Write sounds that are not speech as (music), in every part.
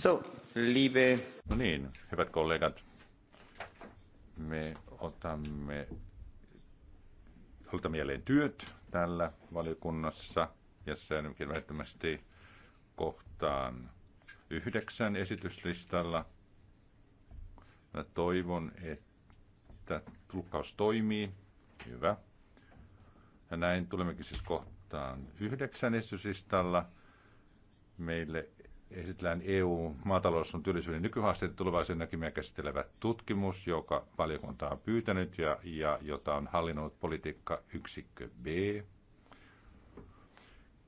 So, No niin, hyvät kollegat, me otamme, otamme mieleen työt tällä valiokunnassa ja säännönkin välittömästi kohtaan yhdeksän esityslistalla. Mä toivon, että tulkkaus toimii. Hyvä. Ja näin tulemmekin siis kohtaan yhdeksän esityslistalla. Meille esitellään EU-maatalous on työllisyyden nykyhaasteet tulevaisuuden näkymiä käsittelevä tutkimus, joka valiokunta on pyytänyt ja, ja jota on hallinnut politiikka yksikkö B.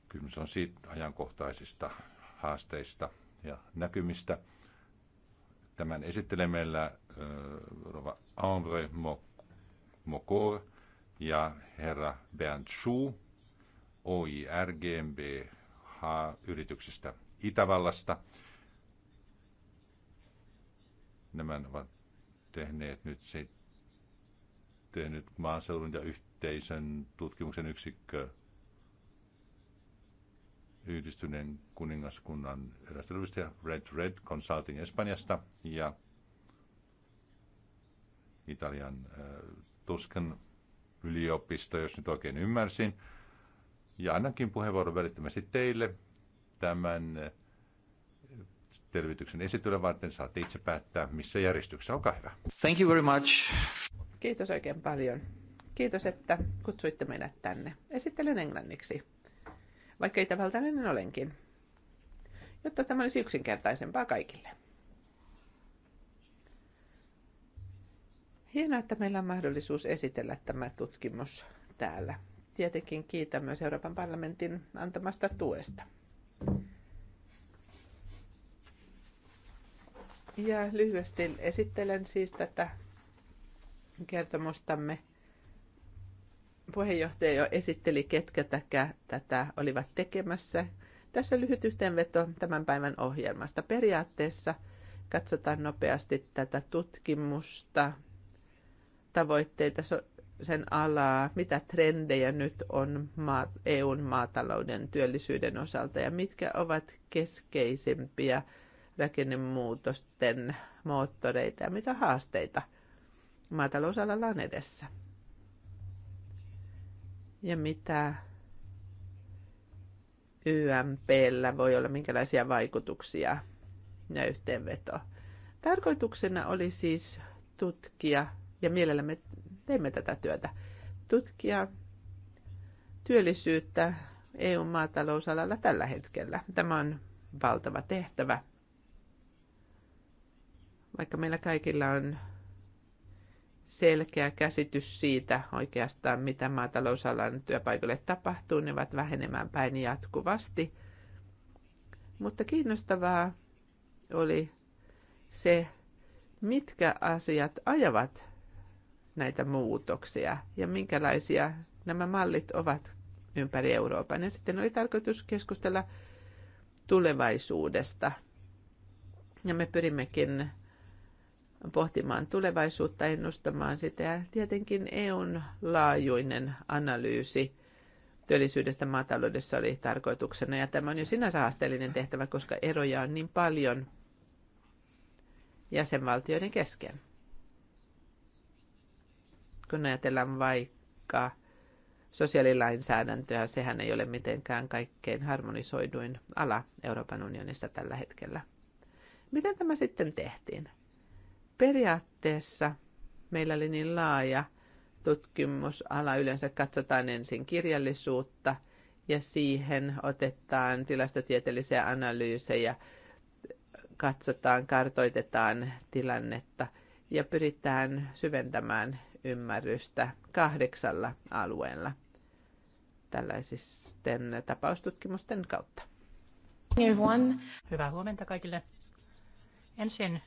Kysymys on siitä ajankohtaisista haasteista ja näkymistä. Tämän meillä Rova André Mokor ja herra Bernd Schuh OIR GmbH yrityksestä Itävallasta. Nämä ovat tehneet nyt se, tehnyt maaseudun ja yhteisön tutkimuksen yksikkö yhdistyneen kuningaskunnan erästä Red Red Consulting Espanjasta ja Italian äh, Tuskan yliopisto, jos nyt oikein ymmärsin. Ja annankin puheenvuoron välittömästi teille tämän äh, tervityksen esittelyä varten. Saatte itse päättää, missä järjestyksessä. Olkaa hyvä. Thank you very much. Kiitos oikein paljon. Kiitos, että kutsuitte meidät tänne. Esittelen englanniksi, vaikka itävaltainen olenkin, jotta tämä olisi yksinkertaisempaa kaikille. Hienoa, että meillä on mahdollisuus esitellä tämä tutkimus täällä. Tietenkin kiitän myös Euroopan parlamentin antamasta tuesta. Ja lyhyesti esittelen siis tätä kertomustamme. Puheenjohtaja jo esitteli, ketkä täkä, tätä olivat tekemässä. Tässä lyhyt yhteenveto tämän päivän ohjelmasta. Periaatteessa katsotaan nopeasti tätä tutkimusta, tavoitteita, sen alaa, mitä trendejä nyt on EUn maatalouden työllisyyden osalta ja mitkä ovat keskeisimpiä rakennemuutosten moottoreita ja mitä haasteita maatalousalalla on edessä. Ja mitä YMPllä voi olla, minkälaisia vaikutuksia ja yhteenveto. Tarkoituksena oli siis tutkia, ja mielellämme teemme tätä työtä, tutkia työllisyyttä EU-maatalousalalla tällä hetkellä. Tämä on valtava tehtävä. Vaikka meillä kaikilla on selkeä käsitys siitä oikeastaan, mitä maatalousalan työpaikoille tapahtuu, ne ovat vähenemään päin jatkuvasti. Mutta kiinnostavaa oli se, mitkä asiat ajavat näitä muutoksia ja minkälaisia nämä mallit ovat ympäri Euroopan. Ja sitten oli tarkoitus keskustella tulevaisuudesta. Ja me pyrimmekin pohtimaan tulevaisuutta, ennustamaan sitä. Ja tietenkin EUn laajuinen analyysi työllisyydestä maataloudessa oli tarkoituksena. Ja tämä on jo sinänsä haasteellinen tehtävä, koska eroja on niin paljon jäsenvaltioiden kesken. Kun ajatellaan vaikka sosiaalilainsäädäntöä, sehän ei ole mitenkään kaikkein harmonisoiduin ala Euroopan unionissa tällä hetkellä. Miten tämä sitten tehtiin? Periaatteessa meillä oli niin laaja tutkimusala. Yleensä katsotaan ensin kirjallisuutta ja siihen otetaan tilastotieteellisiä analyysejä, katsotaan, kartoitetaan tilannetta ja pyritään syventämään ymmärrystä kahdeksalla alueella tällaisisten tapaustutkimusten kautta. Hyvää huomenta kaikille. Ensin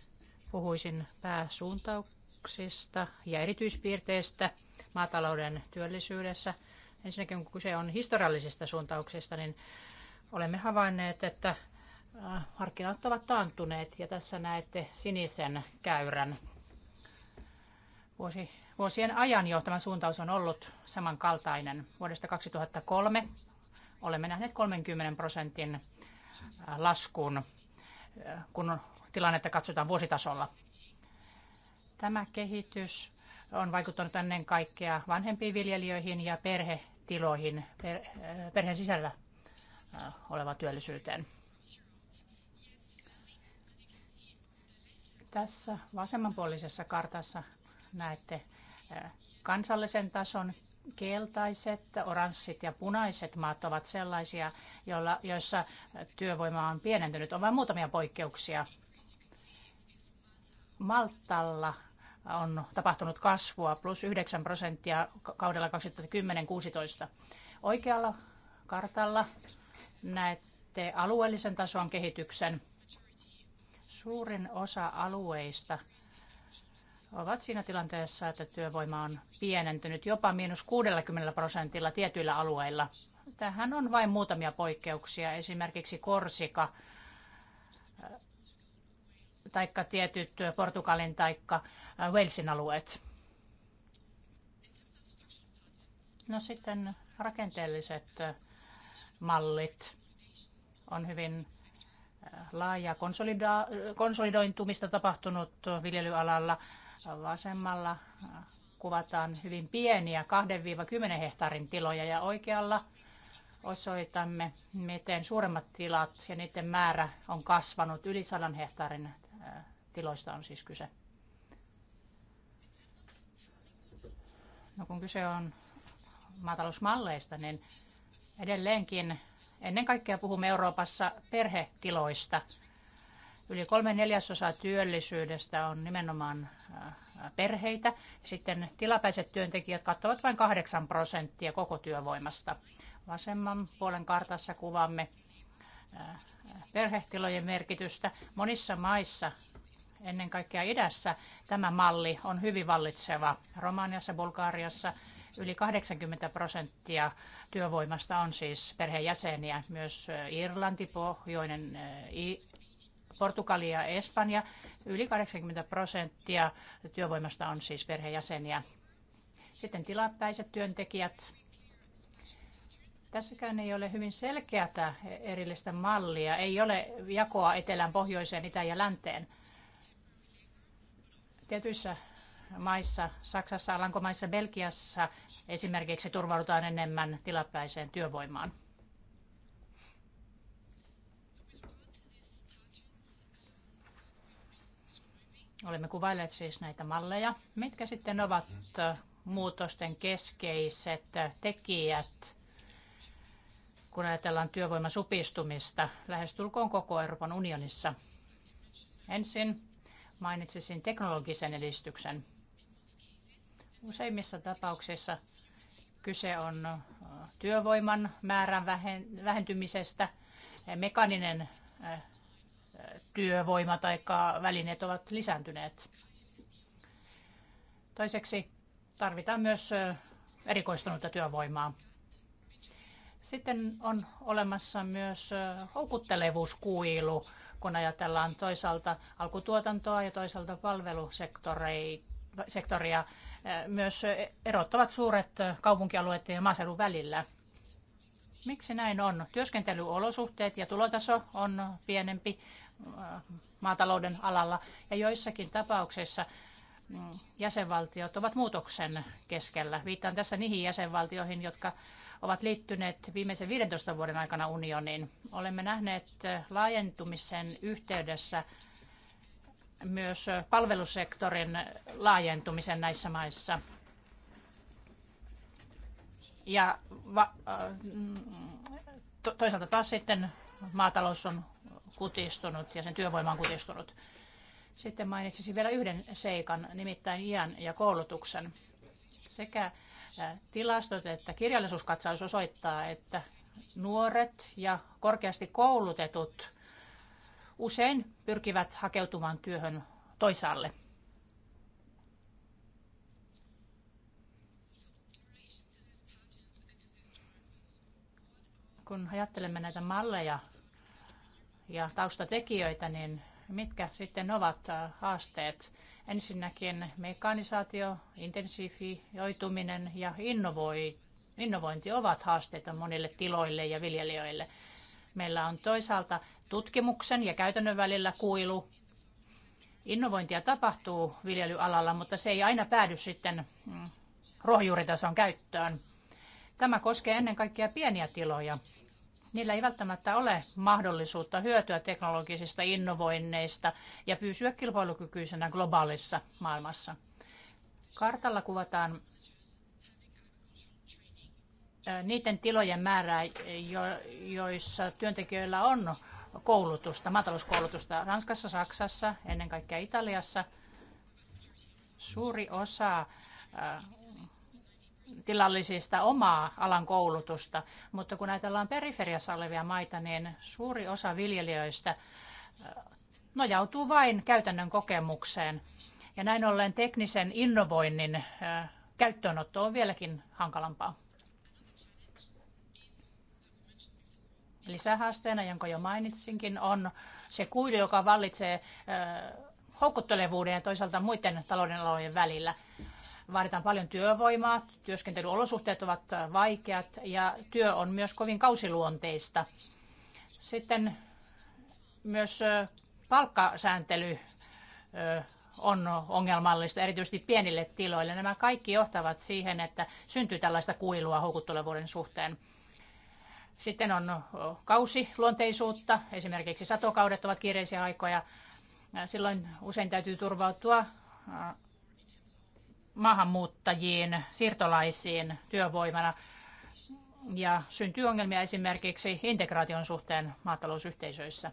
Puhuisin pääsuuntauksista ja erityispiirteistä maatalouden työllisyydessä. Ensinnäkin kun kyse on historiallisista suuntauksista, niin olemme havainneet, että markkinat ovat taantuneet ja tässä näette sinisen käyrän. Vuosi, vuosien ajan jo tämä suuntaus on ollut samankaltainen. Vuodesta 2003 olemme nähneet 30 prosentin laskun, kun tilannetta katsotaan vuositasolla. Tämä kehitys on vaikuttanut ennen kaikkea vanhempiin viljelijöihin ja perhetiloihin, per, eh, perheen sisällä eh, olevaan työllisyyteen. Tässä vasemmanpuolisessa kartassa näette eh, kansallisen tason keltaiset, oranssit ja punaiset maat ovat sellaisia, joilla, joissa työvoima on pienentynyt. On vain muutamia poikkeuksia Maltalla on tapahtunut kasvua plus 9 prosenttia kaudella 2010-2016. Oikealla kartalla näette alueellisen tason kehityksen. Suurin osa alueista ovat siinä tilanteessa, että työvoima on pienentynyt jopa miinus 60 prosentilla tietyillä alueilla. Tähän on vain muutamia poikkeuksia, esimerkiksi Korsika, tai tietyt Portugalin tai äh, Walesin alueet. No sitten rakenteelliset äh, mallit on hyvin äh, laaja konsolidointumista tapahtunut viljelyalalla. Vasemmalla kuvataan hyvin pieniä 2-10 hehtaarin tiloja ja oikealla osoitamme, miten suuremmat tilat ja niiden määrä on kasvanut yli 100 hehtaarin tiloista on siis kyse. No kun kyse on maatalousmalleista, niin edelleenkin ennen kaikkea puhumme Euroopassa perhetiloista. Yli kolme neljäsosaa työllisyydestä on nimenomaan äh, perheitä. Sitten tilapäiset työntekijät kattavat vain 8 prosenttia koko työvoimasta. Vasemman puolen kartassa kuvaamme äh, perhetilojen merkitystä. Monissa maissa ennen kaikkea idässä tämä malli on hyvin vallitseva. Romaniassa, Bulgaariassa yli 80 prosenttia työvoimasta on siis perheenjäseniä. Myös Irlanti, Pohjoinen Portugalia ja Espanja. Yli 80 prosenttia työvoimasta on siis perheenjäseniä. Sitten tilapäiset työntekijät. Tässäkään ei ole hyvin selkeätä erillistä mallia. Ei ole jakoa etelään, pohjoiseen, itään ja länteen. Tietyissä maissa, Saksassa, Alankomaissa, Belgiassa esimerkiksi turvaudutaan enemmän tilapäiseen työvoimaan. Olemme kuvailleet siis näitä malleja. Mitkä sitten ovat muutosten keskeiset tekijät, kun ajatellaan työvoiman supistumista lähestulkoon koko Euroopan unionissa? Ensin mainitsisin teknologisen edistyksen. Useimmissa tapauksissa kyse on työvoiman määrän vähentymisestä, mekaninen työvoima tai välineet ovat lisääntyneet. Toiseksi tarvitaan myös erikoistunutta työvoimaa. Sitten on olemassa myös houkuttelevuuskuilu kun ajatellaan toisaalta alkutuotantoa ja toisaalta palvelusektoria. Eh, myös erottavat suuret kaupunkialueet ja maaseudun välillä. Miksi näin on? Työskentelyolosuhteet ja tulotaso on pienempi eh, maatalouden alalla ja joissakin tapauksissa mm, jäsenvaltiot ovat muutoksen keskellä. Viittaan tässä niihin jäsenvaltioihin, jotka ovat liittyneet viimeisen 15 vuoden aikana unioniin. Olemme nähneet laajentumisen yhteydessä myös palvelusektorin laajentumisen näissä maissa. Ja va- to- toisaalta taas sitten maatalous on kutistunut ja sen työvoima on kutistunut. Sitten mainitsisin vielä yhden seikan, nimittäin iän ja koulutuksen. Sekä Tilastot, että kirjallisuuskatsaus osoittaa, että nuoret ja korkeasti koulutetut usein pyrkivät hakeutumaan työhön toisaalle. Kun ajattelemme näitä malleja ja taustatekijöitä, niin mitkä sitten ovat haasteet? Ensinnäkin mekanisaatio, intensifioituminen ja innovointi ovat haasteita monille tiloille ja viljelijöille. Meillä on toisaalta tutkimuksen ja käytännön välillä kuilu. Innovointia tapahtuu viljelyalalla, mutta se ei aina päädy sitten mm, ruohonjuuritason käyttöön. Tämä koskee ennen kaikkea pieniä tiloja, niillä ei välttämättä ole mahdollisuutta hyötyä teknologisista innovoinneista ja pysyä kilpailukykyisenä globaalissa maailmassa. Kartalla kuvataan niiden tilojen määrää, joissa työntekijöillä on koulutusta, maatalouskoulutusta Ranskassa, Saksassa, ennen kaikkea Italiassa. Suuri osa tilallisista omaa alan koulutusta, mutta kun ajatellaan periferiassa olevia maita, niin suuri osa viljelijöistä nojautuu vain käytännön kokemukseen. Ja näin ollen teknisen innovoinnin käyttöönotto on vieläkin hankalampaa. Lisähaasteena, jonka jo mainitsinkin, on se kuilu, joka vallitsee houkuttelevuuden ja toisaalta muiden talouden alojen välillä vaaditaan paljon työvoimaa, työskentelyolosuhteet ovat äh, vaikeat ja työ on myös kovin kausiluonteista. Sitten myös äh, palkkasääntely äh, on ongelmallista, erityisesti pienille tiloille. Nämä kaikki johtavat siihen, että syntyy tällaista kuilua houkuttelevuuden suhteen. Sitten on kausiluonteisuutta, esimerkiksi satokaudet ovat kiireisiä aikoja. Silloin usein täytyy turvautua maahanmuuttajiin, siirtolaisiin työvoimana ja syntyy ongelmia esimerkiksi integraation suhteen maatalousyhteisöissä.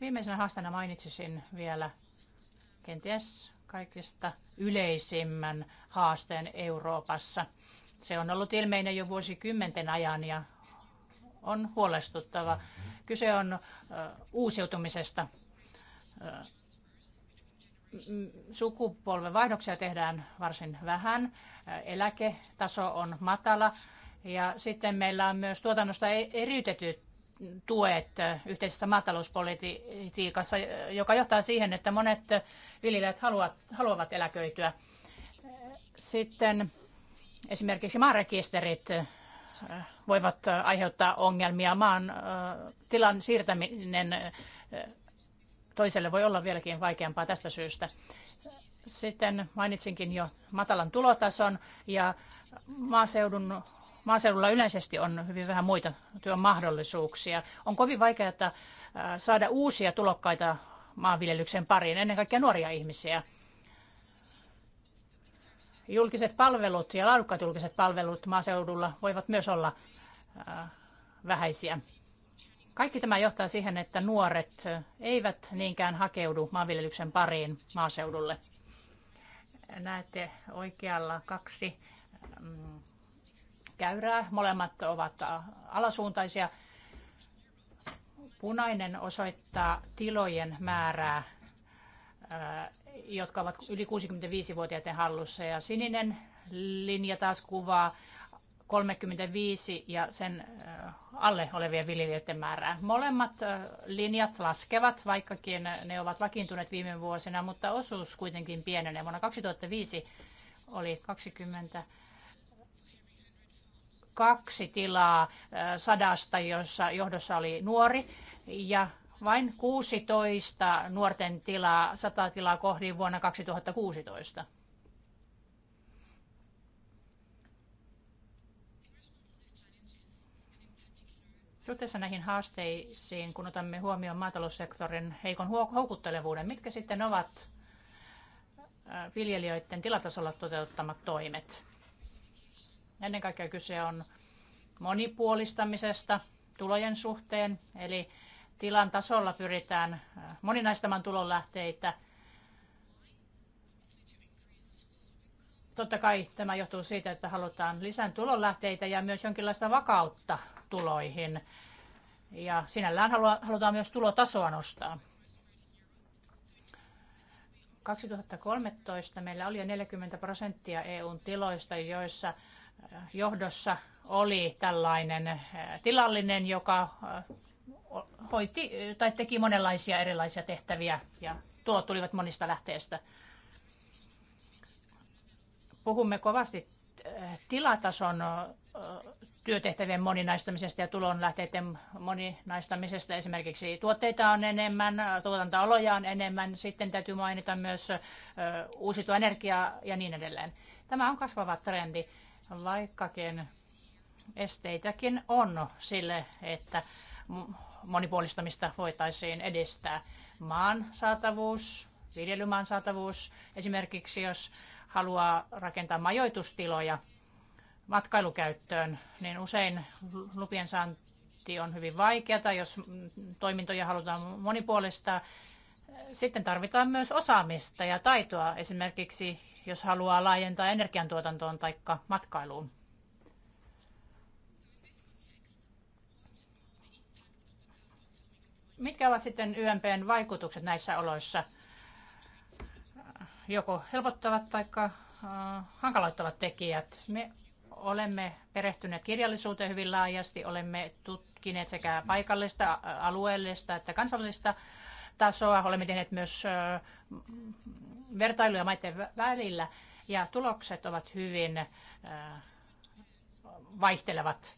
Viimeisenä haastana mainitsisin vielä kenties kaikista yleisimmän haasteen Euroopassa. Se on ollut ilmeinen jo vuosikymmenten ajan ja on huolestuttava. Kyse on uusiutumisesta sukupolven vaihdoksia tehdään varsin vähän, eläketaso on matala ja sitten meillä on myös tuotannosta e- eriytetyt tuet yhteisessä maatalouspolitiikassa, joka johtaa siihen, että monet viljelijät haluavat, haluavat eläköityä. Sitten esimerkiksi maarekisterit äh, voivat aiheuttaa ongelmia. Maan äh, tilan siirtäminen äh, toiselle voi olla vieläkin vaikeampaa tästä syystä. Sitten mainitsinkin jo matalan tulotason ja maaseudun, maaseudulla yleisesti on hyvin vähän muita työn mahdollisuuksia. On kovin vaikeaa saada uusia tulokkaita maanviljelyksen pariin, ennen kaikkea nuoria ihmisiä. Julkiset palvelut ja laadukkaat julkiset palvelut maaseudulla voivat myös olla vähäisiä. Kaikki tämä johtaa siihen, että nuoret eivät niinkään hakeudu maanviljelyksen pariin maaseudulle. Näette oikealla kaksi mm, käyrää. Molemmat ovat alasuuntaisia. Punainen osoittaa tilojen määrää, äh, jotka ovat yli 65-vuotiaiden hallussa, ja sininen linja taas kuvaa 35 ja sen alle olevien viljelijöiden määrää. Molemmat linjat laskevat, vaikkakin ne ovat vakiintuneet viime vuosina, mutta osuus kuitenkin pienenee. Vuonna 2005 oli 22 tilaa sadasta, jossa johdossa oli nuori ja vain 16 nuorten tilaa 100 tilaa kohdin vuonna 2016. Suhteessa näihin haasteisiin, kun otamme huomioon maataloussektorin heikon houkuttelevuuden, mitkä sitten ovat viljelijöiden tilatasolla toteuttamat toimet? Ennen kaikkea kyse on monipuolistamisesta tulojen suhteen, eli tilan tasolla pyritään moninaistamaan tulonlähteitä. Totta kai tämä johtuu siitä, että halutaan lisää tulonlähteitä ja myös jonkinlaista vakautta tuloihin. Ja sinällään halutaan myös tulotasoa nostaa. 2013 meillä oli jo 40 prosenttia EUn tiloista, joissa äh, johdossa oli tällainen äh, tilallinen, joka äh, hoiti tai teki monenlaisia erilaisia tehtäviä ja tulot tulivat monista lähteistä. Puhumme kovasti tilatason työtehtävien moninaistamisesta ja tulonlähteiden moninaistamisesta. Esimerkiksi tuotteita on enemmän, tuotantoaloja on enemmän, sitten täytyy mainita myös uusiutua energiaa ja niin edelleen. Tämä on kasvava trendi, vaikkakin esteitäkin on sille, että monipuolistamista voitaisiin edistää. Maan saatavuus, viljelymaan saatavuus, esimerkiksi jos haluaa rakentaa majoitustiloja – matkailukäyttöön, niin usein lupien saanti on hyvin vaikeata, jos toimintoja halutaan monipuolista, Sitten tarvitaan myös osaamista ja taitoa esimerkiksi, jos haluaa laajentaa energiantuotantoon tai matkailuun. Mitkä ovat sitten YMPn vaikutukset näissä oloissa? Joko helpottavat tai äh, hankaloittavat tekijät. Me olemme perehtyneet kirjallisuuteen hyvin laajasti, olemme tutkineet sekä paikallista, alueellista että kansallista tasoa, olemme tehneet myös vertailuja maiden välillä ja tulokset ovat hyvin vaihtelevat.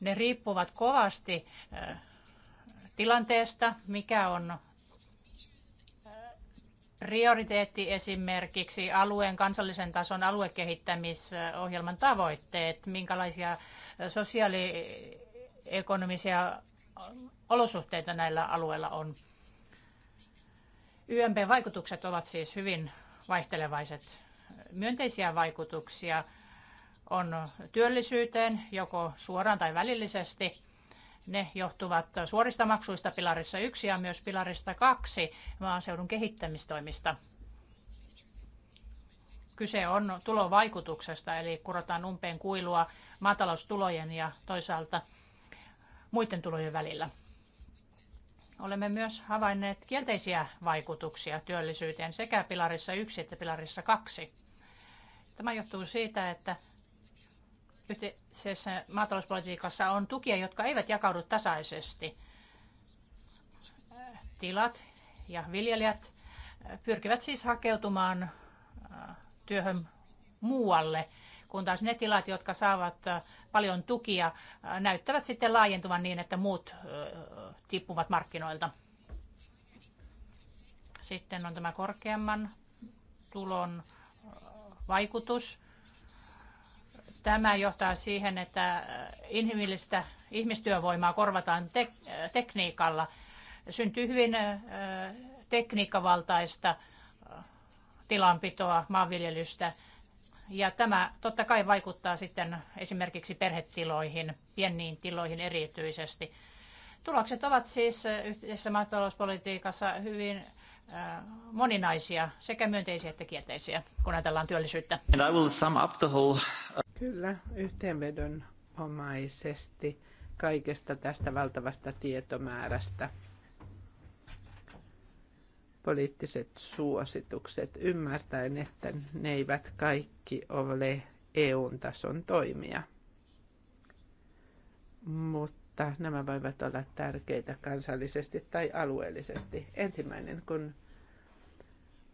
Ne riippuvat kovasti tilanteesta, mikä on prioriteetti esimerkiksi alueen kansallisen tason aluekehittämisohjelman tavoitteet, minkälaisia sosiaaliekonomisia olosuhteita näillä alueilla on. YMP-vaikutukset ovat siis hyvin vaihtelevaiset. Myönteisiä vaikutuksia on työllisyyteen joko suoraan tai välillisesti – ne johtuvat suorista maksuista pilarissa 1 ja myös pilarista 2 maaseudun kehittämistoimista. Kyse on tulovaikutuksesta, eli kurotaan umpeen kuilua maataloustulojen ja toisaalta muiden tulojen välillä. Olemme myös havainneet kielteisiä vaikutuksia työllisyyteen sekä pilarissa 1 että pilarissa 2. Tämä johtuu siitä, että yhteisessä maatalouspolitiikassa on tukia, jotka eivät jakaudu tasaisesti. Tilat ja viljelijät pyrkivät siis hakeutumaan työhön muualle, kun taas ne tilat, jotka saavat paljon tukia, näyttävät sitten laajentuvan niin, että muut tippuvat markkinoilta. Sitten on tämä korkeamman tulon vaikutus. Tämä johtaa siihen, että inhimillistä ihmistyövoimaa korvataan tek- tekniikalla. Syntyy hyvin tekniikkavaltaista tilanpitoa, maanviljelystä. Ja tämä totta kai vaikuttaa sitten esimerkiksi perhetiloihin, pieniin tiloihin erityisesti. Tulokset ovat siis yhteisessä maatalouspolitiikassa hyvin moninaisia, sekä myönteisiä että kielteisiä, kun ajatellaan työllisyyttä. And I will sum up the whole... Uh, Kyllä, yhteenvedonomaisesti kaikesta tästä valtavasta tietomäärästä. Poliittiset suositukset ymmärtäen, että ne eivät kaikki ole EU-tason toimia. Mutta nämä voivat olla tärkeitä kansallisesti tai alueellisesti. Ensimmäinen, kun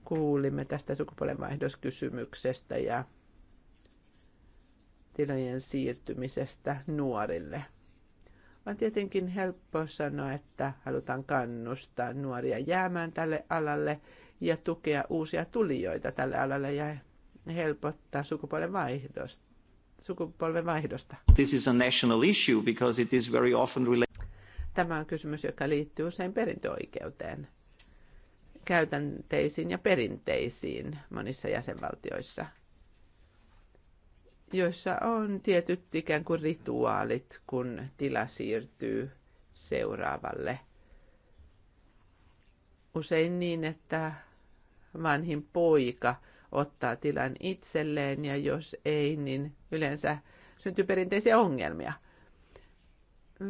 kuulimme tästä sukupuolenvaihdoskysymyksestä ja tilojen siirtymisestä nuorille. On tietenkin helppo sanoa, että halutaan kannustaa nuoria jäämään tälle alalle ja tukea uusia tulijoita tälle alalle ja helpottaa sukupuolen vaihdosta. Sukupolven vaihdosta. This is a national issue because it is very often related. Tämä on kysymys, joka liittyy usein perintöoikeuteen, käytänteisiin ja perinteisiin monissa jäsenvaltioissa – joissa on tietyt ikään kuin rituaalit, kun tila siirtyy seuraavalle. Usein niin, että vanhin poika ottaa tilan itselleen ja jos ei, niin yleensä syntyy perinteisiä ongelmia.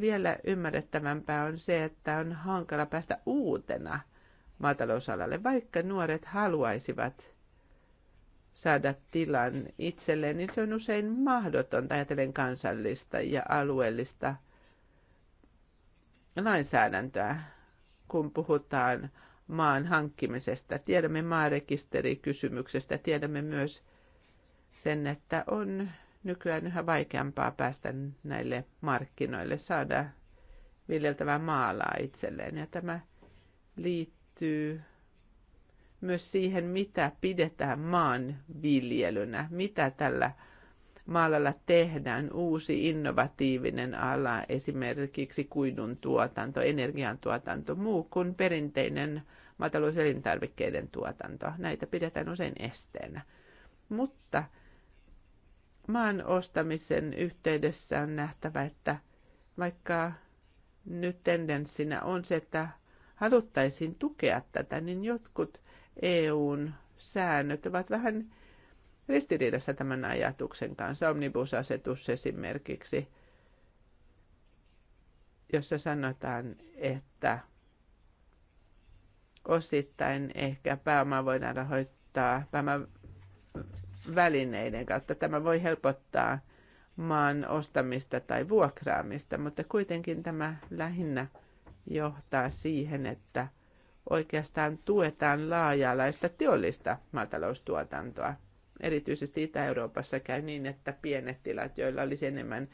Vielä ymmärrettävämpää on se, että on hankala päästä uutena maatalousalalle, vaikka nuoret haluaisivat saada tilan itselleen, niin se on usein mahdotonta ajatellen kansallista ja alueellista lainsäädäntöä, kun puhutaan maan hankkimisesta. Tiedämme maarekisterikysymyksestä, tiedämme myös sen, että on nykyään yhä vaikeampaa päästä näille markkinoille, saada viljeltävää maalaa itselleen. Ja tämä liittyy myös siihen, mitä pidetään maanviljelynä, mitä tällä maalalla tehdään, uusi innovatiivinen ala, esimerkiksi kuidun tuotanto, energiantuotanto, muu kuin perinteinen maatalouselintarvikkeiden tuotanto. Näitä pidetään usein esteenä. Mutta maan ostamisen yhteydessä on nähtävä, että vaikka nyt tendenssinä on se, että haluttaisiin tukea tätä, niin jotkut EUn säännöt ovat vähän ristiriidassa tämän ajatuksen kanssa. Omnibusasetus esimerkiksi, jossa sanotaan, että osittain ehkä pääoma voidaan rahoittaa pääoman välineiden kautta. Tämä voi helpottaa maan ostamista tai vuokraamista, mutta kuitenkin tämä lähinnä johtaa siihen, että – oikeastaan tuetaan laajalaista teollista maataloustuotantoa. Erityisesti Itä-Euroopassa käy niin, että pienet tilat, joilla olisi enemmän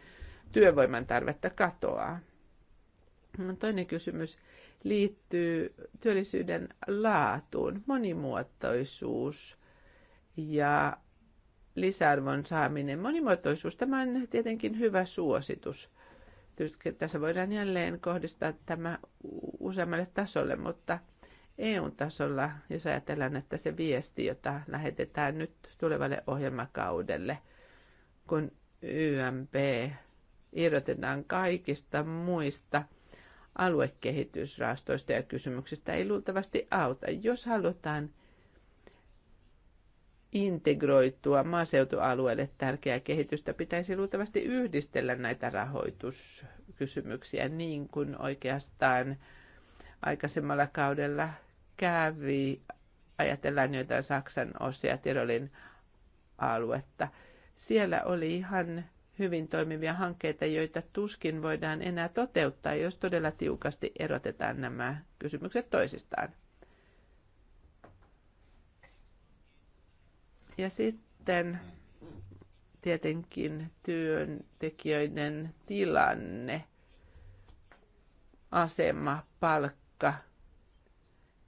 työvoiman tarvetta, katoaa. No, toinen kysymys liittyy työllisyyden laatuun, monimuotoisuus ja lisäarvon saaminen. Monimuotoisuus, tämä on tietenkin hyvä suositus. Tässä voidaan jälleen kohdistaa tämä useammalle tasolle, mutta – EU-tasolla, jos ajatellaan, että se viesti, jota lähetetään nyt tulevalle ohjelmakaudelle, kun YMP irrotetaan kaikista muista aluekehitysrahastoista ja kysymyksistä, ei luultavasti auta. Jos halutaan integroitua maaseutualueelle tärkeää kehitystä, pitäisi luultavasti yhdistellä näitä rahoituskysymyksiä niin kuin oikeastaan aikaisemmalla kaudella kävi. Ajatellaan joitain Saksan osia, Tirolin aluetta. Siellä oli ihan hyvin toimivia hankkeita, joita tuskin voidaan enää toteuttaa, jos todella tiukasti erotetaan nämä kysymykset toisistaan. Ja sitten tietenkin työntekijöiden tilanne, asema, palkka koska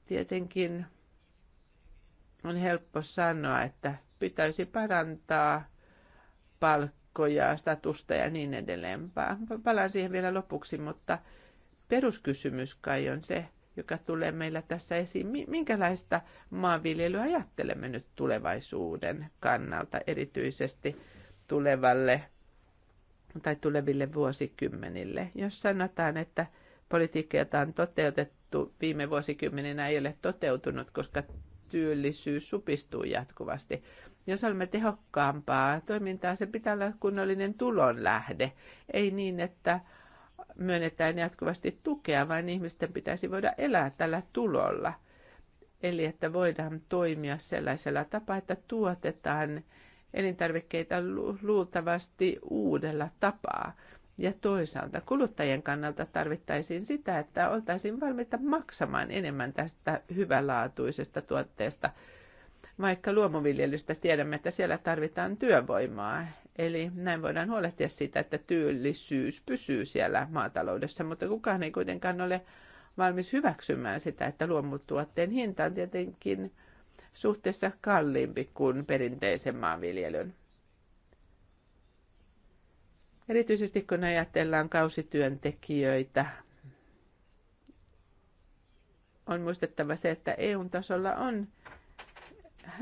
Tietenkin on helppo sanoa, että pitäisi parantaa palkkoja, statusta ja niin edelleen. Palaan siihen vielä lopuksi, mutta peruskysymys kai on se, joka tulee meillä tässä esiin. Minkälaista maanviljelyä ajattelemme nyt tulevaisuuden kannalta, erityisesti tulevalle tai tuleville vuosikymmenille? Jos sanotaan, että politiikka, jota on toteutettu, sovittu viime vuosikymmeninä ei ole toteutunut, koska työllisyys supistuu jatkuvasti. Jos olemme tehokkaampaa toimintaa, se pitää olla kunnollinen tulonlähde. Ei niin, että myönnetään jatkuvasti tukea, vaan ihmisten pitäisi voida elää tällä tulolla. Eli että voidaan toimia sellaisella tapaa, että tuotetaan elintarvikkeita luultavasti uudella tapaa. Ja toisaalta kuluttajien kannalta tarvittaisiin sitä, että oltaisiin valmiita maksamaan enemmän tästä hyvälaatuisesta tuotteesta, vaikka luomuviljelystä tiedämme, että siellä tarvitaan työvoimaa. Eli näin voidaan huolehtia siitä, että työllisyys pysyy siellä maataloudessa, mutta kukaan ei kuitenkaan ole valmis hyväksymään sitä, että luomutuotteen hinta on tietenkin suhteessa kalliimpi kuin perinteisen maanviljelyn. Erityisesti kun ajatellaan kausityöntekijöitä, on muistettava se, että eu tasolla on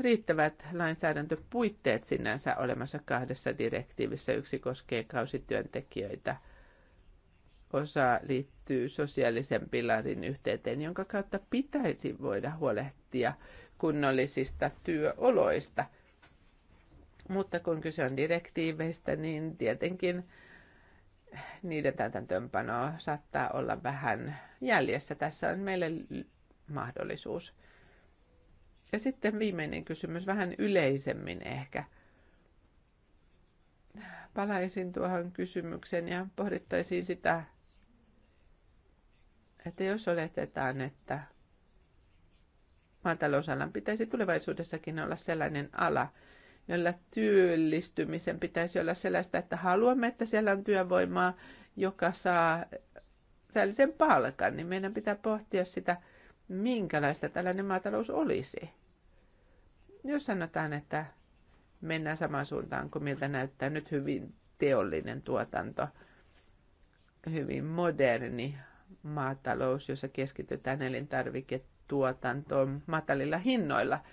riittävät lainsäädäntöpuitteet sinänsä olemassa kahdessa direktiivissä. Yksi koskee kausityöntekijöitä, osa liittyy sosiaalisen pilarin yhteyteen, jonka kautta pitäisi voida huolehtia kunnollisista työoloista – mutta kun kyse on direktiiveistä, niin tietenkin niiden täytäntöönpano saattaa olla vähän jäljessä. Tässä on meille mahdollisuus. Ja sitten viimeinen kysymys, vähän yleisemmin ehkä. Palaisin tuohon kysymykseen ja pohdittaisiin sitä, että jos oletetaan, että maatalousalan pitäisi tulevaisuudessakin olla sellainen ala, Jolla työllistymisen pitäisi olla sellaista, että haluamme, että siellä on työvoimaa, joka saa säällisen palkan, niin meidän pitää pohtia sitä, minkälaista tällainen maatalous olisi. Jos sanotaan, että mennään samaan suuntaan kuin miltä näyttää nyt hyvin teollinen tuotanto, hyvin moderni maatalous, jossa keskitytään elintarviketuotantoon matalilla hinnoilla –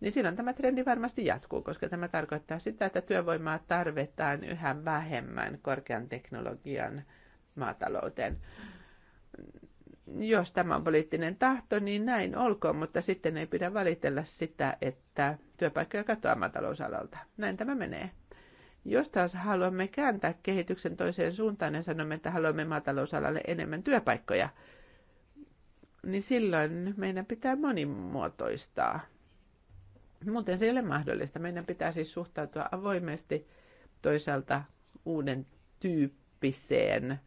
niin silloin tämä trendi varmasti jatkuu, koska tämä tarkoittaa sitä, että työvoimaa tarvitaan yhä vähemmän korkean teknologian maatalouteen. Jos tämä on poliittinen tahto, niin näin olkoon, mutta sitten ei pidä valitella sitä, että työpaikkoja katoaa maatalousalalta. Näin tämä menee. Jos taas haluamme kääntää kehityksen toiseen suuntaan ja sanomme, että haluamme maatalousalalle enemmän työpaikkoja, niin silloin meidän pitää monimuotoistaa Muuten se ei ole mahdollista. Meidän pitää siis suhtautua avoimesti toisaalta uuden tyyppiseen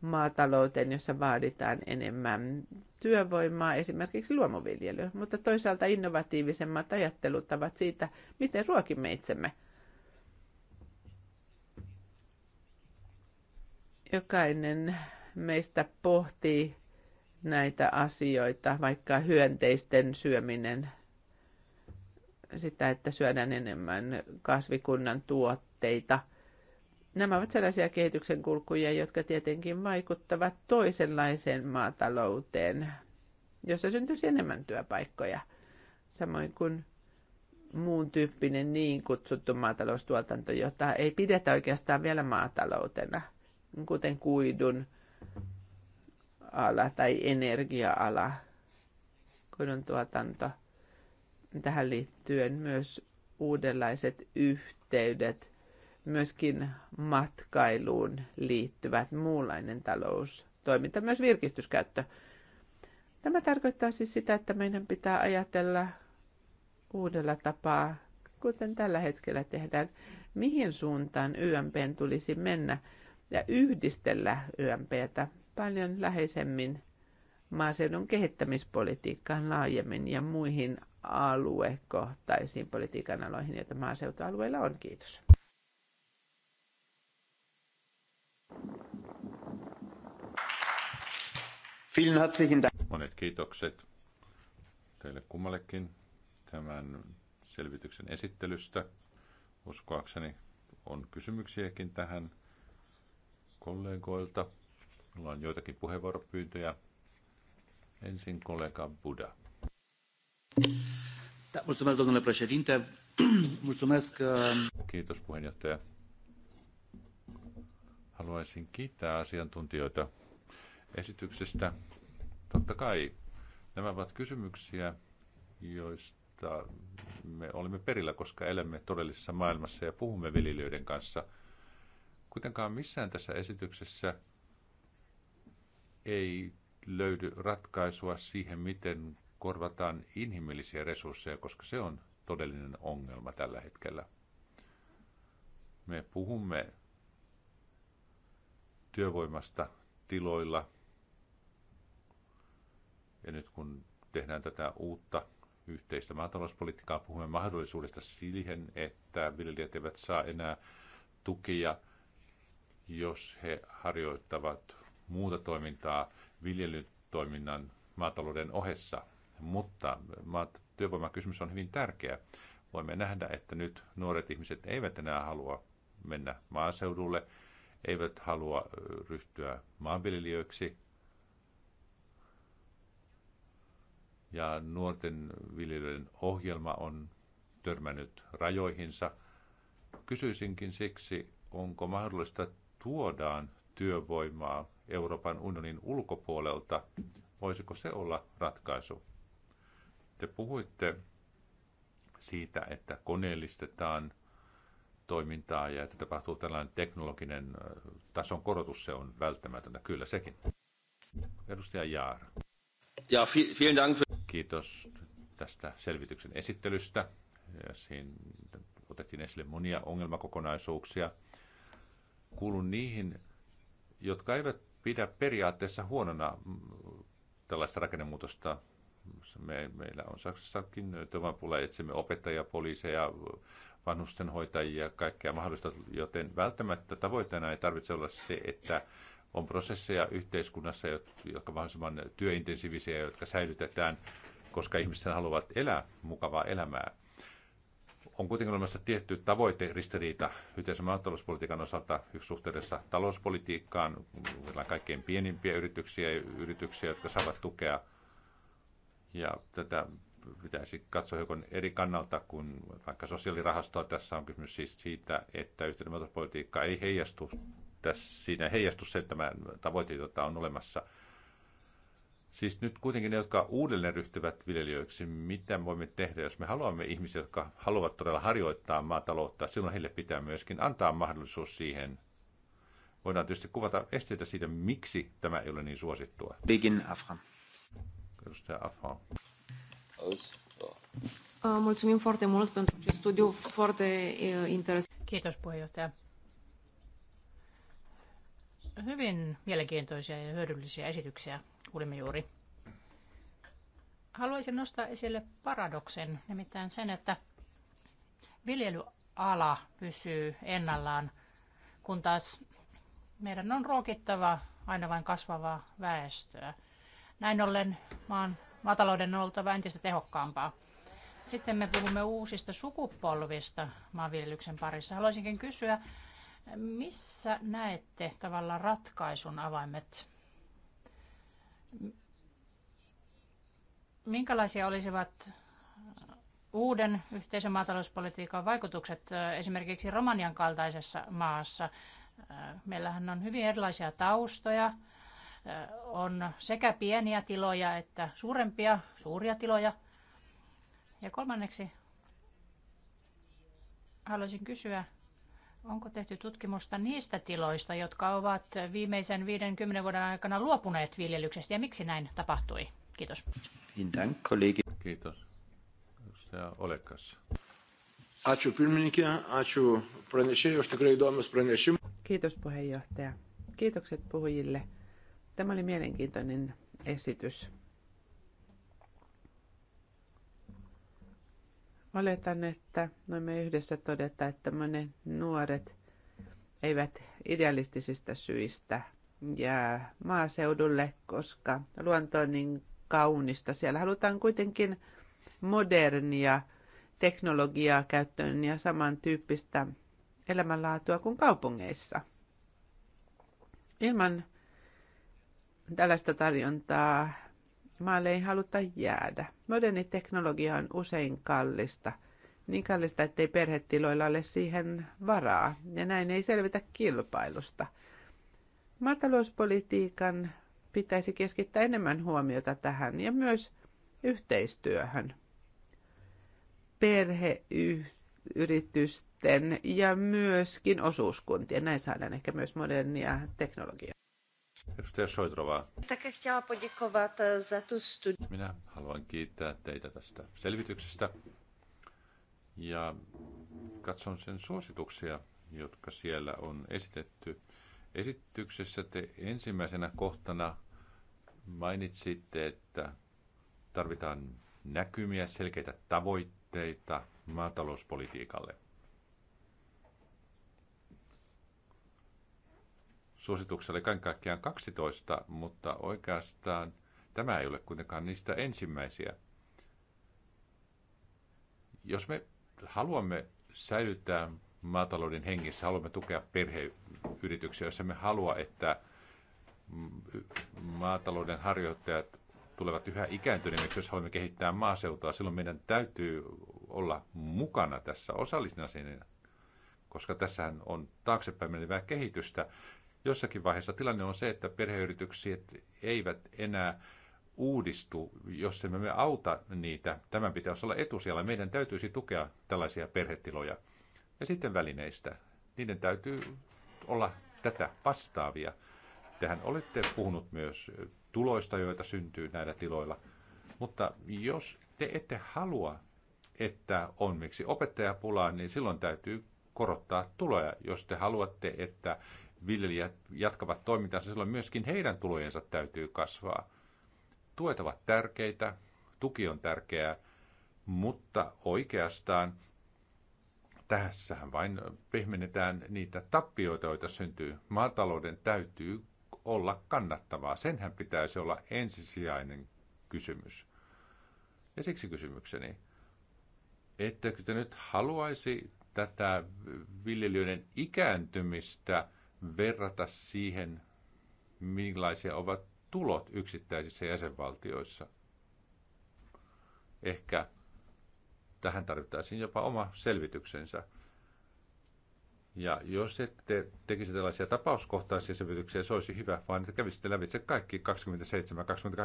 maatalouteen, jossa vaaditaan enemmän työvoimaa, esimerkiksi luomuviljelyä, mutta toisaalta innovatiivisemmat ajattelutavat siitä, miten ruokimme itsemme. Jokainen meistä pohtii näitä asioita, vaikka hyönteisten syöminen sitä, että syödään enemmän kasvikunnan tuotteita. Nämä ovat sellaisia kehityksen kulkuja, jotka tietenkin vaikuttavat toisenlaiseen maatalouteen, jossa syntyisi enemmän työpaikkoja, samoin kuin muun tyyppinen niin kutsuttu maataloustuotanto, jota ei pidetä oikeastaan vielä maataloutena, kuten kuidun ala tai energia-ala, kuidun tuotanto – tähän liittyen myös uudenlaiset yhteydet, myöskin matkailuun liittyvät muunlainen taloustoiminta, myös virkistyskäyttö. Tämä tarkoittaa siis sitä, että meidän pitää ajatella uudella tapaa, kuten tällä hetkellä tehdään, mihin suuntaan YMPn tulisi mennä ja yhdistellä YMPtä paljon läheisemmin maaseudun kehittämispolitiikkaan laajemmin ja muihin aluekohtaisiin politiikan aloihin, joita maaseutualueilla on. Kiitos. Monet kiitokset teille kummallekin tämän selvityksen esittelystä. Uskoakseni on kysymyksiäkin tähän kollegoilta. Meillä on joitakin puheenvuoropyyntöjä. Ensin kollega Buda. Mulțumesc, domnule președinte. (clears throat) Mulțumesc. Uh, Kiitos, puheenjohtaja. Haluaisin kiittää asiantuntijoita esityksestä. Totta kai nämä ovat kysymyksiä, joista me olemme perillä, koska elämme todellisessa maailmassa ja puhumme viljelijöiden kanssa. Kuitenkaan missään tässä esityksessä ei löydy ratkaisua siihen, miten korvataan inhimillisiä resursseja, koska se on todellinen ongelma tällä hetkellä. Me puhumme työvoimasta tiloilla. Ja nyt kun tehdään tätä uutta yhteistä maatalouspolitiikkaa, puhumme mahdollisuudesta siihen, että viljelijät eivät saa enää tukia, jos he harjoittavat muuta toimintaa viljelytoiminnan maatalouden ohessa, mutta maat, työvoimakysymys on hyvin tärkeä. Voimme nähdä, että nyt nuoret ihmiset eivät enää halua mennä maaseudulle, eivät halua ryhtyä maanviljelijöiksi. Ja nuorten viljelijöiden ohjelma on törmännyt rajoihinsa. Kysyisinkin siksi, onko mahdollista tuodaan työvoimaa Euroopan unionin ulkopuolelta, voisiko se olla ratkaisu? Te puhuitte siitä, että koneellistetaan toimintaa ja että tapahtuu tällainen teknologinen tason korotus, se on välttämätöntä, kyllä sekin. Edustaja Jaar. Ja, vielen dank. Kiitos tästä selvityksen esittelystä. Ja siinä otettiin esille monia ongelmakokonaisuuksia. Kuulun niihin, jotka eivät pidä periaatteessa huonona mm, tällaista rakennemuutosta. Me, meillä on Saksassakin työvoimapula, etsimme opettajia, poliiseja, vanhustenhoitajia, kaikkea mahdollista, joten välttämättä tavoitteena ei tarvitse olla se, että on prosesseja yhteiskunnassa, jotka ovat mahdollisimman työintensiivisiä, jotka säilytetään, koska ihmiset haluavat elää mukavaa elämää on kuitenkin olemassa tietty tavoite ristiriita yhteisen maatalouspolitiikan osalta suhteessa talouspolitiikkaan. Meillä on kaikkein pienimpiä yrityksiä yrityksiä, jotka saavat tukea. Ja tätä pitäisi katsoa hiukan eri kannalta kuin vaikka sosiaalirahastoa. Tässä on kysymys siis siitä, että yhteisen maatalouspolitiikka ei heijastu, tässä, siinä heijastu se tämä tavoite, jota on olemassa – Siis nyt kuitenkin ne, jotka uudelleen ryhtyvät viljelijöiksi, mitä voimme tehdä, jos me haluamme ihmisiä, jotka haluavat todella harjoittaa maataloutta, silloin heille pitää myöskin antaa mahdollisuus siihen. Voidaan tietysti kuvata esteitä siitä, miksi tämä ei ole niin suosittua. Begin Afra. Edustaja Afra. Mulțumim foarte mult pentru acest studiu foarte e, interesant. Kiitos puheenjohtaja. Hyvin mielenkiintoisia ja hyödyllisiä esityksiä kuulimme juuri. Haluaisin nostaa esille paradoksen, nimittäin sen, että viljelyala pysyy ennallaan, kun taas meidän on ruokittava aina vain kasvavaa väestöä. Näin ollen maan maatalouden on oltava entistä tehokkaampaa. Sitten me puhumme uusista sukupolvista maanviljelyksen parissa. Haluaisinkin kysyä, missä näette tavallaan ratkaisun avaimet Minkälaisia olisivat uuden yhteisen maatalouspolitiikan vaikutukset äh, esimerkiksi Romanian kaltaisessa maassa? Äh, meillähän on hyvin erilaisia taustoja. Äh, on sekä pieniä tiloja että suurempia, suuria tiloja. Ja kolmanneksi haluaisin kysyä, Onko tehty tutkimusta niistä tiloista, jotka ovat viimeisen 50 vuoden aikana luopuneet viljelyksestä ja miksi näin tapahtui? Kiitos. Kiitos. Edustaja Olekas. Kiitos puheenjohtaja. Kiitokset puhujille. Tämä oli mielenkiintoinen esitys. Oletan, että voimme yhdessä todeta, että monet nuoret eivät idealistisista syistä jää maaseudulle, koska luonto on niin kaunista. Siellä halutaan kuitenkin modernia teknologiaa käyttöön ja samantyyppistä elämänlaatua kuin kaupungeissa. Ilman tällaista tarjontaa maalle ei haluta jäädä. Moderni teknologia on usein kallista. Niin kallista, ettei perhetiloilla ole siihen varaa, ja näin ei selvitä kilpailusta. Maatalouspolitiikan pitäisi keskittää enemmän huomiota tähän ja myös yhteistyöhön. Perheyritysten ja myöskin osuuskuntien. Näin saadaan ehkä myös modernia teknologiaa. Edustaja Soitrova. Eh, Minä haluan kiittää teitä tästä selvityksestä ja katson sen suosituksia, jotka siellä on esitetty. Esityksessä te ensimmäisenä kohtana mainitsitte, että tarvitaan näkymiä, selkeitä tavoitteita maatalouspolitiikalle. suosituksia oli kaiken kaikkiaan 12, mutta oikeastaan tämä ei ole kuitenkaan niistä ensimmäisiä. Jos me haluamme säilyttää maatalouden hengissä, haluamme tukea perheyrityksiä, jos me halua, että maatalouden harjoittajat tulevat yhä ikääntyneemmiksi, jos haluamme kehittää maaseutua, silloin meidän täytyy olla mukana tässä osallisena siinä, koska tässähän on taaksepäin menevää kehitystä. Jossakin vaiheessa tilanne on se, että perheyritykset eivät enää uudistu, jos emme me auta niitä. Tämän pitäisi olla etusijalla. Meidän täytyisi tukea tällaisia perhetiloja. Ja sitten välineistä. Niiden täytyy olla tätä vastaavia. Tähän olette puhunut myös tuloista, joita syntyy näillä tiloilla. Mutta jos te ette halua, että on miksi opettajapulaa, niin silloin täytyy korottaa tuloja. Jos te haluatte, että viljelijät jatkavat toimintaansa, silloin myöskin heidän tulojensa täytyy kasvaa. Tuet ovat tärkeitä, tuki on tärkeää, mutta oikeastaan tässähän vain pehmennetään niitä tappioita, joita syntyy. Maatalouden täytyy olla kannattavaa. Senhän pitäisi olla ensisijainen kysymys. Ja siksi kysymykseni, ettekö te nyt haluaisi tätä viljelijöiden ikääntymistä – verrata siihen, millaisia ovat tulot yksittäisissä jäsenvaltioissa. Ehkä tähän tarvittaisiin jopa oma selvityksensä. Ja jos ette tekisi tällaisia tapauskohtaisia selvityksiä, se olisi hyvä, vaan että kävisitte lävitse kaikki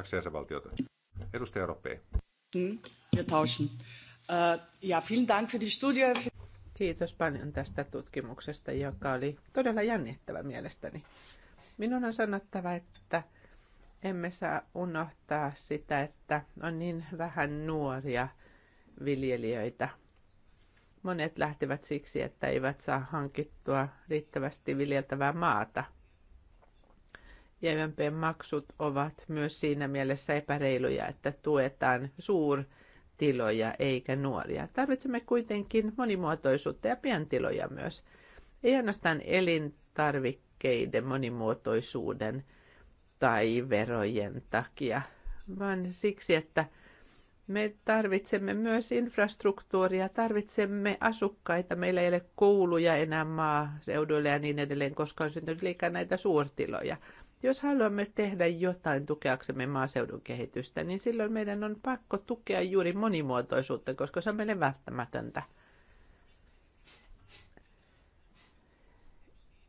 27-28 jäsenvaltiota. Edustaja Ropee. Mm, ja tauschen. Uh, ja, vielen Dank für die Studie. Kiitos paljon tästä tutkimuksesta, joka oli todella jännittävä mielestäni. Minun on sanottava, että emme saa unohtaa sitä, että on niin vähän nuoria viljelijöitä. Monet lähtevät siksi, että eivät saa hankittua riittävästi viljeltävää maata. JMP-maksut ovat myös siinä mielessä epäreiluja, että tuetaan suur tiloja eikä nuoria. Tarvitsemme kuitenkin monimuotoisuutta ja pientiloja myös. Ei ainoastaan elintarvikkeiden monimuotoisuuden tai verojen takia, vaan siksi, että me tarvitsemme myös infrastruktuuria, tarvitsemme asukkaita, meillä ei ole kouluja enää maaseuduilla ja niin edelleen, koska on syntynyt liikaa näitä suurtiloja. Jos haluamme tehdä jotain tukeaksemme maaseudun kehitystä, niin silloin meidän on pakko tukea juuri monimuotoisuutta, koska se on meille välttämätöntä.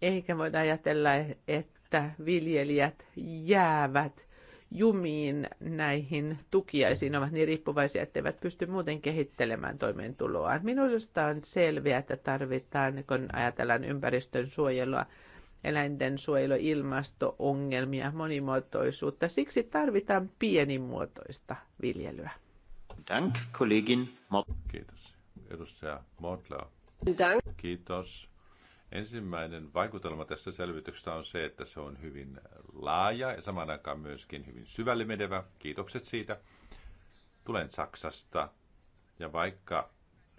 Eikä voida ajatella, että viljelijät jäävät jumiin näihin tukiaisiin, ovat niin riippuvaisia, että eivät pysty muuten kehittelemään toimeentuloa. Minusta on selviä, että tarvitaan, kun ajatellaan ympäristön suojelua, eläinten suojelu, ilmasto-ongelmia, monimuotoisuutta. Siksi tarvitaan pienimuotoista viljelyä. Dank, kollegin. Kiitos. Edustaja Motla. Dank. Kiitos. Ensimmäinen vaikutelma tässä selvityksestä on se, että se on hyvin laaja ja samaan aikaan myöskin hyvin syvälle menevä. Kiitokset siitä. Tulen Saksasta ja vaikka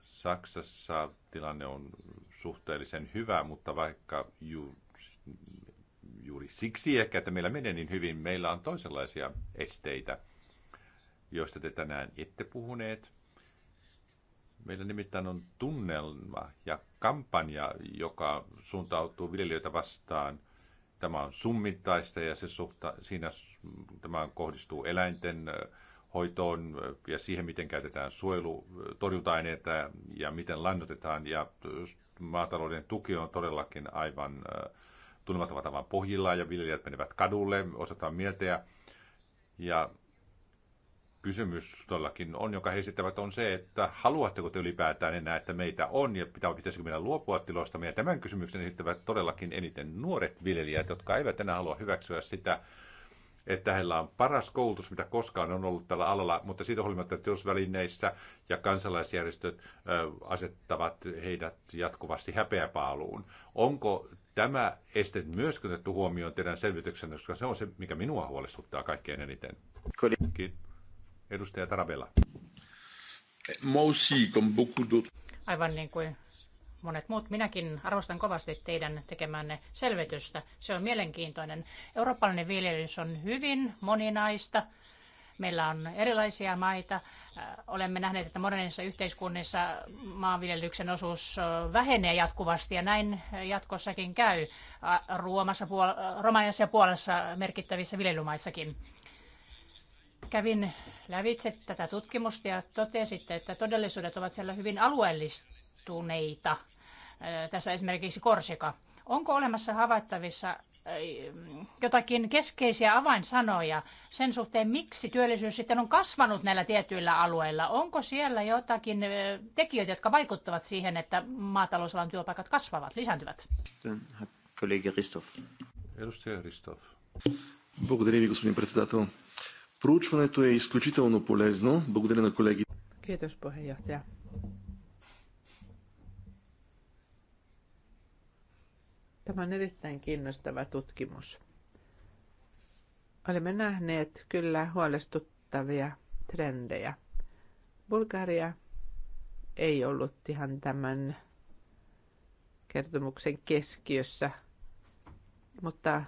Saksassa tilanne on suhteellisen hyvä, mutta vaikka ju, juuri siksi ehkä, että meillä menee niin hyvin, meillä on toisenlaisia esteitä, joista te tänään ette puhuneet. Meillä nimittäin on tunnelma ja kampanja, joka suuntautuu viljelijöitä vastaan. Tämä on summittaista ja se suhta, siinä tämä kohdistuu eläinten hoitoon ja siihen, miten käytetään suojelutorjunta-aineita ja miten lannotetaan. Ja maatalouden tuki on todellakin aivan äh, tunnelmat ovat aivan pohjillaan ja viljelijät menevät kadulle, osataan mieltä. Ja kysymys todellakin on, joka he esittävät, on se, että haluatteko te ylipäätään enää, että meitä on ja pitää, pitäisikö meidän luopua tiloista. Ja tämän kysymyksen esittävät todellakin eniten nuoret viljelijät, jotka eivät enää halua hyväksyä sitä, että heillä on paras koulutus, mitä koskaan on ollut tällä alalla, mutta siitä huolimatta työsvälineissä ja kansalaisjärjestöt asettavat heidät jatkuvasti häpeäpaaluun. Onko tämä este myös otettu huomioon teidän selvityksen, koska se on se, mikä minua huolestuttaa kaikkein eniten. Kiitos. Edustaja Tarabella. Aivan niin kuin monet muut. Minäkin arvostan kovasti teidän tekemänne selvitystä. Se on mielenkiintoinen. Eurooppalainen viljelys on hyvin moninaista Meillä on erilaisia maita. Äh, olemme nähneet, että modernissa yhteiskunnissa maanviljelyksen osuus äh, vähenee jatkuvasti ja näin jatkossakin käy Ruomassa, Puol- äh, Romaniassa ja Puolassa merkittävissä viljelymaissakin. Kävin lävitse tätä tutkimusta ja totesitte, että todellisuudet ovat siellä hyvin alueellistuneita. Tässä esimerkiksi Korsika. Onko olemassa havaittavissa jotakin keskeisiä avainsanoja sen suhteen, miksi työllisyys sitten on kasvanut näillä tietyillä alueilla. Onko siellä jotakin tekijöitä, jotka vaikuttavat siihen, että maatalousalan työpaikat kasvavat, lisääntyvät? Kollega Ristov. Edustaja Ristov. Kiitos puheenjohtaja. Tämä on erittäin kiinnostava tutkimus. Olemme nähneet kyllä huolestuttavia trendejä. Bulgaria ei ollut ihan tämän kertomuksen keskiössä, mutta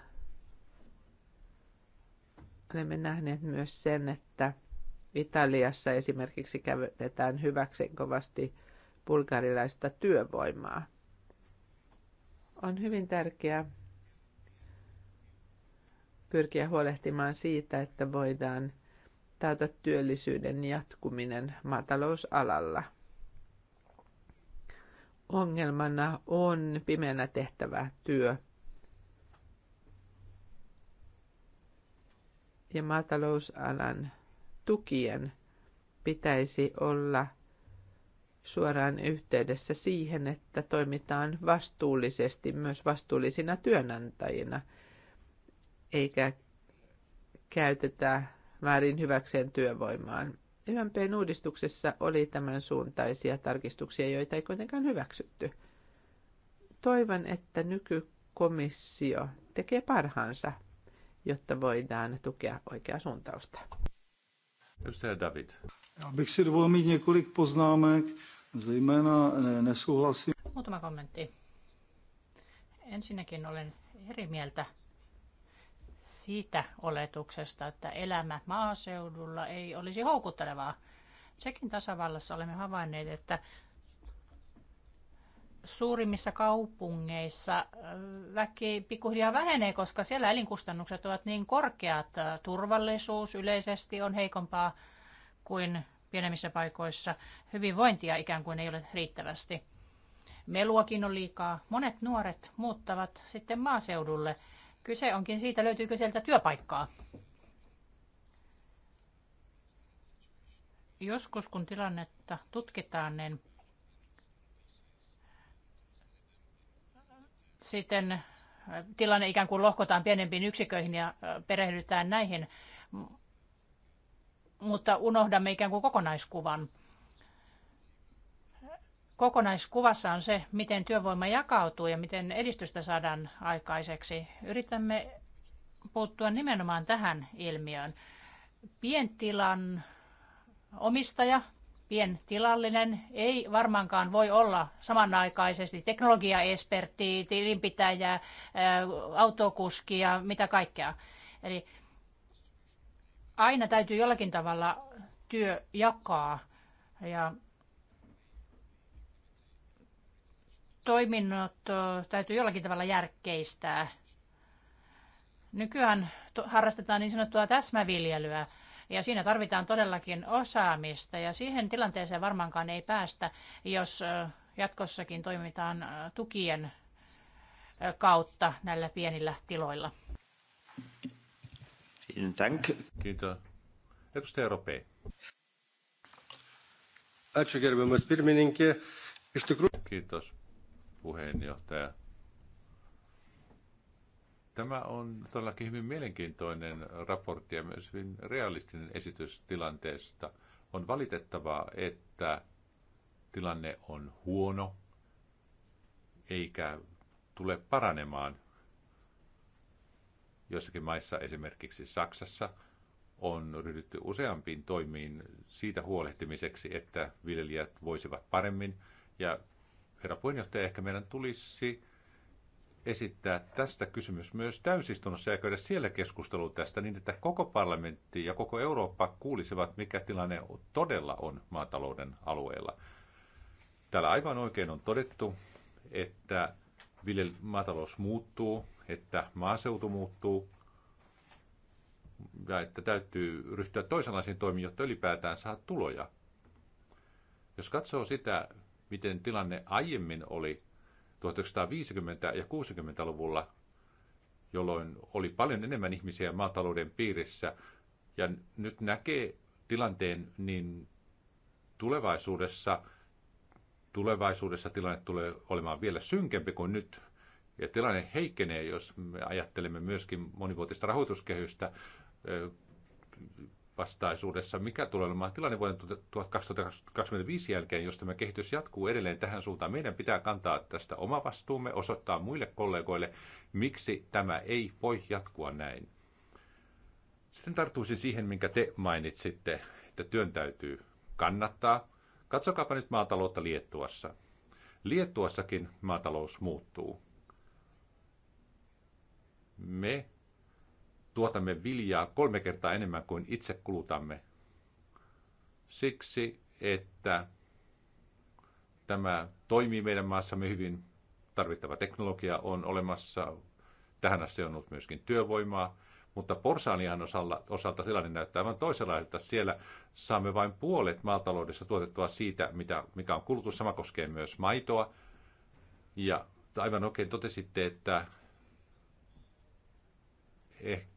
olemme nähneet myös sen, että Italiassa esimerkiksi käytetään hyväksi kovasti bulgarilaista työvoimaa – on hyvin tärkeää pyrkiä huolehtimaan siitä, että voidaan taata työllisyyden jatkuminen maatalousalalla. Ongelmana on pimeänä tehtävä työ. Ja maatalousalan tukien pitäisi olla – suoraan yhteydessä siihen, että toimitaan vastuullisesti myös vastuullisina työnantajina, eikä käytetä väärin hyväkseen työvoimaan. YMPn uudistuksessa oli tämän suuntaisia tarkistuksia, joita ei kuitenkaan hyväksytty. Toivon, että nykykomissio tekee parhaansa, jotta voidaan tukea oikeaa suuntausta. Edustaja David. Já bych si dovolil mít několik poznámek, zejména eh, nesouhlasím. Muutama kommentti. Ensinnäkin olen eri mieltä siitä oletuksesta, että elämä maaseudulla ei olisi houkuttelevaa. Tsekin tasavallassa olemme havainneet, että suurimmissa kaupungeissa äh, väki pikkuhiljaa vähenee, koska siellä elinkustannukset ovat niin korkeat. Turvallisuus yleisesti on heikompaa kuin pienemmissä paikoissa. Hyvinvointia ikään kuin ei ole riittävästi. Meluakin on liikaa. Monet nuoret muuttavat sitten maaseudulle. Kyse onkin siitä, löytyykö sieltä työpaikkaa. Joskus kun tilannetta tutkitaan, niin sitten äh, tilanne ikään kuin lohkotaan pienempiin yksiköihin ja äh, perehdytään näihin, mutta unohdamme ikään kuin kokonaiskuvan. Kokonaiskuvassa on se, miten työvoima jakautuu ja miten edistystä saadaan aikaiseksi. Yritämme puuttua nimenomaan tähän ilmiöön. Pientilan omistaja pientilallinen ei varmaankaan voi olla samanaikaisesti teknologiaespertti, tilinpitäjä, autokuski ja mitä kaikkea. Eli aina täytyy jollakin tavalla työ jakaa ja toiminnot täytyy jollakin tavalla järkeistää. Nykyään harrastetaan niin sanottua täsmäviljelyä – ja siinä tarvitaan todellakin osaamista ja siihen tilanteeseen varmaankaan ei päästä, jos jatkossakin toimitaan tukien kautta näillä pienillä tiloilla. Kiitos. Edustaja Ropei. Kiitos puheenjohtaja. Tämä on todellakin hyvin mielenkiintoinen raportti ja myös hyvin realistinen esitys tilanteesta. On valitettavaa, että tilanne on huono eikä tule paranemaan. Jossakin maissa, esimerkiksi Saksassa, on ryhdytty useampiin toimiin siitä huolehtimiseksi, että viljelijät voisivat paremmin. Ja herra puheenjohtaja, ehkä meidän tulisi esittää tästä kysymys myös täysistunnossa ja käydä siellä keskustelu tästä niin, että koko parlamentti ja koko Eurooppa kuulisivat, mikä tilanne todella on maatalouden alueella. Täällä aivan oikein on todettu, että maatalous muuttuu, että maaseutu muuttuu ja että täytyy ryhtyä toisenlaisiin toimiin, jotta ylipäätään saa tuloja. Jos katsoo sitä, miten tilanne aiemmin oli 1950- ja 60-luvulla, jolloin oli paljon enemmän ihmisiä maatalouden piirissä. Ja nyt näkee tilanteen, niin tulevaisuudessa, tulevaisuudessa tilanne tulee olemaan vielä synkempi kuin nyt. Ja tilanne heikkenee, jos me ajattelemme myöskin monivuotista rahoituskehystä vastaisuudessa, mikä tulee olemaan tilanne vuoden 2025 jälkeen, jos tämä kehitys jatkuu edelleen tähän suuntaan. Meidän pitää kantaa tästä oma vastuumme, osoittaa muille kollegoille, miksi tämä ei voi jatkua näin. Sitten tarttuisin siihen, minkä te mainitsitte, että työn täytyy kannattaa. Katsokaapa nyt maataloutta Liettuassa. Liettuassakin maatalous muuttuu. Me tuotamme viljaa kolme kertaa enemmän kuin itse kulutamme. Siksi, että tämä toimii meidän maassamme hyvin, tarvittava teknologia on olemassa, tähän asti on ollut myöskin työvoimaa, mutta porsaanian osalla, osalta tilanne näyttää aivan toisenlaiselta. Siellä saamme vain puolet maataloudessa tuotettua siitä, mitä, mikä on kulutus. Sama koskee myös maitoa. Ja aivan oikein totesitte, että ehkä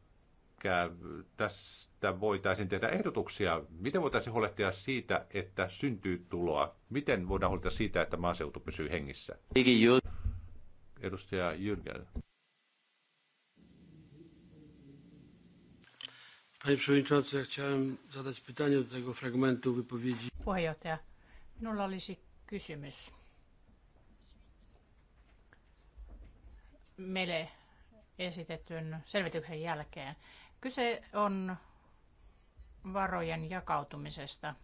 ehkä tästä voitaisiin tehdä ehdotuksia. Miten voitaisiin huolehtia siitä, että syntyy tuloa? Miten voidaan huolehtia siitä, että maaseutu pysyy hengissä? Edustaja Jyrgel. Panie Przewodniczący, ja chciałem zadać pytanie do tego fragmentu wypowiedzi. Puheenjohtaja, minulla olisi kysymys. Meille esitetyn selvityksen jälkeen. Kyse on varojen jakautumisesta.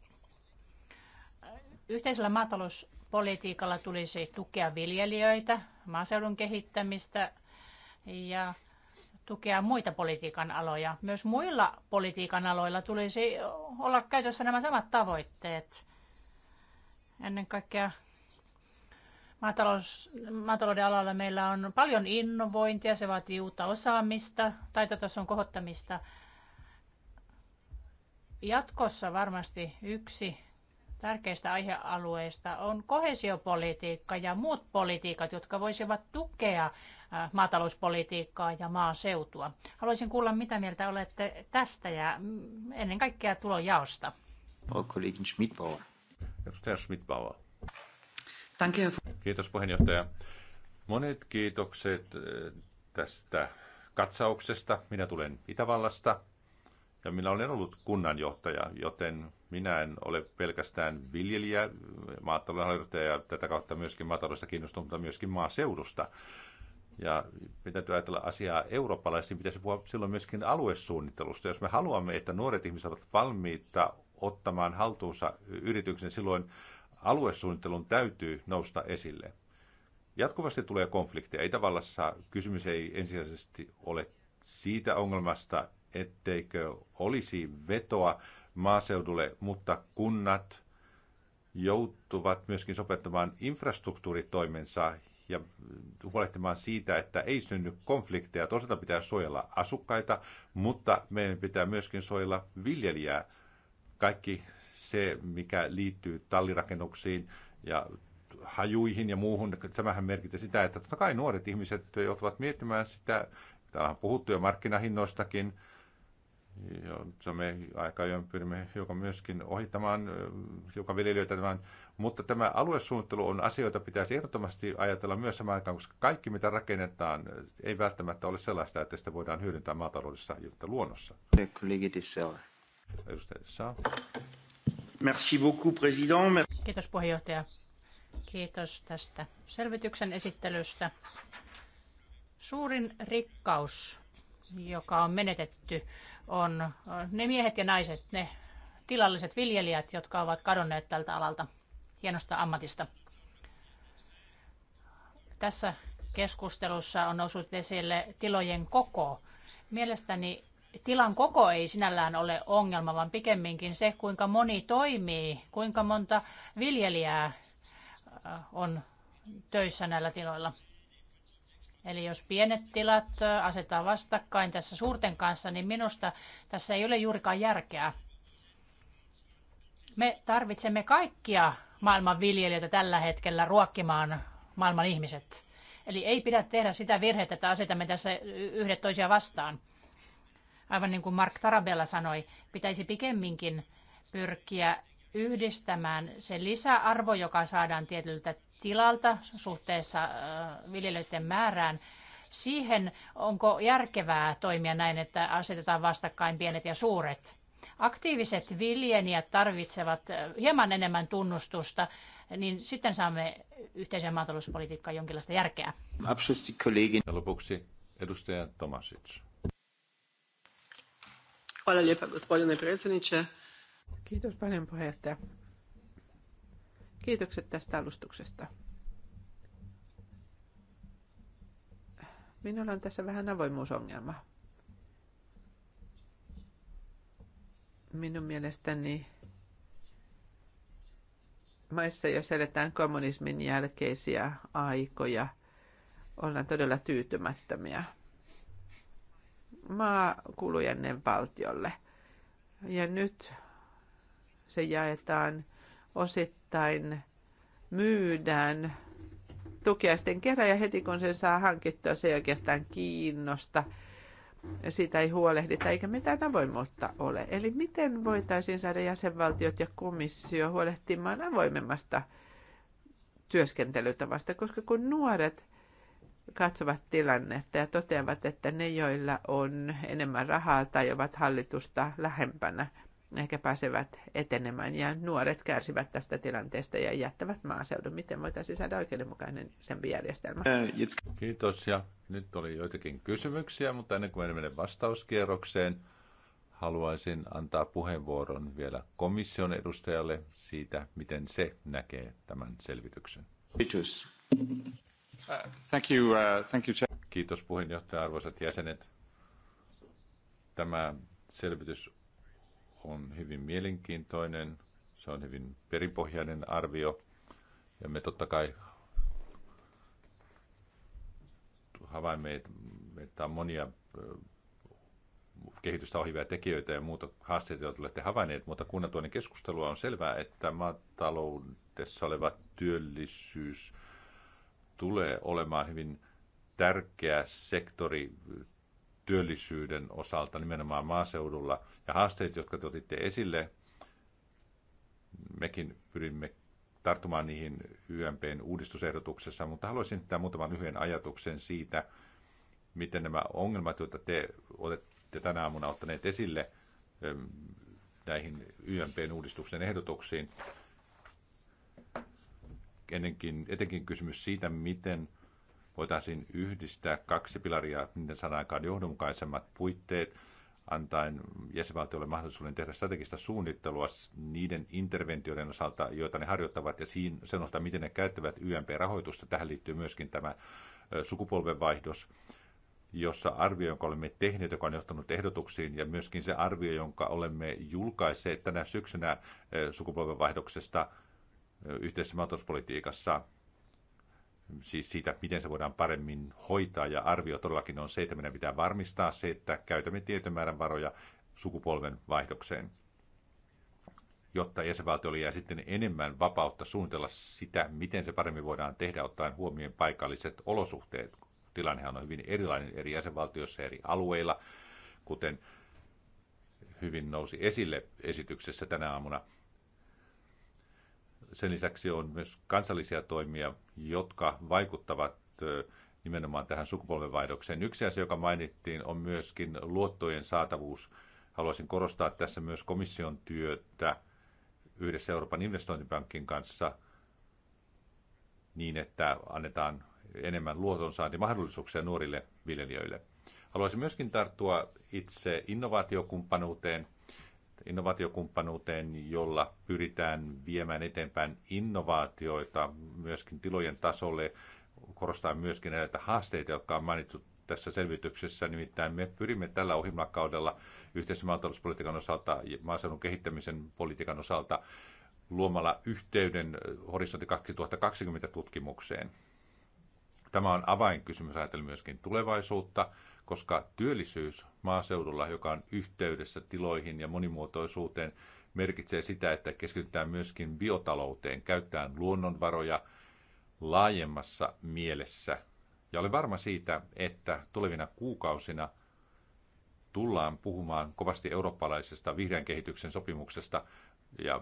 Yhteisellä maatalouspolitiikalla tulisi tukea viljelijöitä, maaseudun kehittämistä ja tukea muita politiikan aloja. Myös muilla politiikan aloilla tulisi olla käytössä nämä samat tavoitteet. Ennen kaikkea Maatalous, maatalouden alalla meillä on paljon innovointia, se vaatii uutta osaamista, taitotason kohottamista. Jatkossa varmasti yksi tärkeistä aihealueista on kohesiopolitiikka ja muut politiikat, jotka voisivat tukea maatalouspolitiikkaa ja maaseutua. Haluaisin kuulla, mitä mieltä olette tästä ja mm, ennen kaikkea tulojaosta. Kollegin Schmidbauer. Edustaja Schmidbauer. Kiitos puheenjohtaja. Monet kiitokset eh, tästä katsauksesta. Minä tulen Itävallasta ja minä olen ollut kunnanjohtaja, joten minä en ole pelkästään viljelijä, maatalouden ja tätä kautta myöskin maataloudesta kiinnostunut, mutta myöskin maaseudusta. Ja pitää ajatella asiaa eurooppalaisesti, niin pitäisi puhua silloin myöskin aluesuunnittelusta. Jos me haluamme, että nuoret ihmiset ovat valmiita ottamaan haltuunsa yrityksen, silloin aluesuunnittelun täytyy nousta esille. Jatkuvasti tulee konflikteja. Itävallassa kysymys ei ensisijaisesti ole siitä ongelmasta, etteikö olisi vetoa maaseudulle, mutta kunnat joutuvat myöskin sopeuttamaan infrastruktuuritoimensa ja huolehtimaan siitä, että ei synny konflikteja. Toisaalta pitää suojella asukkaita, mutta meidän pitää myöskin suojella viljelijää. Kaikki se, mikä liittyy tallirakennuksiin ja hajuihin ja muuhun, tämähän merkitsee sitä, että totta kai nuoret ihmiset joutuvat miettimään sitä, täällä on puhuttu jo markkinahinnoistakin, jota me aika ajoin pyrimme hiukan myöskin ohittamaan, hiukan viljelijöitä tämän. Mutta tämä aluesuunnittelu on asioita, pitäisi ehdottomasti ajatella myös samaan aikaan, koska kaikki mitä rakennetaan ei välttämättä ole sellaista, että sitä voidaan hyödyntää maataloudessa ja luonnossa. Edustaja Saa. Merci beaucoup, président. Kiitos puheenjohtaja. Kiitos tästä selvityksen esittelystä. Suurin rikkaus, joka on menetetty, on ne miehet ja naiset, ne tilalliset viljelijät, jotka ovat kadonneet tältä alalta hienosta ammatista. Tässä keskustelussa on noussut esille tilojen koko. Mielestäni tilan koko ei sinällään ole ongelma, vaan pikemminkin se, kuinka moni toimii, kuinka monta viljelijää äh, on töissä näillä tiloilla. Eli jos pienet tilat äh, asetaan vastakkain tässä suurten kanssa, niin minusta tässä ei ole juurikaan järkeä. Me tarvitsemme kaikkia maailman viljelijöitä tällä hetkellä ruokkimaan maailman ihmiset. Eli ei pidä tehdä sitä virhettä, että asetamme tässä yhdet toisia vastaan aivan niin kuin Mark Tarabella sanoi, pitäisi pikemminkin pyrkiä yhdistämään se lisäarvo, joka saadaan tietyltä tilalta suhteessa äh, viljelijöiden määrään, siihen onko järkevää toimia näin, että asetetaan vastakkain pienet ja suuret. Aktiiviset viljelijät tarvitsevat äh, hieman enemmän tunnustusta, niin sitten saamme yhteisen maatalouspolitiikkaan jonkinlaista järkeä. Lopuksi edustaja Tomasic. Hvala lijepa gospodine predsjedniče. Kiitos paljon puheenjohtaja. Kiitokset tästä alustuksesta. Minulla on tässä vähän avoimuusongelma. Minun mielestäni maissa, jos eletään kommunismin jälkeisiä aikoja, ollaan todella tyytymättömiä – maa kuului ennen valtiolle. Ja nyt se jaetaan osittain, myydään tukiaisten kerran ja heti kun sen saa hankittua, se ei oikeastaan kiinnosta. Siitä ei huolehdita eikä mitään avoimuutta ole. Eli miten voitaisiin saada jäsenvaltiot ja komissio huolehtimaan avoimemmasta työskentelytavasta, koska kun nuoret katsovat tilannetta ja toteavat, että ne, joilla on enemmän rahaa tai ovat hallitusta lähempänä, ehkä pääsevät etenemään ja nuoret kärsivät tästä tilanteesta ja jättävät maaseudun. Miten voitaisiin saada oikeudenmukainen sen järjestelmä? Kiitos ja nyt oli joitakin kysymyksiä, mutta ennen kuin menemme vastauskierrokseen, haluaisin antaa puheenvuoron vielä komission edustajalle siitä, miten se näkee tämän selvityksen. Kiitos. Thank you, uh, thank you. Kiitos puheenjohtaja, arvoisat jäsenet. Tämä selvitys on hyvin mielenkiintoinen. Se on hyvin perinpohjainen arvio. Ja me totta kai havaimme, että on monia kehitystä ohjaavia tekijöitä ja muuta haasteita, joita olette havainneet, mutta kun tuonne keskustelua on selvää, että maataloudessa oleva työllisyys tulee olemaan hyvin tärkeä sektori työllisyyden osalta nimenomaan maaseudulla. Ja haasteet, jotka te otitte esille, mekin pyrimme tarttumaan niihin YMPn uudistusehdotuksessa, mutta haluaisin tämä muutaman lyhyen ajatuksen siitä, miten nämä ongelmat, joita te olette tänä aamuna ottaneet esille ehm, näihin YMPn uudistuksen ehdotuksiin, ennenkin, etenkin kysymys siitä, miten voitaisiin yhdistää kaksi pilaria, miten saadaan aikaan johdonmukaisemmat puitteet, antaen jäsenvaltioille mahdollisuuden tehdä strategista suunnittelua niiden interventioiden osalta, joita ne harjoittavat, ja siinä, sen osalta, miten ne käyttävät YMP-rahoitusta. Tähän liittyy myöskin tämä sukupolvenvaihdos, jossa arvio, jonka olemme tehneet, joka on johtanut ehdotuksiin, ja myöskin se arvio, jonka olemme julkaisseet tänä syksynä sukupolvenvaihdoksesta – yhteisessä maatalouspolitiikassa, siis siitä, miten se voidaan paremmin hoitaa ja arvio todellakin on se, että meidän pitää varmistaa se, että käytämme tietyn määrän varoja sukupolven vaihdokseen, jotta jäsenvaltiolle jää sitten enemmän vapautta suunnitella sitä, miten se paremmin voidaan tehdä ottaen huomioon paikalliset olosuhteet. Tilannehan on hyvin erilainen eri jäsenvaltioissa ja eri alueilla, kuten hyvin nousi esille esityksessä tänä aamuna – sen lisäksi on myös kansallisia toimia, jotka vaikuttavat nimenomaan tähän sukupolvenvaihdokseen. Yksi asia, joka mainittiin, on myöskin luottojen saatavuus. Haluaisin korostaa tässä myös komission työtä yhdessä Euroopan investointipankin kanssa niin, että annetaan enemmän luotonsaantimahdollisuuksia nuorille viljelijöille. Haluaisin myöskin tarttua itse innovaatiokumppanuuteen – innovaatiokumppanuuteen, jolla pyritään viemään eteenpäin innovaatioita myöskin tilojen tasolle. Korostaa myöskin näitä haasteita, jotka on mainittu tässä selvityksessä. Nimittäin me pyrimme tällä ohjelmakaudella yhteisen maatalouspolitiikan osalta ja maaseudun kehittämisen politiikan osalta luomalla yhteyden horisontti 2020 tutkimukseen. Tämä on avainkysymys ajatellen myöskin tulevaisuutta – koska työllisyys maaseudulla, joka on yhteydessä tiloihin ja monimuotoisuuteen, merkitsee sitä, että keskitytään myöskin biotalouteen, käyttäen luonnonvaroja laajemmassa mielessä. Ja olen varma siitä, että tulevina kuukausina tullaan puhumaan kovasti eurooppalaisesta vihreän kehityksen sopimuksesta, ja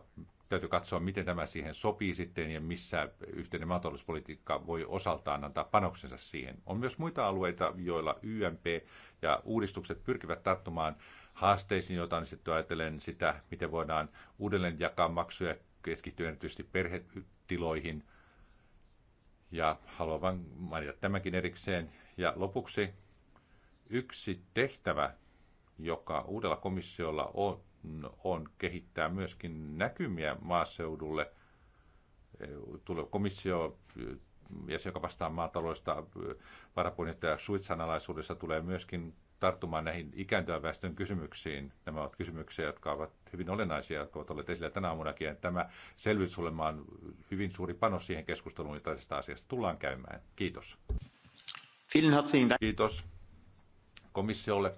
täytyy katsoa, miten tämä siihen sopii sitten ja missä yhteinen maatalouspolitiikka voi osaltaan antaa panoksensa siihen. On myös muita alueita, joilla YMP ja uudistukset pyrkivät tarttumaan haasteisiin, joita on sitten ajatellen sitä, miten voidaan uudelleen jakaa maksuja keskittyen erityisesti perhetiloihin. Ja haluan vain mainita tämänkin erikseen. Ja lopuksi yksi tehtävä, joka uudella komissiolla on, on kehittää myöskin näkymiä maaseudulle. Tulee komissio, jäsen, joka vastaa maataloista, varapuheenjohtaja suitsanalaisuudessa tulee myöskin tarttumaan näihin ikääntyvän väestön kysymyksiin. Nämä ovat kysymyksiä, jotka ovat hyvin olennaisia, jotka ovat olleet esillä tänä aamunakin. Tämä selvitys olemaan hyvin suuri panos siihen keskusteluun, jota tästä asiasta tullaan käymään. Kiitos. Kiitos komissiolle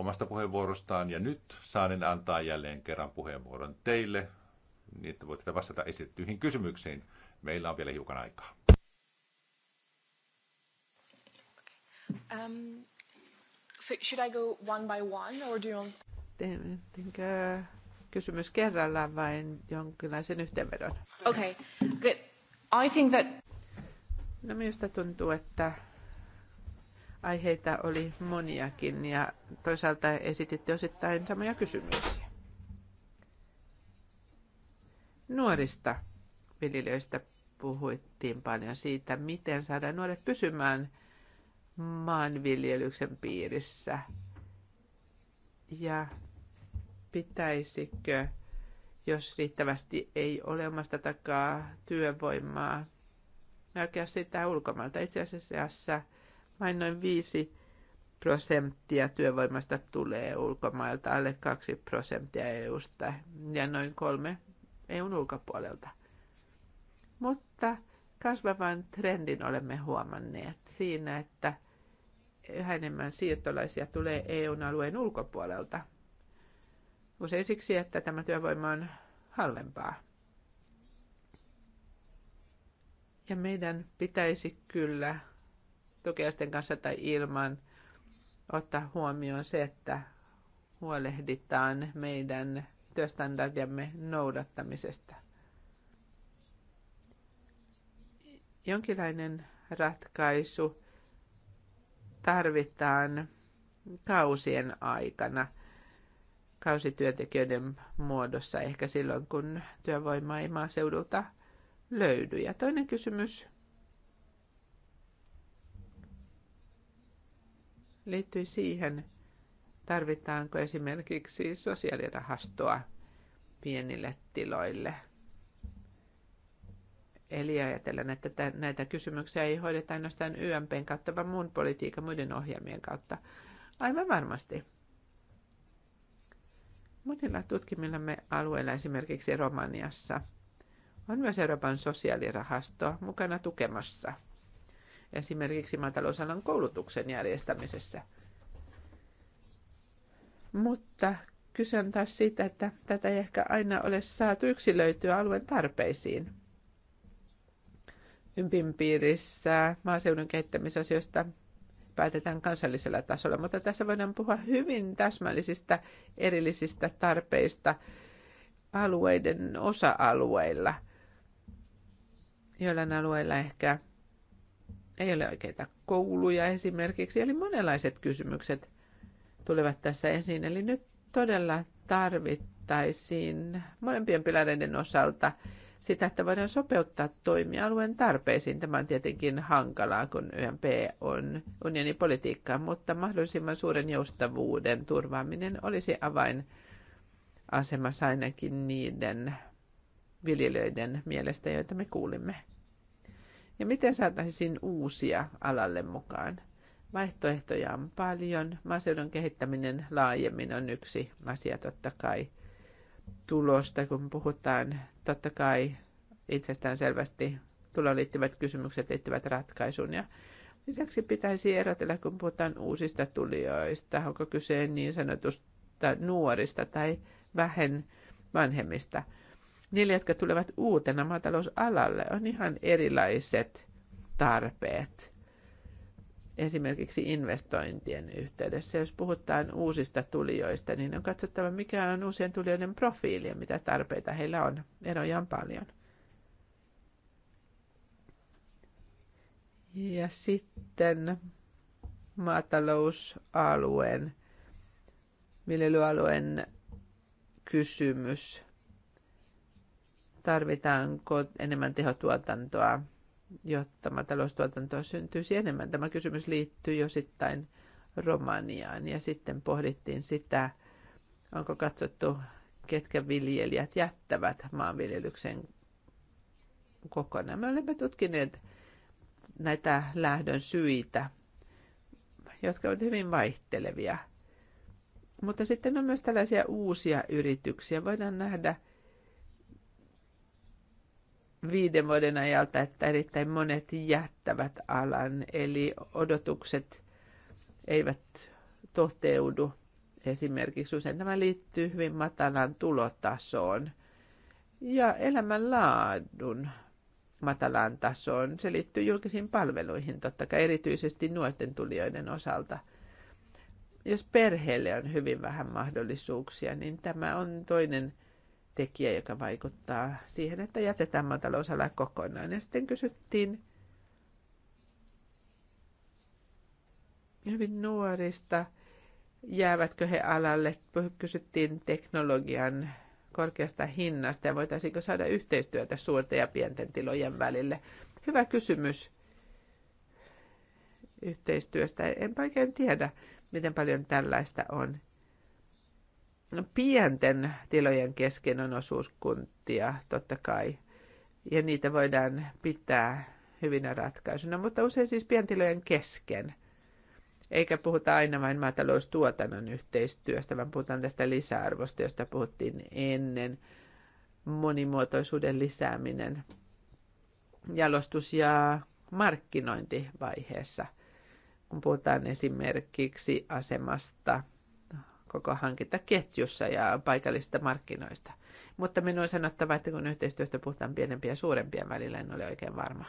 omasta puheenvuorostaan. Ja nyt saanen antaa jälleen kerran puheenvuoron teille, niin että voitte vastata esittyihin kysymyksiin. Meillä on vielä hiukan aikaa. Um, so should I go one by one or do you want... Tehdäänkö kysymys kerrallaan vai jonkinlaisen yhteenvedon? Okay, good. I think that... No minusta tuntuu, että Aiheita oli moniakin ja toisaalta esititte osittain samoja kysymyksiä. Nuorista viljelijöistä puhuttiin paljon siitä, miten saada nuoret pysymään maanviljelyksen piirissä. Ja pitäisikö, jos riittävästi ei ole omasta takaa työvoimaa, hakea sitä ulkomailta. Itse asiassa vain noin 5 prosenttia työvoimasta tulee ulkomailta, alle 2 prosenttia EUsta ja noin kolme EUn ulkopuolelta. Mutta kasvavan trendin olemme huomanneet siinä, että yhä enemmän siirtolaisia tulee EUn alueen ulkopuolelta. Usein siksi, että tämä työvoima on halvempaa. Ja meidän pitäisi kyllä tukiaisten kanssa tai ilman ottaa huomioon se, että huolehditaan meidän työstandardiamme noudattamisesta. Jonkinlainen ratkaisu tarvitaan kausien aikana kausityöntekijöiden muodossa, ehkä silloin kun työvoima ei maaseudulta löydy. Ja toinen kysymys liittyi siihen, tarvitaanko esimerkiksi sosiaalirahastoa pienille tiloille. Eli ajatellaan, että näitä kysymyksiä ei hoideta ainoastaan YMPn kautta, vaan muun politiikan muiden ohjelmien kautta. Aivan varmasti. Monilla tutkimillamme alueilla, esimerkiksi Romaniassa, on myös Euroopan sosiaalirahasto mukana tukemassa – esimerkiksi maatalousalan koulutuksen järjestämisessä. Mutta kyse on taas siitä, että tätä ei ehkä aina ole saatu yksilöityä alueen tarpeisiin. Ympin piirissä maaseudun kehittämisasioista päätetään kansallisella tasolla, mutta tässä voidaan puhua hyvin täsmällisistä erillisistä tarpeista alueiden osa-alueilla. Joillain alueilla ehkä ei ole oikeita kouluja esimerkiksi. Eli monenlaiset kysymykset tulevat tässä esiin. Eli nyt todella tarvittaisiin molempien pilareiden osalta sitä, että voidaan sopeuttaa toimialueen tarpeisiin. Tämä on tietenkin hankalaa, kun YMP on unionin politiikkaa, mutta mahdollisimman suuren joustavuuden turvaaminen olisi avain asemassa ainakin niiden viljelijöiden mielestä, joita me kuulimme. Ja miten saataisiin uusia alalle mukaan? Vaihtoehtoja on paljon. Maaseudun kehittäminen laajemmin on yksi asia totta kai. Tulosta, kun puhutaan totta kai itsestään selvästi tuloon liittyvät kysymykset liittyvät ratkaisuun. Ja lisäksi pitäisi erotella, kun puhutaan uusista tulijoista, onko kyse niin sanotusta nuorista tai vähän vanhemmista – niille, jotka tulevat uutena maatalousalalle, on ihan erilaiset tarpeet. Esimerkiksi investointien yhteydessä, jos puhutaan uusista tulijoista, niin on katsottava, mikä on uusien tulijoiden profiili ja mitä tarpeita heillä on. Eroja on paljon. Ja sitten maatalousalueen, viljelyalueen kysymys tarvitaanko enemmän tehotuotantoa, jotta maataloustuotantoa syntyisi enemmän. Tämä kysymys liittyy jo sitten Romaniaan ja sitten pohdittiin sitä, onko katsottu, ketkä viljelijät jättävät maanviljelyksen kokonaan. Me olemme tutkineet näitä lähdön syitä, jotka ovat hyvin vaihtelevia. Mutta sitten on myös tällaisia uusia yrityksiä. Voidaan nähdä, viiden vuoden ajalta, että erittäin monet jättävät alan, eli odotukset eivät toteudu. Esimerkiksi usein tämä liittyy hyvin matalan tulotasoon ja elämänlaadun matalaan tasoon. Se liittyy julkisiin palveluihin totta kai erityisesti nuorten tulijoiden osalta. Jos perheelle on hyvin vähän mahdollisuuksia, niin tämä on toinen – tekijä, joka vaikuttaa siihen, että jätetään maatalousala kokonaan. Ja sitten kysyttiin hyvin nuorista, jäävätkö he alalle. Kysyttiin teknologian korkeasta hinnasta ja voitaisiinko saada yhteistyötä suurten ja pienten tilojen välille. Hyvä kysymys yhteistyöstä. En oikein tiedä, miten paljon tällaista on. No, pienten tilojen kesken on osuuskuntia totta kai, ja niitä voidaan pitää hyvinä ratkaisuna, mutta usein siis pientilojen kesken. Eikä puhuta aina vain maataloustuotannon yhteistyöstä, vaan puhutaan tästä lisäarvosta, josta puhuttiin ennen. Monimuotoisuuden lisääminen jalostus- ja markkinointivaiheessa, kun puhutaan esimerkiksi asemasta – koko hankintaketjussa ja paikallisista markkinoista. Mutta minun on sanottava, että kun yhteistyöstä puhutaan pienempiä ja suurempien välillä, en ole oikein varma.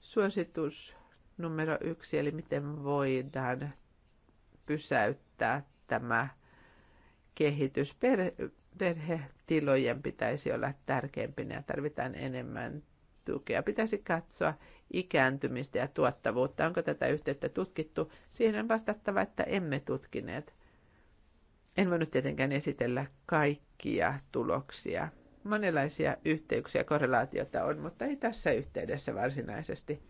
Suositus numero yksi, eli miten voidaan pysäyttää tämä kehitys. Per, perhetilojen pitäisi olla tärkeimpinä ja tarvitaan enemmän tukea. Pitäisi katsoa ikääntymistä ja tuottavuutta. Onko tätä yhteyttä tutkittu? Siihen on vastattava, että emme tutkineet. En voinut tietenkään esitellä kaikkia tuloksia. Monenlaisia yhteyksiä ja korrelaatiota on, mutta ei tässä yhteydessä varsinaisesti,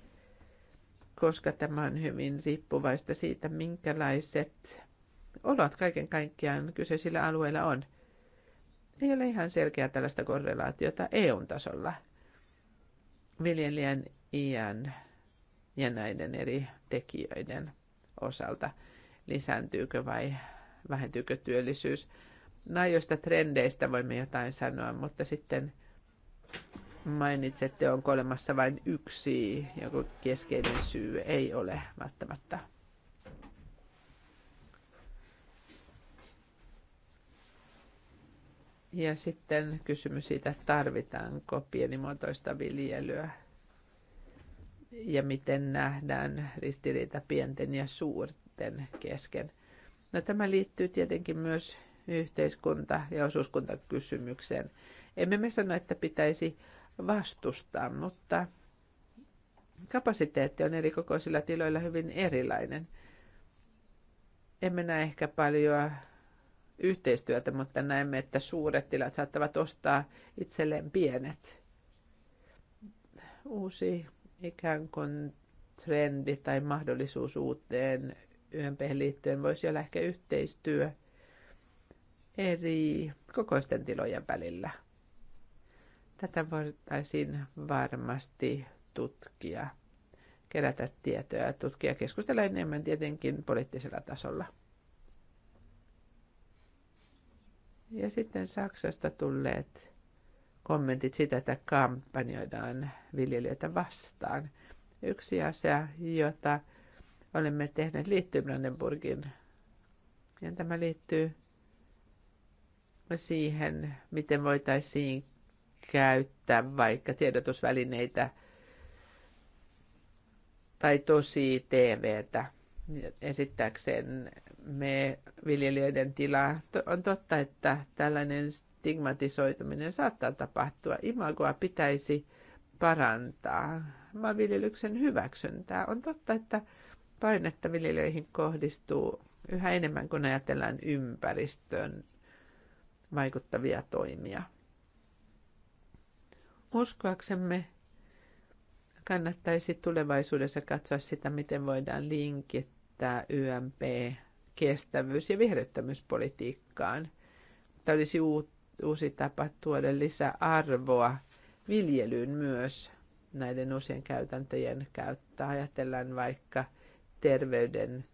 koska tämä on hyvin riippuvaista siitä, minkälaiset olot kaiken kaikkiaan kyseisillä alueilla on. Ei ole ihan selkeää tällaista korrelaatiota EUn tasolla – viljelijän iän ja näiden eri tekijöiden osalta, lisääntyykö vai vähentyykö työllisyys. Näistä no, trendeistä voimme jotain sanoa, mutta sitten mainitsette, onko olemassa vain yksi joku keskeinen syy. Ei ole välttämättä Ja sitten kysymys siitä, tarvitaanko pienimuotoista viljelyä ja miten nähdään ristiriita pienten ja suurten kesken. No, tämä liittyy tietenkin myös yhteiskunta- ja osuuskuntakysymykseen. Emme me sano, että pitäisi vastustaa, mutta kapasiteetti on eri kokoisilla tiloilla hyvin erilainen. Emme näe ehkä paljon yhteistyötä, mutta näemme, että suuret tilat saattavat ostaa itselleen pienet. Uusi ikään kuin trendi tai mahdollisuus uuteen YMP liittyen voisi olla ehkä yhteistyö eri kokoisten tilojen välillä. Tätä voitaisiin varmasti tutkia, kerätä tietoja ja tutkia keskustella enemmän tietenkin poliittisella tasolla. Ja sitten Saksasta tulleet kommentit sitä, että kampanjoidaan viljelijöitä vastaan. Yksi asia, jota olemme tehneet, liittyy Brandenburgin. Ja tämä liittyy siihen, miten voitaisiin käyttää vaikka tiedotusvälineitä tai tosi TVtä esittääkseen me viljelijöiden tilaa. On totta, että tällainen stigmatisoituminen saattaa tapahtua. Imagoa pitäisi parantaa. Maanviljelyksen hyväksyntää. On totta, että painetta viljelijöihin kohdistuu yhä enemmän, kun ajatellaan ympäristön vaikuttavia toimia. Uskoaksemme kannattaisi tulevaisuudessa katsoa sitä, miten voidaan linkittää YMP kestävyys- ja viherryttämyspolitiikkaan. Tämä olisi uusi tapa tuoda lisäarvoa viljelyyn myös näiden uusien käytäntöjen käyttää. Ajatellaan vaikka terveyden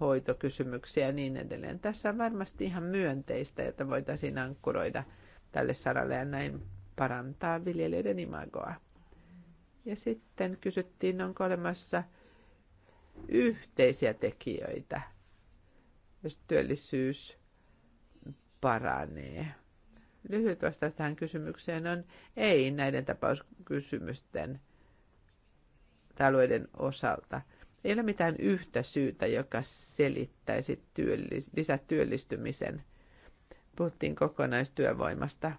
hoitokysymyksiä ja niin edelleen. Tässä on varmasti ihan myönteistä, että voitaisiin ankkuroida tälle saralle ja näin parantaa viljelijöiden imagoa. Ja sitten kysyttiin, onko olemassa yhteisiä tekijöitä – jos työllisyys paranee? Lyhyt vastaus tähän kysymykseen on ei näiden tapauskysymysten alueiden osalta. Ei ole mitään yhtä syytä, joka selittäisi työlli- lisätyöllistymisen. Puhuttiin kokonaistyövoimasta.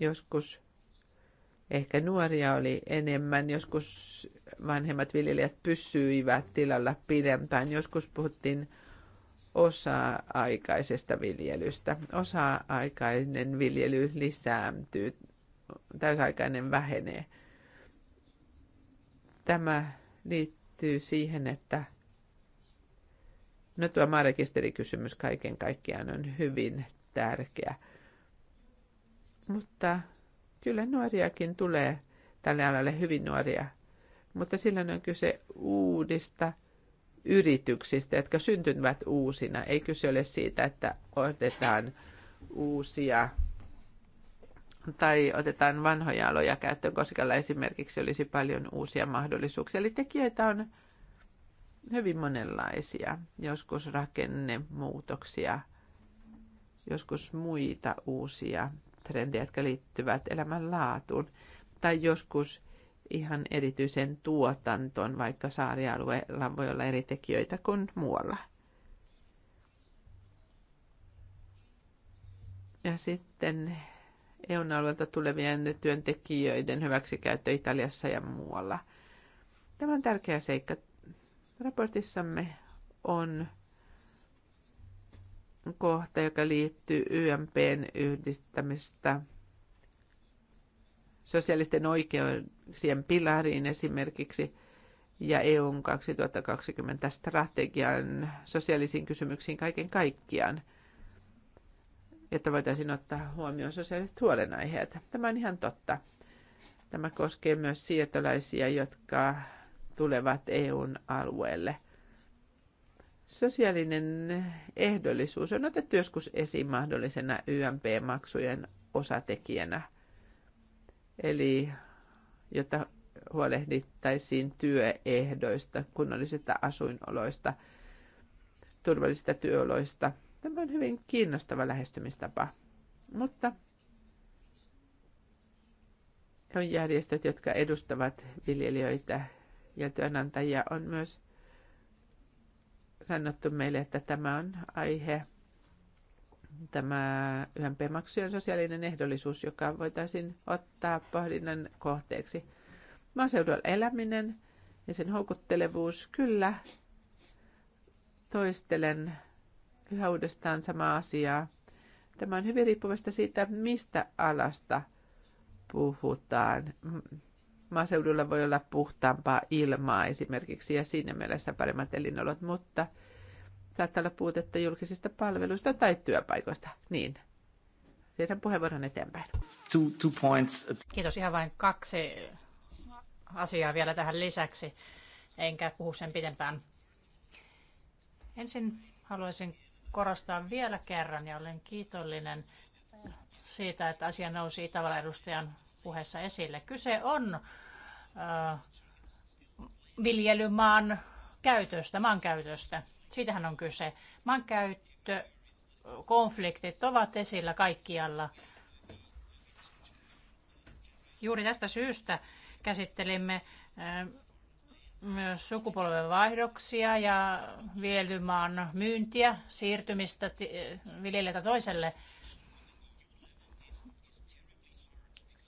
Joskus ehkä nuoria oli enemmän, joskus vanhemmat viljelijät pysyivät tilalla pidempään, joskus puhuttiin osa-aikaisesta viljelystä. Osa-aikainen viljely lisääntyy, täysaikainen vähenee. Tämä liittyy siihen, että no tuo maarekisterikysymys kaiken kaikkiaan on hyvin tärkeä. Mutta kyllä nuoriakin tulee tälle alalle hyvin nuoria, mutta silloin on kyse uudista – yrityksistä, jotka syntyvät uusina. Ei kyse ole siitä, että otetaan uusia tai otetaan vanhoja aloja käyttöön, koska esimerkiksi olisi paljon uusia mahdollisuuksia. Eli tekijöitä on hyvin monenlaisia. Joskus rakennemuutoksia, joskus muita uusia trendejä, jotka liittyvät elämänlaatuun. Tai joskus ihan erityisen tuotantoon, vaikka saarialueella voi olla eri tekijöitä kuin muualla. Ja sitten EUn alueelta tulevien työntekijöiden hyväksikäyttö Italiassa ja muualla. Tämä on tärkeä seikka. Raportissamme on kohta, joka liittyy YMPn yhdistämistä sosiaalisten oikeuden siihen pilariin esimerkiksi ja EUn 2020 strategian sosiaalisiin kysymyksiin kaiken kaikkiaan, että voitaisiin ottaa huomioon sosiaaliset huolenaiheet. Tämä on ihan totta. Tämä koskee myös siirtolaisia, jotka tulevat EUn alueelle. Sosiaalinen ehdollisuus on otettu joskus esiin mahdollisena YMP-maksujen osatekijänä. Eli jotta huolehdittaisiin työehdoista, kunnollisista asuinoloista, turvallisista työoloista. Tämä on hyvin kiinnostava lähestymistapa. Mutta on järjestöt, jotka edustavat viljelijöitä ja työnantajia. On myös sanottu meille, että tämä on aihe, tämä YMP-maksujen sosiaalinen ehdollisuus, joka voitaisiin ottaa pohdinnan kohteeksi. Maaseudulla eläminen ja sen houkuttelevuus, kyllä toistelen yhä uudestaan samaa asiaa. Tämä on hyvin riippuvasta siitä, mistä alasta puhutaan. Maaseudulla voi olla puhtaampaa ilmaa esimerkiksi ja siinä mielessä paremmat elinolot, mutta – saattaa olla puutetta julkisista palveluista tai työpaikoista. Niin. Siirrän puheenvuoron eteenpäin. Two, two points. Kiitos. Ihan vain kaksi asiaa vielä tähän lisäksi. Enkä puhu sen pidempään. Ensin haluaisin korostaa vielä kerran ja olen kiitollinen siitä, että asia nousi Itävallan edustajan puheessa esille. Kyse on äh, viljelymaan käytöstä, maankäytöstä. Siitähän on kyse. Maankäyttö, konfliktit ovat esillä kaikkialla. Juuri tästä syystä käsittelimme eh, myös sukupolven vaihdoksia ja viljelymaan myyntiä, siirtymistä viljelijältä toiselle.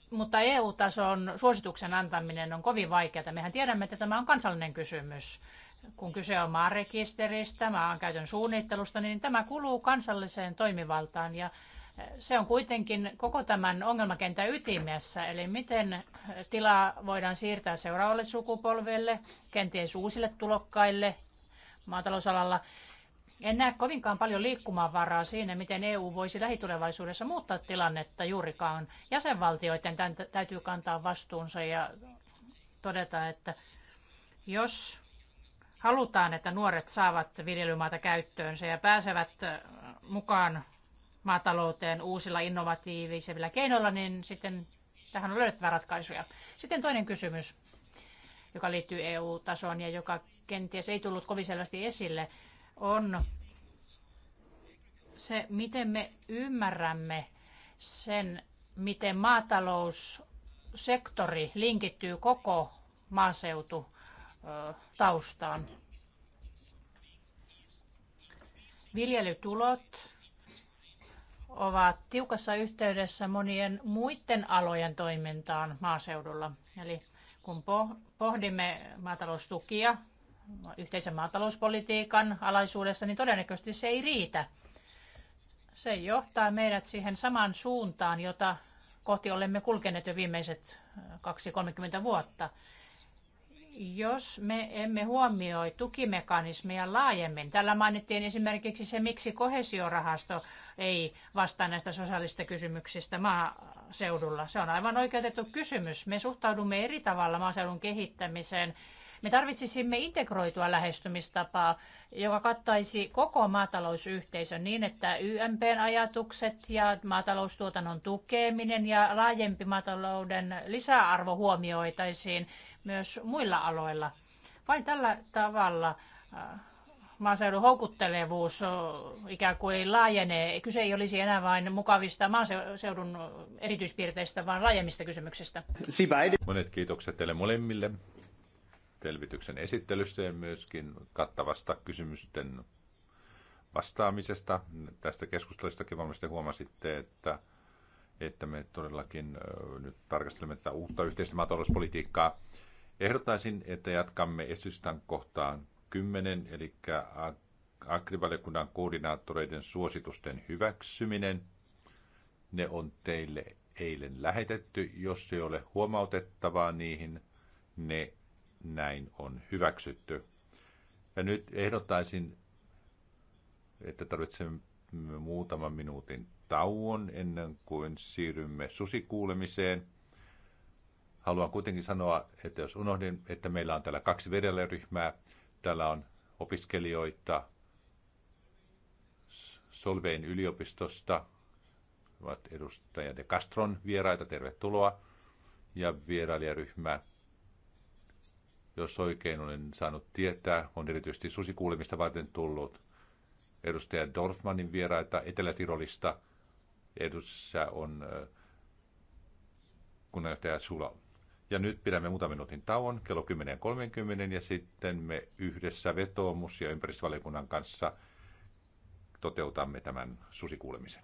Mutta EU-tason suosituksen antaminen on kovin vaikeaa. Mehän tiedämme, että tämä on kansallinen kysymys kun kyse on maanrekisteristä, maankäytön suunnittelusta, niin tämä kuluu kansalliseen toimivaltaan ja eh, se on kuitenkin koko tämän ongelmakentän ytimessä, eli miten eh, tilaa voidaan siirtää seuraavalle sukupolvelle, kenties uusille tulokkaille maatalousalalla. En näe kovinkaan paljon liikkumavaraa siinä, miten EU voisi lähitulevaisuudessa muuttaa tilannetta juurikaan. Jäsenvaltioiden täytyy kantaa vastuunsa ja todeta, että jos halutaan, että nuoret saavat viljelymaata käyttöönsä ja pääsevät mukaan maatalouteen uusilla innovatiivisilla keinoilla, niin sitten tähän on löydettävä ratkaisuja. Sitten toinen kysymys, joka liittyy EU-tasoon ja joka kenties ei tullut kovin selvästi esille, on se, miten me ymmärrämme sen, miten maataloussektori linkittyy koko maaseutu taustaan. Viljelytulot ovat tiukassa yhteydessä monien muiden alojen toimintaan maaseudulla. Eli kun pohdimme maataloustukia yhteisen maatalouspolitiikan alaisuudessa, niin todennäköisesti se ei riitä. Se johtaa meidät siihen samaan suuntaan, jota kohti olemme kulkeneet jo viimeiset 2-30 vuotta jos me emme huomioi tukimekanismeja laajemmin, tällä mainittiin esimerkiksi se, miksi kohesiorahasto ei vastaa näistä sosiaalista kysymyksistä maaseudulla. Se on aivan oikeutettu kysymys. Me suhtaudumme eri tavalla maaseudun kehittämiseen me tarvitsisimme integroitua lähestymistapaa, joka kattaisi koko maatalousyhteisön niin, että YMPn ajatukset ja maataloustuotannon tukeminen ja laajempi maatalouden lisäarvo huomioitaisiin myös muilla aloilla. Vain tällä tavalla äh, maaseudun houkuttelevuus ikään kuin laajenee. Kyse ei olisi enää vain mukavista maaseudun erityispiirteistä, vaan laajemmista kysymyksistä. Monet kiitokset teille molemmille selvityksen esittelystä ja myöskin kattavasta kysymysten vastaamisesta. Tästä keskustelustakin varmasti huomasitte, että, että me todellakin nyt tarkastelemme tätä uutta yhteistä maatalouspolitiikkaa. Ehdottaisin, että jatkamme esitystän kohtaan 10, eli agrivaliokunnan koordinaattoreiden suositusten hyväksyminen. Ne on teille eilen lähetetty. Jos ei ole huomautettavaa niihin, ne näin on hyväksytty. Ja nyt ehdottaisin, että tarvitsemme muutaman minuutin tauon ennen kuin siirrymme susikuulemiseen. Haluan kuitenkin sanoa, että jos unohdin, että meillä on täällä kaksi vedellä täällä on opiskelijoita Solvein yliopistosta, ovat edustaja De Castron vieraita, tervetuloa, ja vierailijaryhmä jos oikein olen saanut tietää, on erityisesti susikuulemista varten tullut edustaja Dorfmanin vieraita Etelä-Tirolista. Edussa on äh, kunnanjohtaja Sula. Ja nyt pidämme muutaman minuutin tauon kello 10.30 ja sitten me yhdessä vetoomus- ja ympäristövaliokunnan kanssa toteutamme tämän susikuulemisen.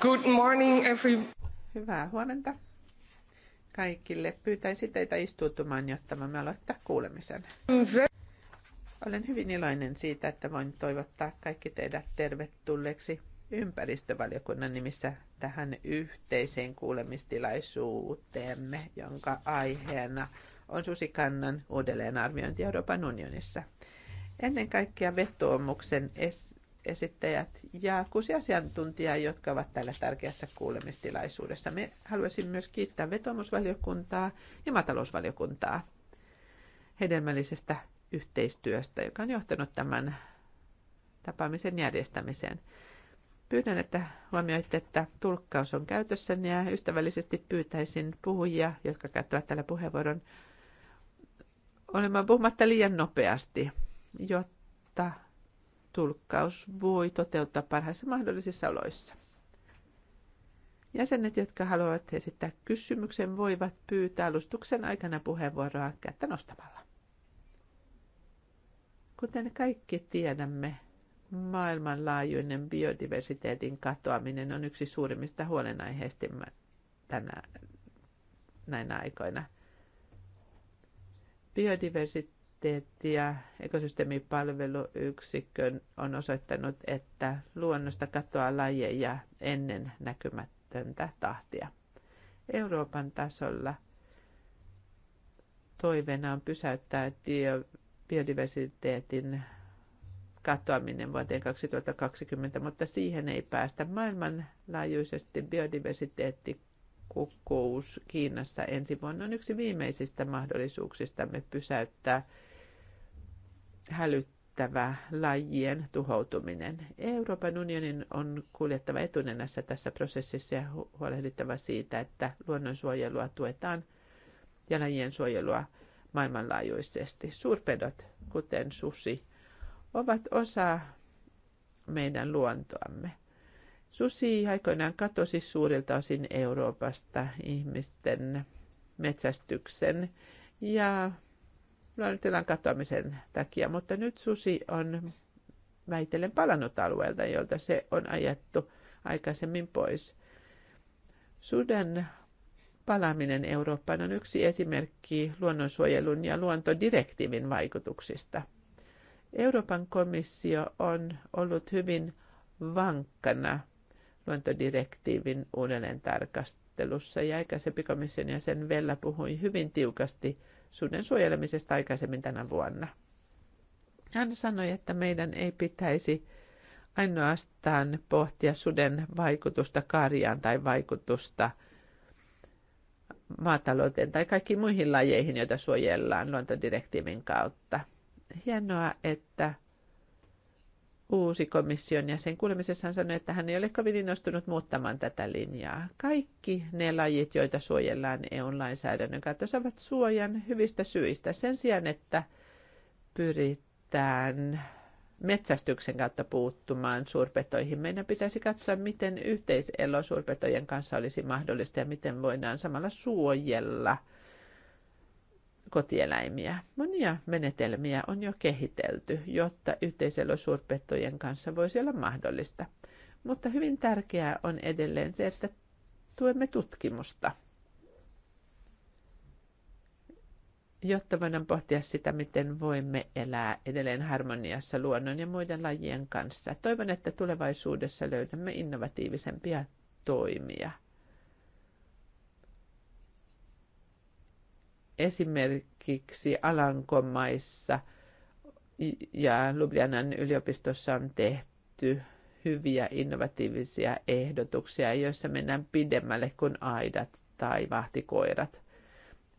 Good morning every... Hyvää huomenta kaikille. Pyytäisin teitä istuutumaan, jotta me aloittaa kuulemisen. Olen hyvin iloinen siitä, että voin toivottaa kaikki teidät tervetulleeksi ympäristövaliokunnan nimissä tähän yhteiseen kuulemistilaisuuteemme, jonka aiheena on susikannan uudelleenarviointi Euroopan unionissa. Ennen kaikkea vetoomuksen es- esittäjät ja kuusi asiantuntijaa, jotka ovat täällä tärkeässä kuulemistilaisuudessa. Me haluaisin myös kiittää vetomusvaliokuntaa ja maatalousvaliokuntaa hedelmällisestä yhteistyöstä, joka on johtanut tämän tapaamisen järjestämiseen. Pyydän, että huomioitte, että tulkkaus on käytössäni ja ystävällisesti pyytäisin puhujia, jotka käyttävät tällä puheenvuoron, olemaan puhumatta liian nopeasti, jotta tulkkaus voi toteuttaa parhaissa mahdollisissa oloissa. Jäsenet, jotka haluavat esittää kysymyksen, voivat pyytää alustuksen aikana puheenvuoroa kättä nostamalla. Kuten kaikki tiedämme, maailmanlaajuinen biodiversiteetin katoaminen on yksi suurimmista huolenaiheistimme tänä, näinä aikoina. Biodiversiteetti biodiversiteetti- ja ekosysteemipalveluyksikkö on osoittanut, että luonnosta katoaa lajeja ennen näkymätöntä tahtia. Euroopan tasolla toiveena on pysäyttää biodiversiteetin katoaminen vuoteen 2020, mutta siihen ei päästä. Maailmanlaajuisesti biodiversiteetti kukkuus Kiinassa ensi vuonna on yksi viimeisistä mahdollisuuksistamme pysäyttää hälyttävä lajien tuhoutuminen. Euroopan unionin on kuljettava etunenässä tässä prosessissa ja huolehdittava siitä, että luonnonsuojelua tuetaan ja lajien suojelua maailmanlaajuisesti. Suurpedot, kuten susi, ovat osa meidän luontoamme. Susi aikoinaan katosi suurilta osin Euroopasta ihmisten metsästyksen ja Laaritilan katoamisen takia, mutta nyt susi on väitellen palannut alueelta, jolta se on ajettu aikaisemmin pois. Suden palaaminen Eurooppaan on yksi esimerkki luonnonsuojelun ja luontodirektiivin vaikutuksista. Euroopan komissio on ollut hyvin vankkana luontodirektiivin uudelleen tarkastelussa ja aikaisempi komission jäsen Vella puhui hyvin tiukasti suden suojelemisesta aikaisemmin tänä vuonna. Hän sanoi, että meidän ei pitäisi ainoastaan pohtia suden vaikutusta karjaan tai vaikutusta maatalouteen tai kaikkiin muihin lajeihin, joita suojellaan luontodirektiivin kautta. Hienoa, että uusi komission jäsen hän sanoi, että hän ei ole kovin innostunut muuttamaan tätä linjaa. Kaikki ne lajit, joita suojellaan EU-lainsäädännön kautta, saavat suojan hyvistä syistä. Sen sijaan, että pyritään metsästyksen kautta puuttumaan suurpetoihin. Meidän pitäisi katsoa, miten yhteiselo suurpetojen kanssa olisi mahdollista ja miten voidaan samalla suojella – kotieläimiä. Monia menetelmiä on jo kehitelty, jotta yhteisellä suurpettojen kanssa voisi olla mahdollista. Mutta hyvin tärkeää on edelleen se, että tuemme tutkimusta, jotta voidaan pohtia sitä, miten voimme elää edelleen harmoniassa luonnon ja muiden lajien kanssa. Toivon, että tulevaisuudessa löydämme innovatiivisempia toimia – esimerkiksi Alankomaissa ja Lublianan yliopistossa on tehty hyviä innovatiivisia ehdotuksia, joissa mennään pidemmälle kuin aidat tai vahtikoirat.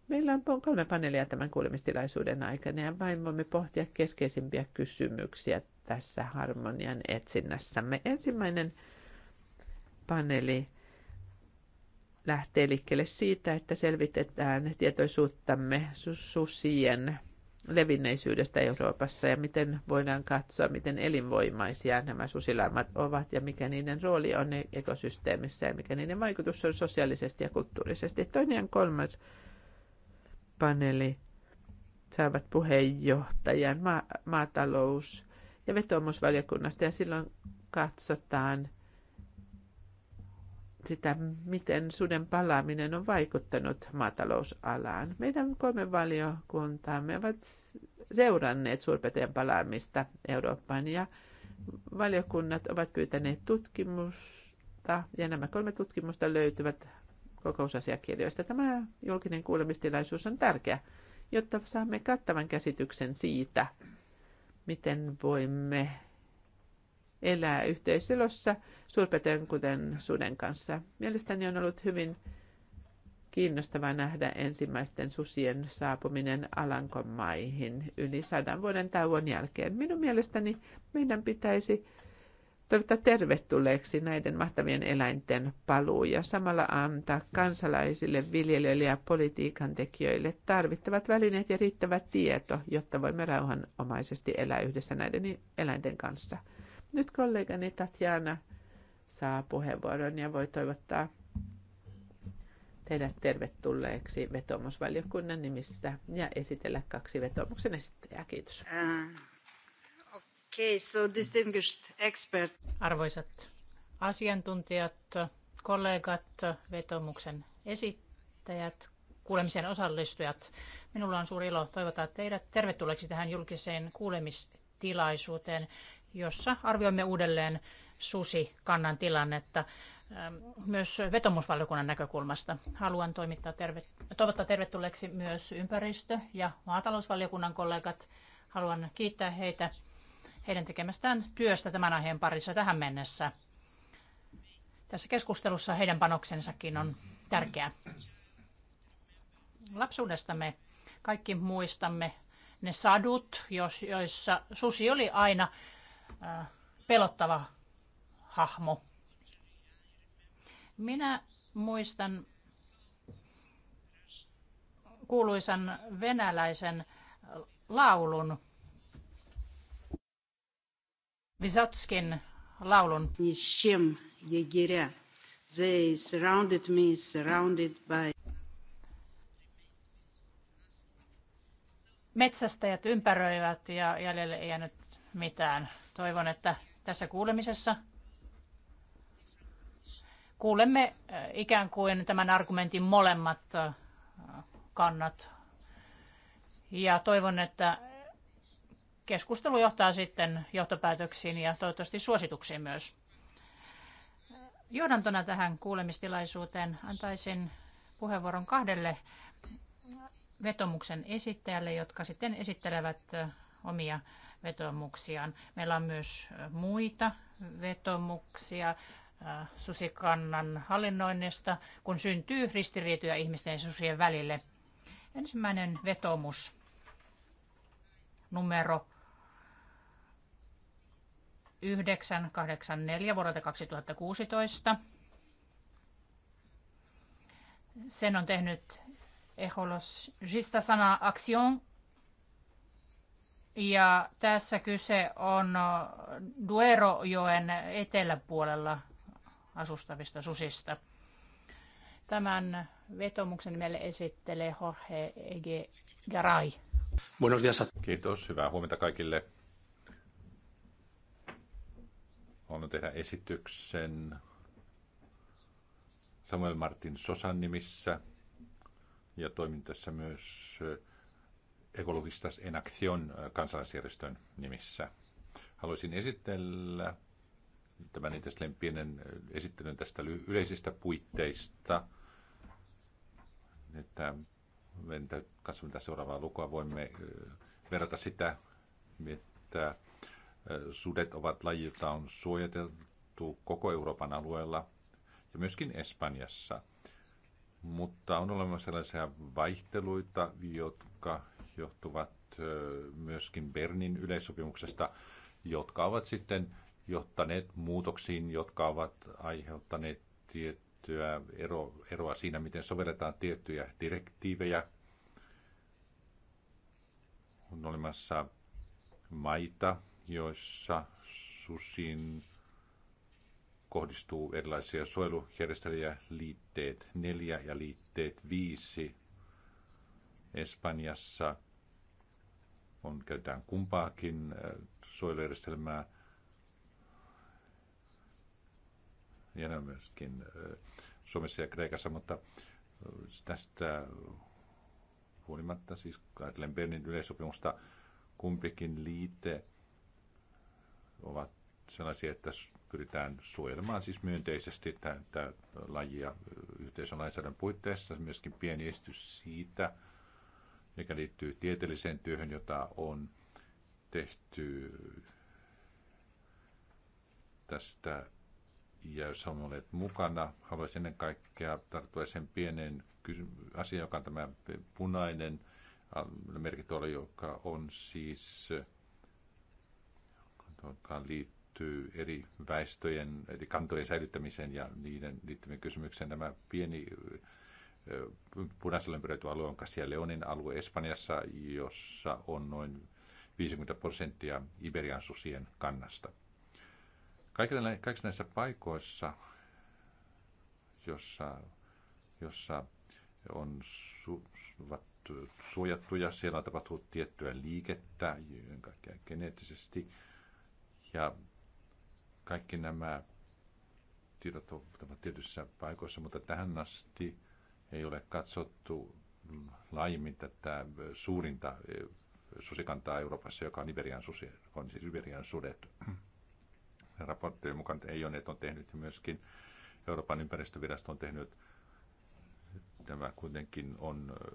Meillä on kolme paneelia tämän kuulemistilaisuuden aikana ja vain voimme pohtia keskeisimpiä kysymyksiä tässä harmonian etsinnässämme. Ensimmäinen paneeli lähtee liikkeelle siitä, että selvitetään tietoisuuttamme susien levinneisyydestä Euroopassa ja miten voidaan katsoa, miten elinvoimaisia nämä susilaumat ovat ja mikä niiden rooli on ekosysteemissä ja mikä niiden vaikutus on sosiaalisesti ja kulttuurisesti. Toinen ja kolmas paneeli saavat puheenjohtajan ma- maatalous- ja vetomusvaliokunnasta ja silloin katsotaan sitä, miten suden palaaminen on vaikuttanut maatalousalaan. Meidän kolme valiokuntaamme ovat seuranneet suurpetojen palaamista Eurooppaan ja valiokunnat ovat pyytäneet tutkimusta ja nämä kolme tutkimusta löytyvät kokousasiakirjoista. Tämä julkinen kuulemistilaisuus on tärkeä, jotta saamme kattavan käsityksen siitä, miten voimme elää yhteiselossa suurpetojen kuten suden kanssa. Mielestäni on ollut hyvin kiinnostava nähdä ensimmäisten susien saapuminen Alankomaihin yli sadan vuoden tauon jälkeen. Minun mielestäni meidän pitäisi toivottaa tervetulleeksi näiden mahtavien eläinten paluu ja samalla antaa kansalaisille, viljelijöille ja politiikan tekijöille tarvittavat välineet ja riittävä tieto, jotta voimme rauhanomaisesti elää yhdessä näiden eläinten kanssa – nyt kollegani Tatjana saa puheenvuoron ja voi toivottaa teidät tervetulleeksi vetomusvaliokunnan nimissä ja esitellä kaksi vetomuksen esittäjää. Kiitos. Uh, äh, okay, so distinguished expert. Arvoisat asiantuntijat, kollegat, vetomuksen esittäjät, kuulemisen osallistujat. Minulla on suuri ilo toivottaa teidät tervetulleeksi tähän julkiseen kuulemistilaisuuteen, jossa arvioimme uudelleen susikannan tilannetta ähm, myös vetomusvaliokunnan näkökulmasta. Haluan toimittaa terve, toivottaa tervetulleeksi myös ympäristö- ja maatalousvaliokunnan kollegat. Haluan kiittää heitä heidän tekemästään työstä tämän aiheen parissa tähän mennessä. Tässä keskustelussa heidän panoksensakin on tärkeää. me kaikki muistamme ne sadut, joissa susi oli aina Äh, pelottava hahmo. Minä muistan kuuluisan venäläisen laulun, Vysotskin laulun. Nishim Jegirä. They surrounded me, surrounded by... Metsästäjät ympäröivät ja jäljelle ei jäänyt mitään. Toivon, että tässä kuulemisessa kuulemme eh, ikään kuin tämän argumentin molemmat eh, kannat. Ja toivon, että keskustelu johtaa sitten johtopäätöksiin ja toivottavasti suosituksiin myös. Johdantona tähän kuulemistilaisuuteen antaisin puheenvuoron kahdelle vetomuksen esittäjälle, jotka sitten esittelevät eh, omia vetomuksiaan. Meillä on myös muita vetomuksia susikannan hallinnoinnista, kun syntyy ristiriitoja ihmisten ja susien välille. Ensimmäinen vetomus numero 984 vuodelta 2016. Sen on tehnyt Eholos Gista Sana Action ja tässä kyse on Duerojoen eteläpuolella asustavista susista. Tämän vetomuksen meille esittelee Jorge Ege Garay. Buenos días. Kiitos, hyvää huomenta kaikille. Haluan tehdä esityksen Samuel Martin Sosan nimissä ja toimin tässä myös Ecologistas en Action äh, kansalaisjärjestön nimissä. Haluaisin esitellä tämän itse pienen äh, esittelyn tästä yleisistä puitteista, että katsomme seuraavaa lukua, voimme äh, verrata sitä, että sudet ovat lajilta on suojateltu koko Euroopan alueella ja myöskin Espanjassa. Mutta on olemassa sellaisia vaihteluita, jotka johtuvat myöskin Bernin yleissopimuksesta, jotka ovat sitten johtaneet muutoksiin, jotka ovat aiheuttaneet tiettyä ero, eroa siinä, miten sovelletaan tiettyjä direktiivejä. On olemassa maita, joissa susiin kohdistuu erilaisia suojelujärjestelyjä, liitteet 4 ja liitteet 5. Espanjassa on, käytetään kumpaakin äh, suojelujärjestelmää. Ja ne on myöskin äh, Suomessa ja Kreikassa, mutta äh, tästä huolimatta, siis ajatellen Bernin yleissopimusta, kumpikin liite ovat sellaisia, että pyritään suojelemaan siis myönteisesti tätä lajia yhteisön lainsäädännön puitteissa. Myöskin pieni esitys siitä, mikä liittyy tieteelliseen työhön, jota on tehty tästä ja jos on olleet mukana, haluaisin ennen kaikkea tarttua sen pienen asiaan, joka on tämä punainen äh, merkitoli, joka on siis, joka liittyy eri väestöjen, eri kantojen säilyttämiseen ja niiden liittyvien kysymykseen. tämä pieni punaisella ympyröity alue on Castilla-Leonin alue Espanjassa, jossa on noin 50 prosenttia Iberian susien kannasta. kaikissa näissä paikoissa, jossa, jossa on su, su, suojattuja, siellä on tapahtunut tiettyä liikettä, kaikkea geneettisesti, ja kaikki nämä tiedot ovat tietyissä paikoissa, mutta tähän asti – ei ole katsottu laajemmin tätä suurinta e, susikantaa Euroopassa, joka on Iberian, susi, on siis Iberian sudet. Raporttien mukaan ei ole, on tehnyt myöskin Euroopan ympäristövirasto on tehnyt tämä kuitenkin on e,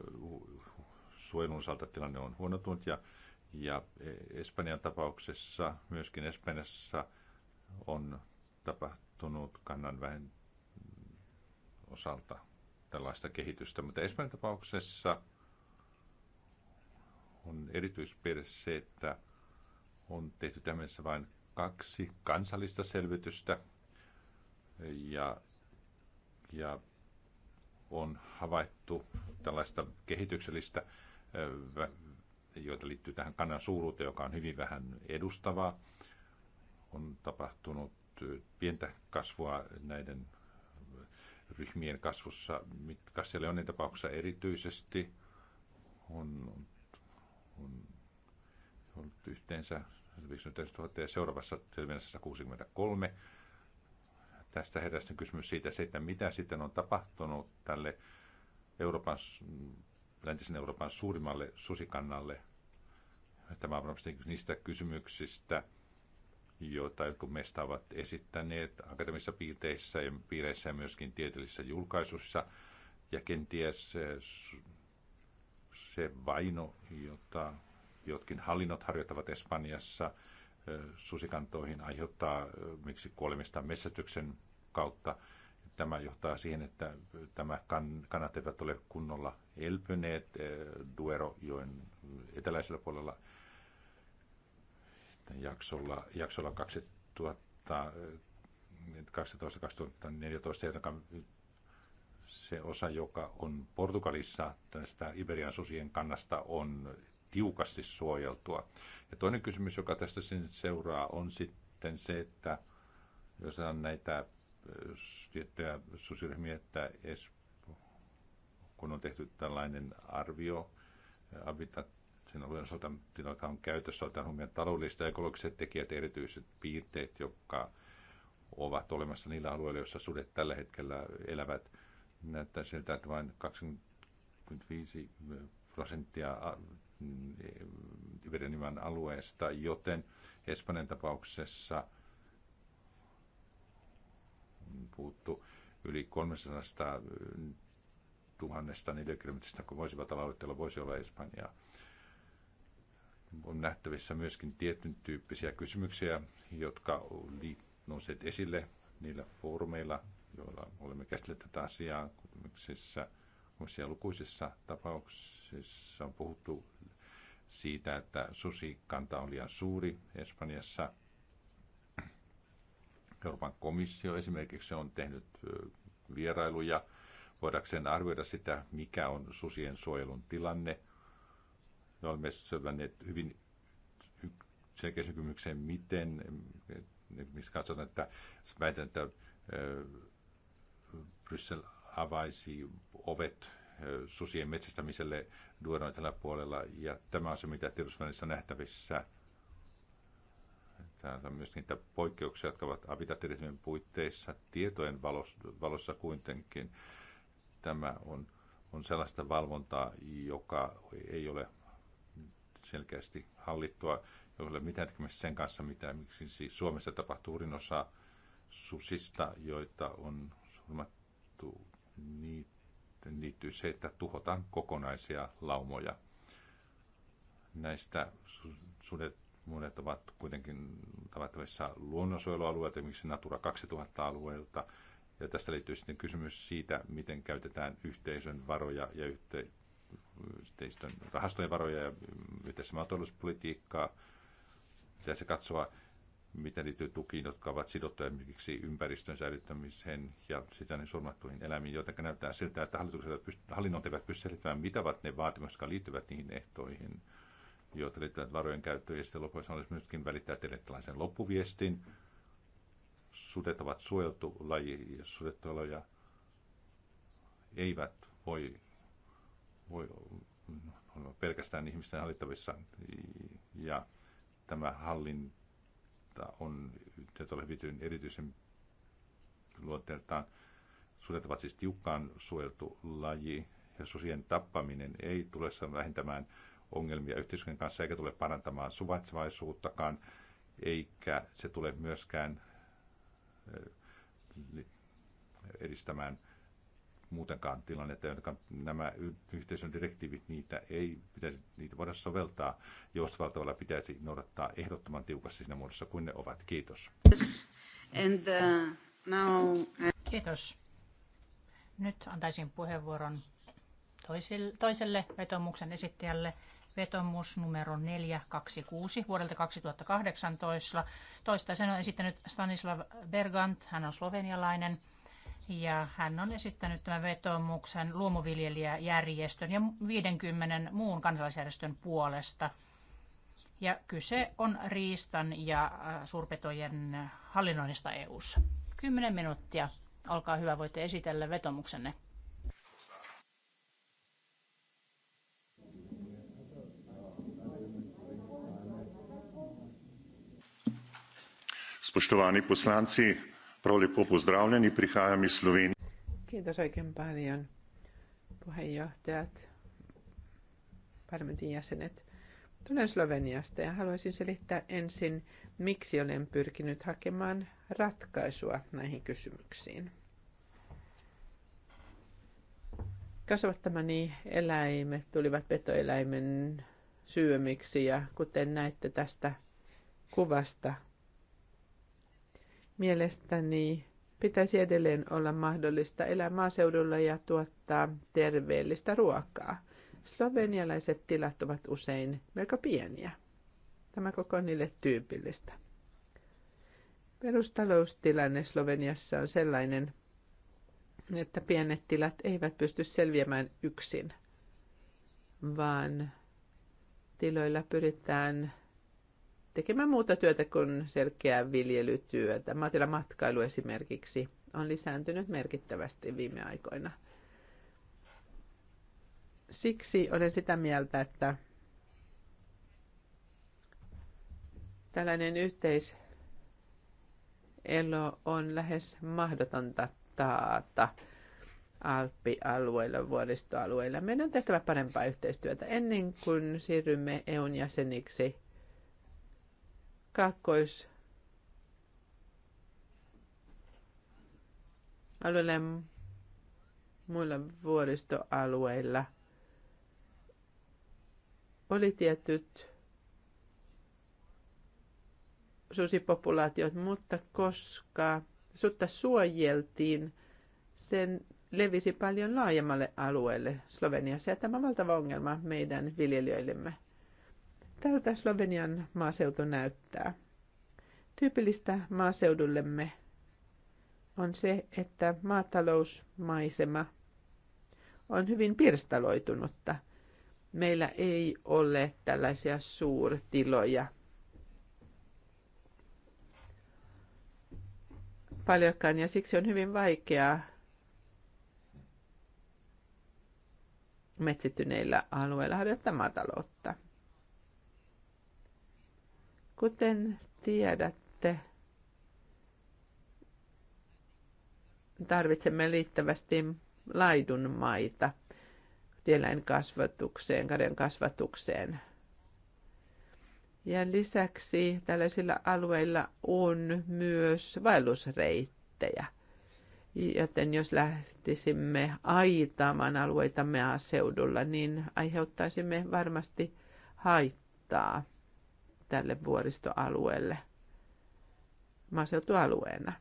suojelun osalta tilanne on huonotunut ja, ja e, Espanjan tapauksessa, myöskin Espanjassa on tapahtunut kannan vähän osalta tällaista kehitystä. Mutta Espanjan tapauksessa on erityispiirre se, että on tehty tämmöisessä vain kaksi kansallista selvitystä ja, ja on havaittu tällaista kehityksellistä, joita liittyy tähän kannan suuruuteen, joka on hyvin vähän edustavaa. On tapahtunut pientä kasvua näiden ryhmien kasvussa, mitkä siellä on tapauksessa erityisesti, on, on, on, yhteensä 51 ja seuraavassa selvinnässä 63. Tästä herästä kysymys siitä, se, että mitä sitten on tapahtunut tälle Euroopan, läntisen Euroopan suurimmalle susikannalle. Tämä on varmasti niistä kysymyksistä, joita jotkut meistä ovat esittäneet akateemisissa piirteissä ja piireissä ja myöskin tieteellisissä julkaisuissa. Ja kenties se, se vaino, jota jotkin hallinnot harjoittavat Espanjassa susikantoihin, aiheuttaa miksi kuolemista messätyksen kautta. Tämä johtaa siihen, että tämä kan, kannat eivät ole kunnolla elpyneet joen eteläisellä puolella – jaksolla, jaksolla 2012-2014, joten se osa, joka on Portugalissa tästä Iberian susien kannasta, on tiukasti suojeltua. Ja toinen kysymys, joka tästä sen seuraa, on sitten se, että jos on näitä tiettyjä susiryhmiä, että kun on tehty tällainen arvio, Habitat Siinä on osalta, on käytössä, otetaan huomioon taloudelliset ja ekologiset tekijät, erityiset piirteet, jotka ovat olemassa niillä alueilla, joissa sudet tällä hetkellä elävät. Näyttää siltä, että vain 25 prosenttia mm, Iberianiman alueesta, joten Espanjan tapauksessa puuttu yli 300 tuhannesta neliökilometristä, kun voisivat olla voisi olla Espanjaa on nähtävissä myöskin tietyn tyyppisiä kysymyksiä, jotka nousevat esille niillä foorumeilla, joilla olemme käsitelleet tätä asiaa. Kuten lukuisissa tapauksissa on puhuttu siitä, että susikanta on liian suuri Espanjassa. Euroopan komissio esimerkiksi on tehnyt vierailuja voidakseen arvioida sitä, mikä on susien suojelun tilanne – me olemme syvänneet hyvin selkeässä kysymykseen, miten, missä katsotaan, että väitän, että Bryssel avaisi ovet susien metsästämiselle Duodon tällä puolella, ja tämä on se, mitä tiedotusvälineissä nähtävissä. Tämä on myöskin niitä poikkeuksia, jotka ovat habitatismin puitteissa tietojen valossa, valossa kuitenkin. Tämä on, on sellaista valvontaa, joka ei ole selkeästi hallittua, ole mitään tekemistä sen kanssa, mitä miksi siis Suomessa tapahtuu suurin osa susista, joita on surmattu, niin liittyy se, että tuhotaan kokonaisia laumoja. Näistä sudet monet ovat kuitenkin tavattavissa luonnonsuojelualueilta, esimerkiksi Natura 2000-alueilta. Ja tästä liittyy sitten kysymys siitä, miten käytetään yhteisön varoja ja yhte- yhteisten rahastojen varoja ja yhteistä maatalouspolitiikkaa. Pitäisi katsoa, mitä liittyy tukiin, jotka ovat sidottuja esimerkiksi ympäristön säilyttämiseen ja sitä niin surmattuihin eläimiin, joita näyttää siltä, että hallinnon eivät pysty selittämään, mitä ovat ne vaatimukset, jotka liittyvät niihin ehtoihin, joita liittyvät varojen käyttöön. Ja sitten lopuksi olisi myöskin välittää teille tällaisen loppuviestin. Sudet ovat suojeltu laji ja sudetaloja eivät voi voi olla pelkästään ihmisten hallittavissa. Ja tämä hallinta on tietolevityyn erityisen luonteeltaan sudet siis tiukkaan suojeltu laji, ja susien tappaminen ei tule vähentämään ongelmia yhteiskunnan kanssa, eikä tule parantamaan suvaitsevaisuuttakaan, eikä se tule myöskään eh, edistämään muutenkaan tilannetta, jotka nämä yhteisön direktiivit, niitä ei pitäisi, niitä voida soveltaa, jos tavalla pitäisi noudattaa ehdottoman tiukasti siinä muodossa kuin ne ovat. Kiitos. And, uh, now... Uh, Kiitos. Nyt antaisin puheenvuoron toiselle, toiselle vetomuksen esittäjälle vetomus numero 426 vuodelta 2018. Toista sen on esittänyt Stanislav Bergant, hän on slovenialainen ja hän on esittänyt tämän vetoomuksen luomuviljelijäjärjestön ja 50 muun kansalaisjärjestön puolesta. Ja kyse on riistan ja äh, suurpetojen hallinnoinnista EU-ssa. Kymmenen minuuttia. Olkaa hyvä, voitte esitellä vetomuksenne. Spoštovani poslanci, Prav lepo pozdravljeni, prihajam iz Slovenije. Kiitos oikein paljon puheenjohtajat, parlamentin jäsenet. Tulen Sloveniasta ja haluaisin selittää ensin, miksi olen pyrkinyt hakemaan ratkaisua näihin kysymyksiin. Kasvattamani eläimet tulivat petoeläimen syömiksi ja kuten näette tästä kuvasta, Mielestäni pitäisi edelleen olla mahdollista elää maaseudulla ja tuottaa terveellistä ruokaa. Slovenialaiset tilat ovat usein melko pieniä. Tämä koko niille tyypillistä. Perustaloustilanne Sloveniassa on sellainen, että pienet tilat eivät pysty selviämään yksin, vaan tiloilla pyritään tekemään muuta työtä kuin selkeää viljelytyötä. Matkailu esimerkiksi on lisääntynyt merkittävästi viime aikoina. Siksi olen sitä mieltä, että tällainen yhteiselo on lähes mahdotonta taata alppialueilla, vuoristoalueilla. Meidän on tehtävä parempaa yhteistyötä ennen kuin siirrymme EUn jäseniksi – kaakkois alueille muilla vuoristoalueilla oli tietyt susipopulaatiot, mutta koska sutta suojeltiin, sen levisi paljon laajemmalle alueelle Sloveniassa ja tämä on valtava ongelma meidän viljelijöillemme. Tältä Slovenian maaseutu näyttää. Tyypillistä maaseudullemme on se, että maatalousmaisema on hyvin pirstaloitunutta. Meillä ei ole tällaisia suurtiloja. Paljonkaan ja siksi on hyvin vaikeaa metsittyneillä alueilla harjoittaa maataloutta. Kuten tiedätte, tarvitsemme liittävästi laidunmaita kasvatukseen, kaden kasvatukseen. Ja lisäksi tällaisilla alueilla on myös vaellusreittejä. Joten jos lähtisimme aitaamaan alueita maaseudulla, niin aiheuttaisimme varmasti haittaa tälle vuoristoalueelle maaseutualueena.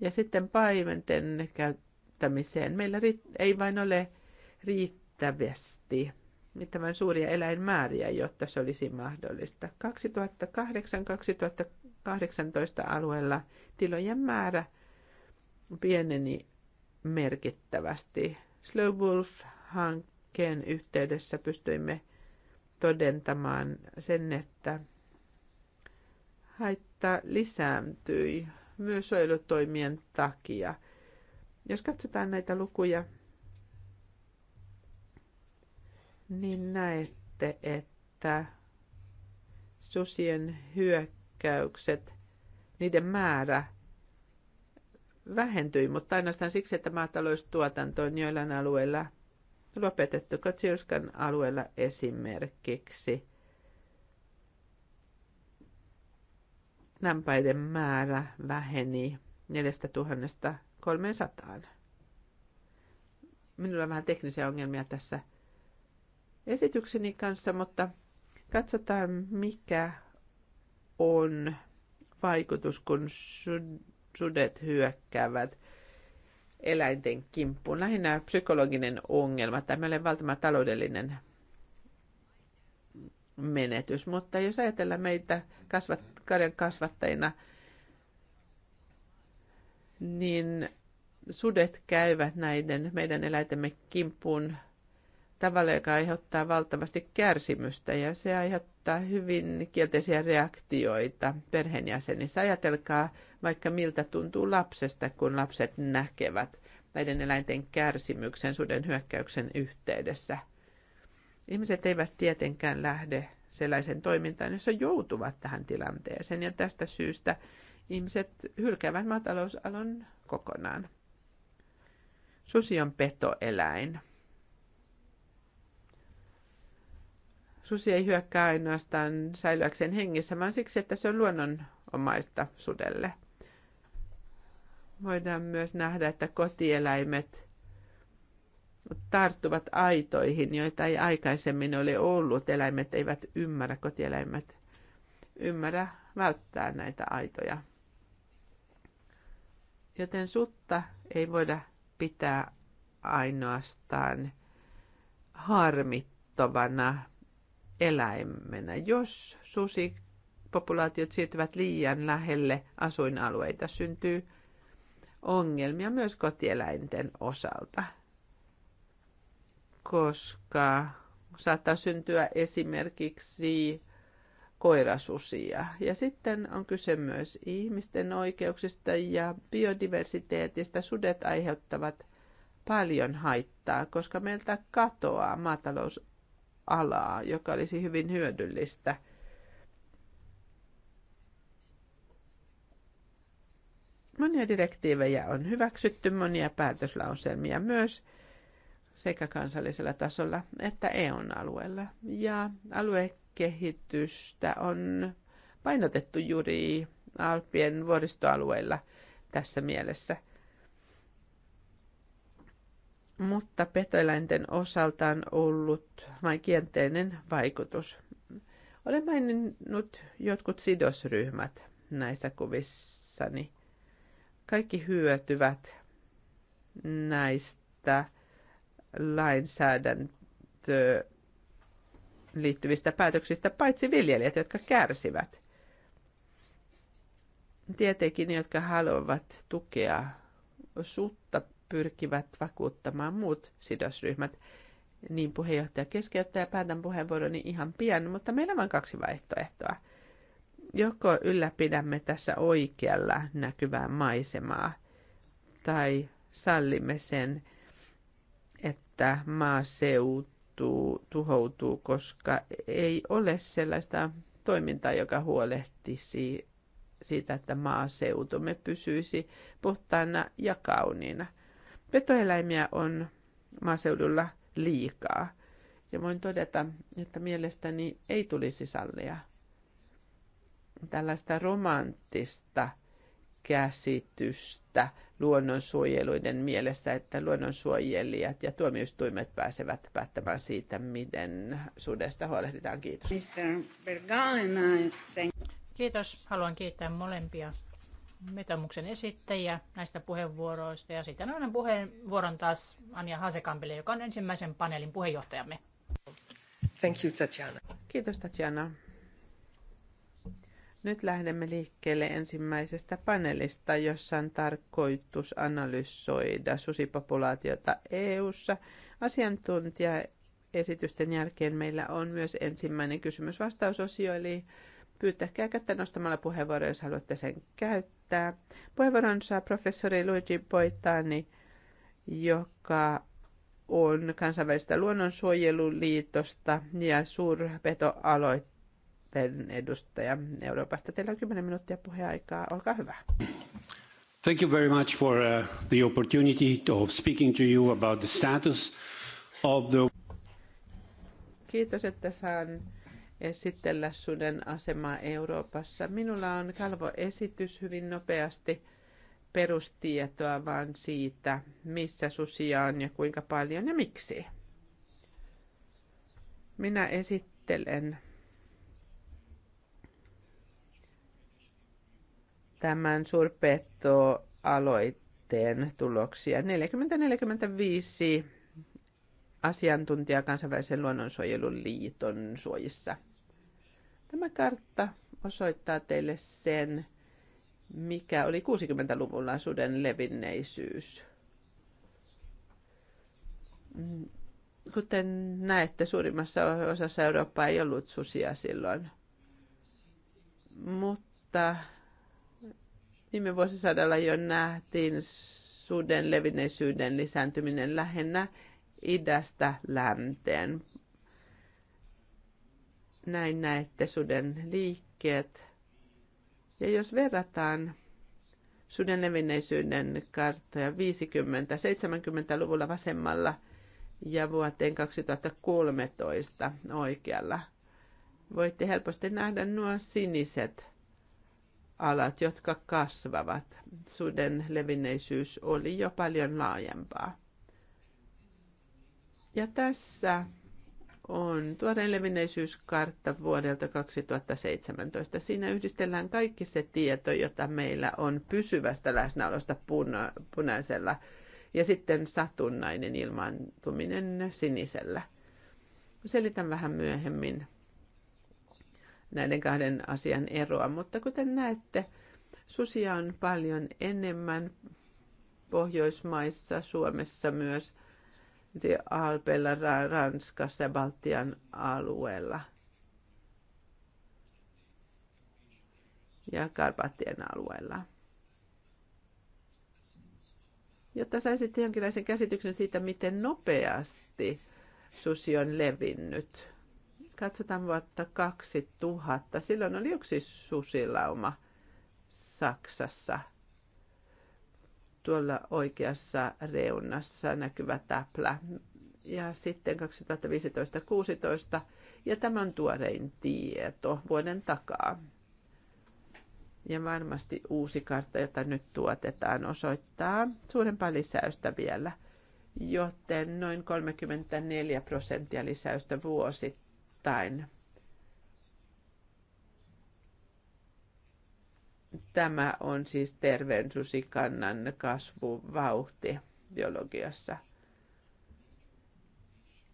Ja sitten paimenten käyttämiseen. Meillä ei vain ole riittävästi mitään suuria eläinmääriä, jotta se olisi mahdollista. 2008-2018 alueella tilojen määrä pieneni merkittävästi. Slow Wolf-hankkeen hankkeen yhteydessä pystyimme todentamaan sen, että haitta lisääntyi myös suojelutoimien takia. Jos katsotaan näitä lukuja, niin näette, että susien hyökkäykset, niiden määrä vähentyi, mutta ainoastaan siksi, että maataloustuotanto on joillain alueilla lopetettu Kotsiuskan alueella esimerkiksi. Lampaiden määrä väheni 4300. Minulla on vähän teknisiä ongelmia tässä esitykseni kanssa, mutta katsotaan mikä on vaikutus, kun sudet hyökkäävät eläinten kimppuun. Lähinnä psykologinen ongelma. Tämä ei ole välttämättä taloudellinen menetys, mutta jos ajatellaan meitä kasvat, karjan kasvattajina, niin sudet käyvät näiden meidän eläitemme kimppuun tavalla, joka aiheuttaa valtavasti kärsimystä ja se aiheuttaa hyvin kielteisiä reaktioita perheenjäsenissä. Ajatelkaa vaikka miltä tuntuu lapsesta, kun lapset näkevät näiden eläinten kärsimyksen suden hyökkäyksen yhteydessä. Ihmiset eivät tietenkään lähde sellaisen toimintaan, jossa joutuvat tähän tilanteeseen, ja tästä syystä ihmiset hylkäävät maatalousalon kokonaan. Susi on petoeläin. Susi ei hyökkää ainoastaan säilyäkseen hengissä, vaan siksi, että se on luonnonomaista sudelle – voidaan myös nähdä, että kotieläimet tarttuvat aitoihin, joita ei aikaisemmin ole ollut. Eläimet eivät ymmärrä, kotieläimet ymmärrä välttää näitä aitoja. Joten sutta ei voida pitää ainoastaan harmittavana eläimenä. Jos susipopulaatiot siirtyvät liian lähelle asuinalueita, syntyy ongelmia myös kotieläinten osalta, koska saattaa syntyä esimerkiksi koirasusia. Ja sitten on kyse myös ihmisten oikeuksista ja biodiversiteetistä. Sudet aiheuttavat paljon haittaa, koska meiltä katoaa maatalousalaa, joka olisi hyvin hyödyllistä Monia direktiivejä on hyväksytty, monia päätöslauselmia myös sekä kansallisella tasolla että eu alueella. Ja aluekehitystä on painotettu juuri Alpien vuoristoalueilla tässä mielessä. Mutta petoeläinten osalta on ollut vain kielteinen vaikutus. Olen maininnut jotkut sidosryhmät näissä kuvissani. Kaikki hyötyvät näistä lainsäädäntöön liittyvistä päätöksistä, paitsi viljelijät, jotka kärsivät. Tietenkin ne, jotka haluavat tukea sutta, pyrkivät vakuuttamaan muut sidosryhmät. Niin puheenjohtaja keskeyttää ja päätän puheenvuoroni ihan pian, mutta meillä on vain kaksi vaihtoehtoa. Joko ylläpidämme tässä oikealla näkyvää maisemaa tai sallimme sen, että maaseutu tuhoutuu, koska ei ole sellaista toimintaa, joka huolehtisi siitä, että maaseutumme pysyisi puhtaana ja kauniina. Petoeläimiä on maaseudulla liikaa. Ja voin todeta, että mielestäni ei tulisi sallia tällaista romanttista käsitystä luonnonsuojeluiden mielessä, että luonnonsuojelijat ja tuomioistuimet pääsevät päättämään siitä, miten sudesta huolehditaan. Kiitos. Kiitos. Haluan kiittää molempia vetomuksen esittäjiä näistä puheenvuoroista. Ja sitten annan puheenvuoron taas Anja Hasekampille, joka on ensimmäisen paneelin puheenjohtajamme. Thank you, Tatjana. Kiitos, Tatjana. Nyt lähdemme liikkeelle ensimmäisestä panelista, jossa on tarkoitus analysoida susipopulaatiota EU:ssa. Asiantuntija esitysten jälkeen meillä on myös ensimmäinen kysymys-vastausosio, eli pyytäkää kättä nostamalla puheenvuoro, jos haluatte sen käyttää. Puheenvuoron saa professori Luigi Poitani, joka on kansainvälistä luonnonsuojeluliitosta ja suurpetoaloitteesta sitten edustaja Euroopasta. Teillä on 10 minuuttia puheaikaa. Olkaa hyvä. Thank you very much for uh, the opportunity of speaking to you about the status of the... Kiitos, että saan esitellä suden asemaa Euroopassa. Minulla on kalvo esitys hyvin nopeasti perustietoa vaan siitä, missä susia on ja kuinka paljon ja miksi. Minä esittelen tämän suurpettoaloitteen tuloksia. 40-45 asiantuntijaa kansainvälisen luonnonsuojelun liiton suojissa. Tämä kartta osoittaa teille sen, mikä oli 60-luvulla suden levinneisyys. Kuten näette, suurimmassa osassa Eurooppaa ei ollut susia silloin. Mutta Viime vuosisadalla jo nähtiin suden levinneisyyden lisääntyminen lähinnä idästä länteen. Näin näette suden liikkeet. Ja jos verrataan suden levinneisyyden karttoja 50-70-luvulla vasemmalla ja vuoteen 2013 oikealla, voitte helposti nähdä nuo siniset alat, jotka kasvavat. Suden levinneisyys oli jo paljon laajempaa. Ja tässä on tuoreen levinneisyyskartta vuodelta 2017. Siinä yhdistellään kaikki se tieto, jota meillä on pysyvästä läsnäolosta puna- punaisella ja sitten satunnainen ilmaantuminen sinisellä. Selitän vähän myöhemmin näiden kahden asian eroa. Mutta kuten näette, susia on paljon enemmän Pohjoismaissa, Suomessa myös, Alpeilla, Ranskassa ja Baltian alueella. ja Karpattien alueella. Jotta saisit jonkinlaisen käsityksen siitä, miten nopeasti susi on levinnyt Katsotaan vuotta 2000. Silloin oli yksi susilauma Saksassa. Tuolla oikeassa reunassa näkyvä täplä. Ja sitten 2015-16. Ja tämän tuorein tieto vuoden takaa. Ja varmasti uusi kartta, jota nyt tuotetaan, osoittaa suurempaa lisäystä vielä – joten noin 34 prosenttia lisäystä vuosittain ottaen tämä on siis terveen susikannan kasvuvauhti biologiassa.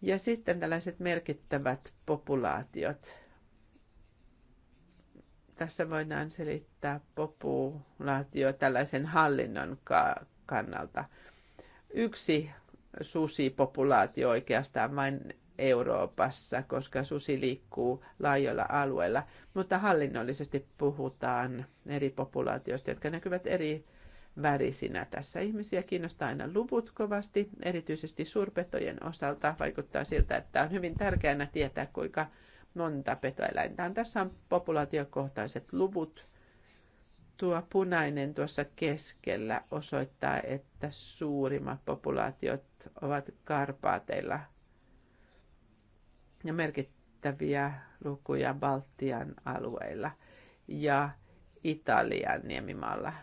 Ja sitten tällaiset merkittävät populaatiot. Tässä voidaan selittää populaatio tällaisen hallinnon kannalta. Yksi susipopulaatio oikeastaan vain Euroopassa, koska susi liikkuu laajoilla alueilla, mutta hallinnollisesti puhutaan eri populaatioista, jotka näkyvät eri värisinä tässä. Ihmisiä kiinnostaa aina luvut kovasti, erityisesti suurpetojen osalta vaikuttaa siltä, että on hyvin tärkeänä tietää, kuinka monta petoeläintä on. Tässä on populaatiokohtaiset luvut. Tuo punainen tuossa keskellä osoittaa, että suurimmat populaatiot ovat karpaateilla – ja merkittäviä lukuja Baltian alueilla ja Italian niemimaalla.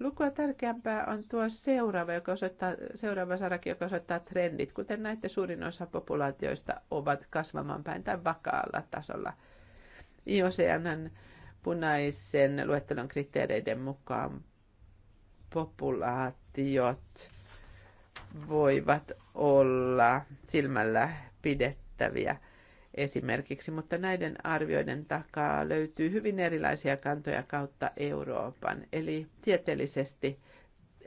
Lukua tärkeämpää on tuo seuraava, joka osoittaa, seuraava saraki, joka osoittaa trendit. Kuten näette, suurin osa populaatioista ovat kasvamaan päin tai vakaalla tasolla. IOCNn punaisen luettelon kriteereiden mukaan populaatiot voivat olla silmällä pidet merkittäviä esimerkiksi, mutta näiden arvioiden takaa löytyy hyvin erilaisia kantoja kautta Euroopan. Eli tieteellisesti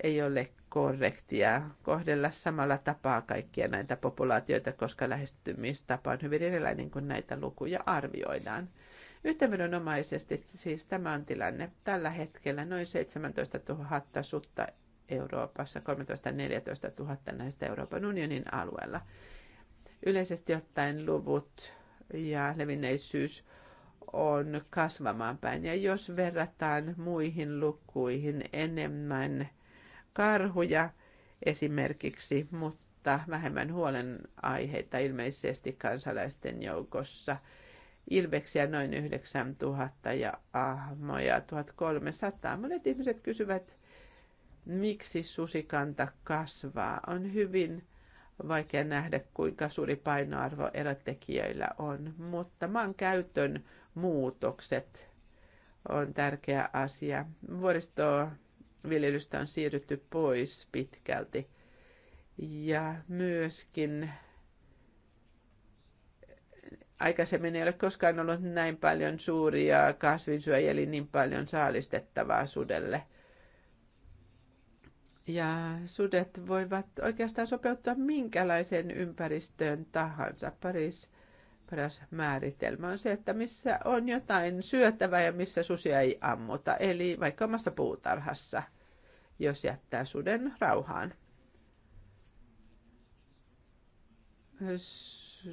ei ole korrektia kohdella samalla tapaa kaikkia näitä populaatioita, koska lähestymistapa on hyvin erilainen, kun näitä lukuja arvioidaan. Yhteenvedonomaisesti siis tämä on tilanne. Tällä hetkellä noin 17 000 sutta Euroopassa, 13-14 000 näistä Euroopan unionin alueella. Yleisesti ottaen luvut ja levinneisyys on kasvamaan päin. Ja jos verrataan muihin lukuihin enemmän karhuja esimerkiksi, mutta vähemmän huolenaiheita ilmeisesti kansalaisten joukossa, ilveksiä noin 9000 ja ahmoja 1300. Monet ihmiset kysyvät, miksi susikanta kasvaa. On hyvin vaikea nähdä, kuinka suuri painoarvo erotekijöillä on. Mutta maan käytön muutokset on tärkeä asia. Vuoristoviljelystä on siirrytty pois pitkälti. Ja myöskin aikaisemmin ei ole koskaan ollut näin paljon suuria kasvinsyöjiä, eli niin paljon saalistettavaa sudelle – ja sudet voivat oikeastaan sopeuttaa minkälaiseen ympäristöön tahansa. Paris, paras määritelmä on se, että missä on jotain syötävää ja missä susia ei ammuta. Eli vaikka omassa puutarhassa, jos jättää suden rauhaan.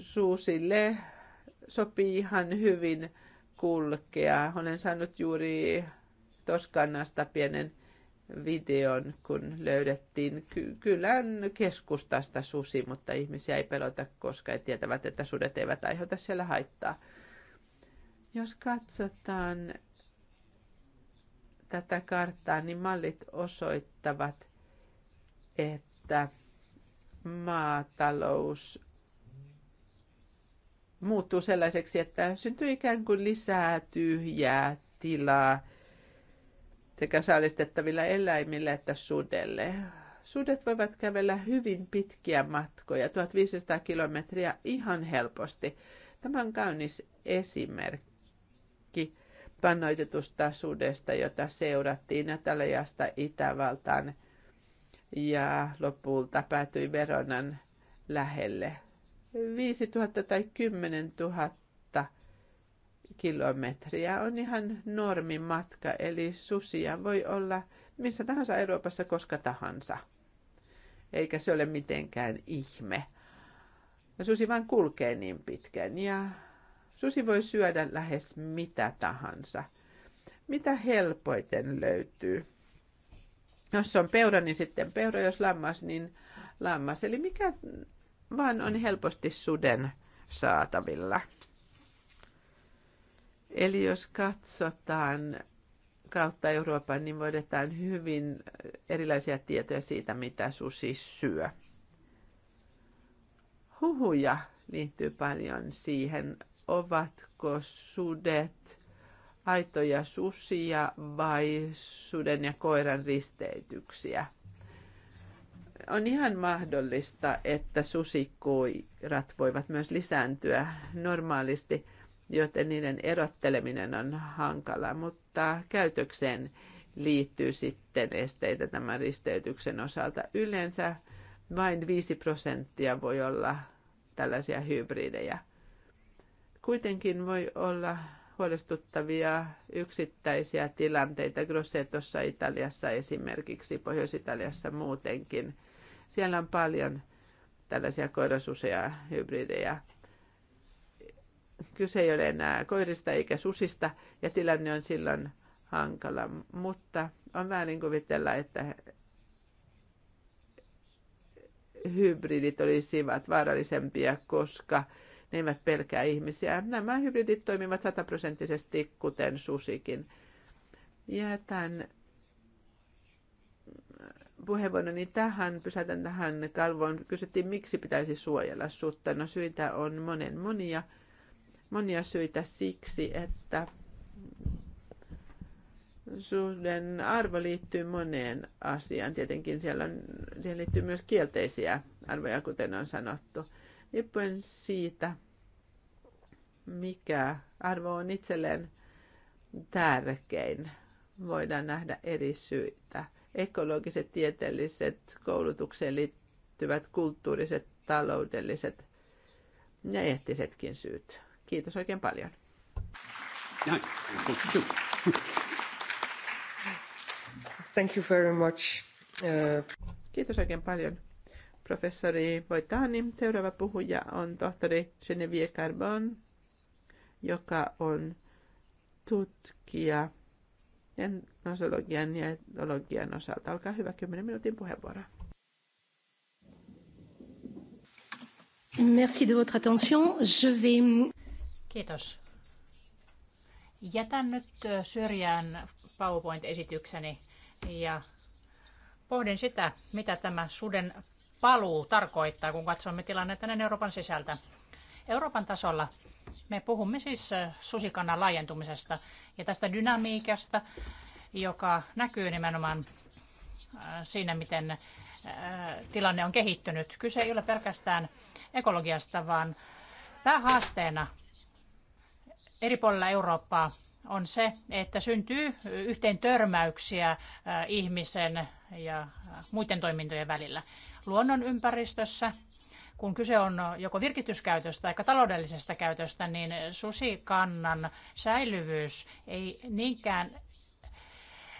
Suusille sopii ihan hyvin kulkea. Olen saanut juuri Toskannasta pienen videon, kun löydettiin ky- kylän keskustasta susi, mutta ihmisiä ei pelota, koska he tietävät, että sudet eivät aiheuta siellä haittaa. Jos katsotaan tätä karttaa, niin mallit osoittavat, että maatalous muuttuu sellaiseksi, että syntyy ikään kuin lisää tyhjää tilaa sekä saalistettavilla eläimillä että sudelle. Sudet voivat kävellä hyvin pitkiä matkoja, 1500 kilometriä ihan helposti. Tämä on kaunis esimerkki pannoitetusta sudesta, jota seurattiin Nataliasta Itävaltaan ja lopulta päätyi Veronan lähelle. 5000 tai 10 000 kilometriä on ihan normimatka, eli susia voi olla missä tahansa Euroopassa koska tahansa. Eikä se ole mitenkään ihme. Ja susi vain kulkee niin pitkän ja susi voi syödä lähes mitä tahansa. Mitä helpoiten löytyy? Jos se on peura, niin sitten peura, jos lammas, niin lammas. Eli mikä vaan on helposti suden saatavilla. Eli jos katsotaan kautta Euroopan, niin voidaan hyvin erilaisia tietoja siitä, mitä susi syö. Huhuja liittyy paljon siihen, ovatko sudet aitoja susia vai suden ja koiran risteytyksiä. On ihan mahdollista, että susikoirat voivat myös lisääntyä normaalisti – joten niiden erotteleminen on hankala, mutta käytökseen liittyy sitten esteitä tämän risteytyksen osalta. Yleensä vain 5 prosenttia voi olla tällaisia hybridejä. Kuitenkin voi olla huolestuttavia yksittäisiä tilanteita. Grossetossa Italiassa esimerkiksi, Pohjois-Italiassa muutenkin. Siellä on paljon tällaisia koirasuseja, hybridejä. Kyse ei ole enää koirista eikä susista ja tilanne on silloin hankala, mutta on väärin kuvitella, että hybridit olisivat vaarallisempia, koska ne eivät pelkää ihmisiä. Nämä hybridit toimivat sataprosenttisesti, kuten susikin. Jätän puheenvuoroni tähän, pysäytän tähän kalvoon. Kysyttiin, miksi pitäisi suojella sutta. No syitä on monen monia monia syitä siksi, että suhden arvo liittyy moneen asiaan. Tietenkin siellä on, siihen liittyy myös kielteisiä arvoja, kuten on sanottu. Riippuen siitä, mikä arvo on itselleen tärkein, voidaan nähdä eri syitä. Ekologiset, tieteelliset, koulutukseen liittyvät, kulttuuriset, taloudelliset ja eettisetkin syyt. Kiitos oikein paljon. Thank you very much. Uh... Kiitos oikein paljon. Professori Voitani, seuraava puhuja on tohtori Genevieve Carbon, joka on tutkija nosologian ja etologian osalta. Olkaa hyvä, 10 minuutin puheenvuoro. Merci de votre attention. Je vais... Kiitos. Jätän nyt syrjään PowerPoint-esitykseni ja pohdin sitä, mitä tämä suden paluu tarkoittaa, kun katsomme tilannetta näin Euroopan sisältä. Euroopan tasolla me puhumme siis susikannan laajentumisesta ja tästä dynamiikasta, joka näkyy nimenomaan siinä, miten tilanne on kehittynyt. Kyse ei ole pelkästään ekologiasta, vaan päähaasteena eri puolilla Eurooppaa on se, että syntyy yhteen törmäyksiä äh, ihmisen ja muiden toimintojen välillä. Luonnonympäristössä, kun kyse on joko virkityskäytöstä tai taloudellisesta käytöstä, niin susikannan säilyvyys ei niinkään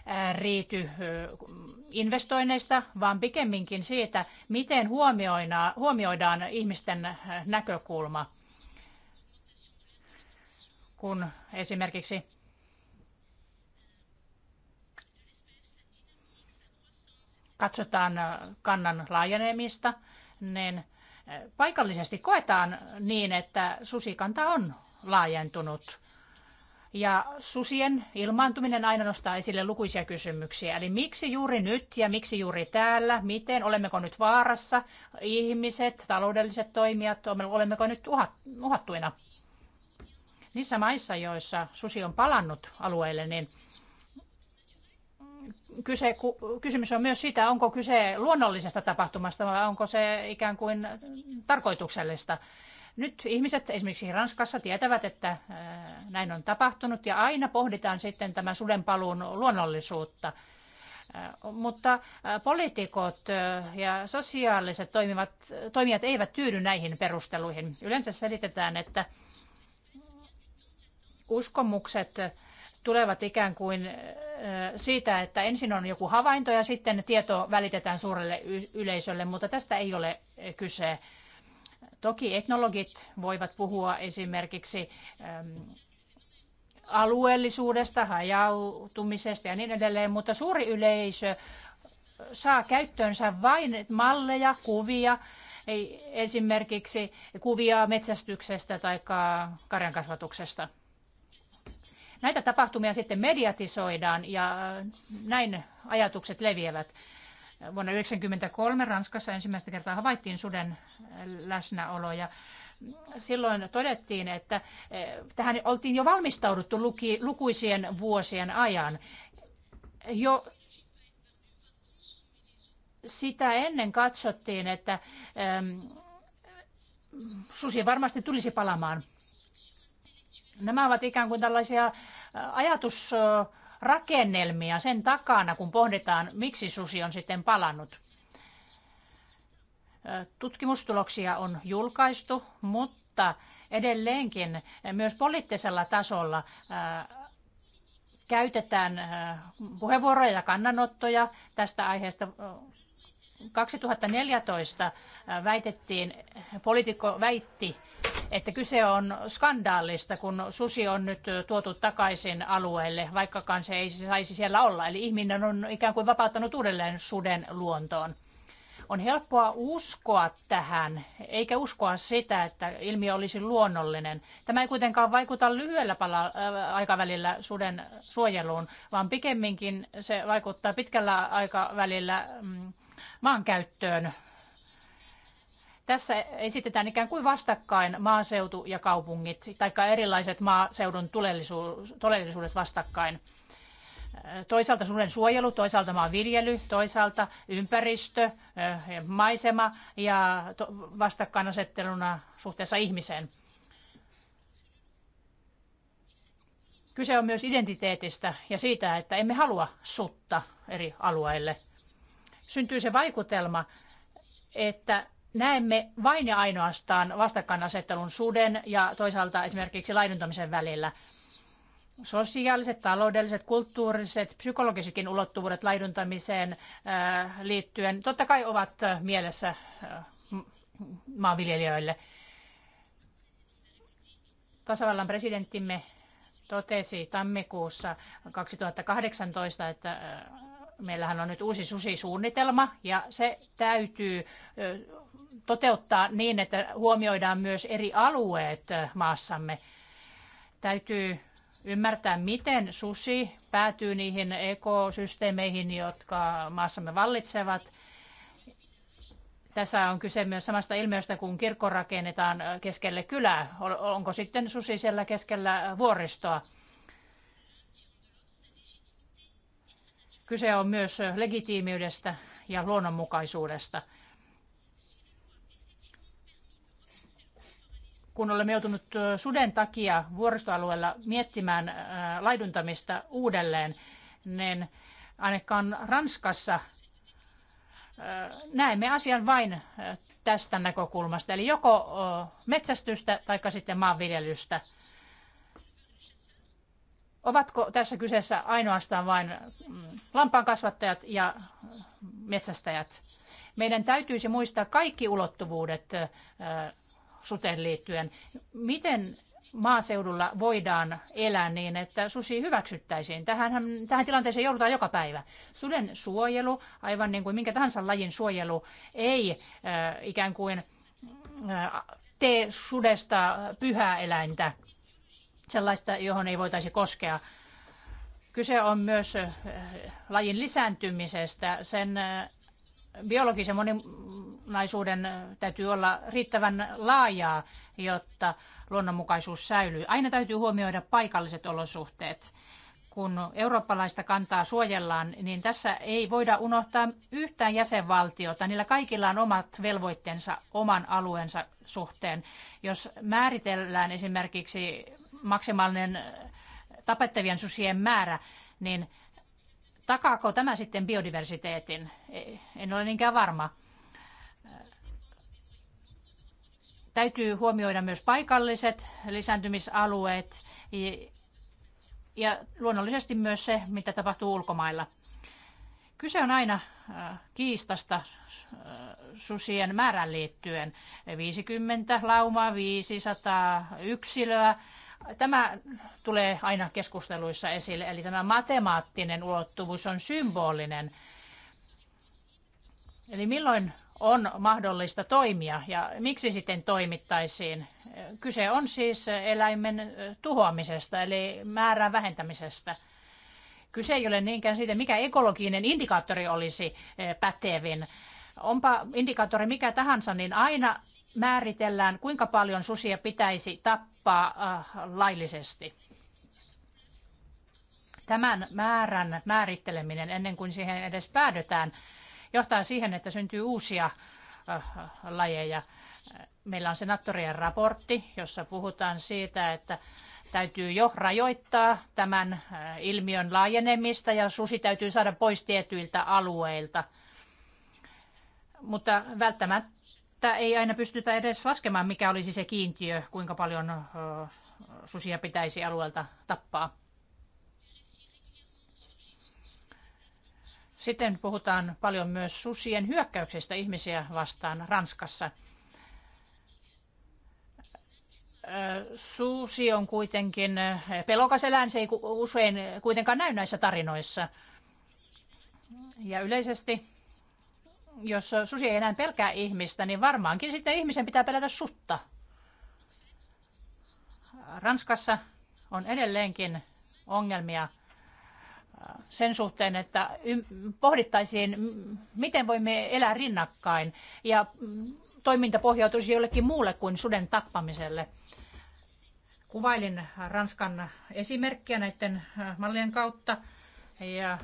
äh, riity äh, investoinneista, vaan pikemminkin siitä, miten huomioidaan ihmisten näkökulma kun esimerkiksi katsotaan kannan laajenemista, niin paikallisesti koetaan niin, että susikanta on laajentunut. Ja susien ilmaantuminen aina nostaa esille lukuisia kysymyksiä. Eli miksi juuri nyt ja miksi juuri täällä? Miten? Olemmeko nyt vaarassa? Ihmiset, taloudelliset toimijat, olemmeko nyt uhattuina? Niissä maissa, joissa susi on palannut alueelle, niin kyse, kysymys on myös siitä, onko kyse luonnollisesta tapahtumasta vai onko se ikään kuin tarkoituksellista. Nyt ihmiset esimerkiksi Ranskassa tietävät, että näin on tapahtunut ja aina pohditaan sitten tämän sudenpaluun luonnollisuutta. Mutta poliitikot ja sosiaaliset toimivat, toimijat eivät tyydy näihin perusteluihin. Yleensä selitetään, että uskomukset tulevat ikään kuin siitä, että ensin on joku havainto ja sitten tieto välitetään suurelle yleisölle, mutta tästä ei ole kyse. Toki etnologit voivat puhua esimerkiksi alueellisuudesta, hajautumisesta ja niin edelleen, mutta suuri yleisö saa käyttöönsä vain malleja, kuvia, esimerkiksi kuvia metsästyksestä tai karjankasvatuksesta. Näitä tapahtumia sitten mediatisoidaan ja äh, näin ajatukset leviävät. Vuonna 1993 Ranskassa ensimmäistä kertaa havaittiin suden äh, läsnäolo ja silloin todettiin, että äh, tähän oltiin jo valmistauduttu luki, lukuisien vuosien ajan. Jo sitä ennen katsottiin, että ähm, susi varmasti tulisi palamaan Nämä ovat ikään kuin tällaisia äh, ajatusrakennelmia sen takana, kun pohditaan, miksi susi on sitten palannut. Äh, tutkimustuloksia on julkaistu, mutta edelleenkin myös poliittisella tasolla äh, käytetään puheenvuoroja ja kannanottoja tästä aiheesta 2014 äh, väitettiin, poliitikko väitti, että kyse on skandaalista, kun susi on nyt äh, tuotu takaisin alueelle, vaikkakaan se ei saisi siellä olla. Eli ihminen on ikään kuin vapauttanut uudelleen suden luontoon. On helppoa uskoa tähän, eikä uskoa sitä, että ilmiö olisi luonnollinen. Tämä ei kuitenkaan vaikuta lyhyellä pala- äh, aikavälillä suden suojeluun, vaan pikemminkin se vaikuttaa pitkällä aikavälillä mm, maankäyttöön. Tässä esitetään ikään kuin vastakkain maaseutu ja kaupungit, tai erilaiset maaseudun todellisuudet vastakkain. Toisaalta suden suojelu, toisaalta viljely, toisaalta ympäristö, eh, maisema ja vastakkainasetteluna suhteessa ihmiseen. Kyse on myös identiteetistä ja siitä, että emme halua sutta eri alueille syntyy se vaikutelma, että näemme vain ja ainoastaan vastakkainasettelun suden ja toisaalta esimerkiksi laiduntamisen välillä. Sosiaaliset, taloudelliset, kulttuuriset, psykologisetkin ulottuvuudet laiduntamiseen äh, liittyen totta kai ovat äh, mielessä äh, maanviljelijöille. Tasavallan presidenttimme totesi tammikuussa 2018, että meillähän on nyt uusi susisuunnitelma ja se täytyy toteuttaa niin, että huomioidaan myös eri alueet maassamme. Täytyy ymmärtää, miten susi päätyy niihin ekosysteemeihin, jotka maassamme vallitsevat. Tässä on kyse myös samasta ilmiöstä, kun kirkko rakennetaan keskelle kylää. Onko sitten susi siellä keskellä vuoristoa? Kyse on myös legitiimiydestä ja luonnonmukaisuudesta. kun olemme joutuneet suden takia vuoristoalueella miettimään laiduntamista uudelleen, niin ainakaan Ranskassa näemme asian vain tästä näkökulmasta. Eli joko metsästystä tai sitten maanviljelystä. Ovatko tässä kyseessä ainoastaan vain mm, lampaankasvattajat ja metsästäjät? Meidän täytyisi muistaa kaikki ulottuvuudet suteen liittyen. Miten maaseudulla voidaan elää niin, että susi hyväksyttäisiin. Tähän, tähän tilanteeseen joudutaan joka päivä. Suden suojelu, aivan niin kuin minkä tahansa lajin suojelu, ei äh, ikään kuin äh, tee sudesta pyhää eläintä sellaista, johon ei voitaisi koskea. Kyse on myös eh, lajin lisääntymisestä. Sen eh, biologisen moninaisuuden eh, täytyy olla riittävän laajaa, jotta luonnonmukaisuus säilyy. Aina täytyy huomioida paikalliset olosuhteet. Kun eurooppalaista kantaa suojellaan, niin tässä ei voida unohtaa yhtään jäsenvaltiota. Niillä kaikilla on omat velvoitteensa oman alueensa suhteen. Jos määritellään esimerkiksi maksimaalinen tapettavien susien määrä, niin takaako tämä sitten biodiversiteetin? E, en ole niinkään varma. Täytyy huomioida myös paikalliset lisääntymisalueet ja luonnollisesti myös se, mitä tapahtuu ulkomailla. Kyse on aina kiistasta susien määrän liittyen. 50 laumaa, 500 yksilöä Tämä tulee aina keskusteluissa esille, eli tämä matemaattinen ulottuvuus on symbolinen. Eli milloin on mahdollista toimia ja miksi sitten toimittaisiin? Kyse on siis eläimen tuhoamisesta eli määrän vähentämisestä. Kyse ei ole niinkään siitä, mikä ekologinen indikaattori olisi pätevin. Onpa indikaattori mikä tahansa, niin aina määritellään, kuinka paljon susia pitäisi tappaa äh, laillisesti. Tämän määrän määritteleminen ennen kuin siihen edes päädytään johtaa siihen, että syntyy uusia äh, lajeja. Meillä on senaattorien raportti, jossa puhutaan siitä, että täytyy jo rajoittaa tämän äh, ilmiön laajenemista ja susi täytyy saada pois tietyiltä alueilta. Mutta välttämättä että ei aina pystytä edes laskemaan, mikä olisi se kiintiö, kuinka paljon susia pitäisi alueelta tappaa. Sitten puhutaan paljon myös susien hyökkäyksestä ihmisiä vastaan Ranskassa. Susi on kuitenkin pelokas eläin, se ei usein kuitenkaan näy näissä tarinoissa. Ja yleisesti jos susi ei enää pelkää ihmistä, niin varmaankin sitten ihmisen pitää pelätä sutta. Ranskassa on edelleenkin ongelmia äh, sen suhteen, että pohdittaisiin, miten voimme elää rinnakkain ja toiminta pohjautuisi jollekin muulle kuin suden tappamiselle. Kuvailin Ranskan esimerkkiä näiden äh, mallien kautta ja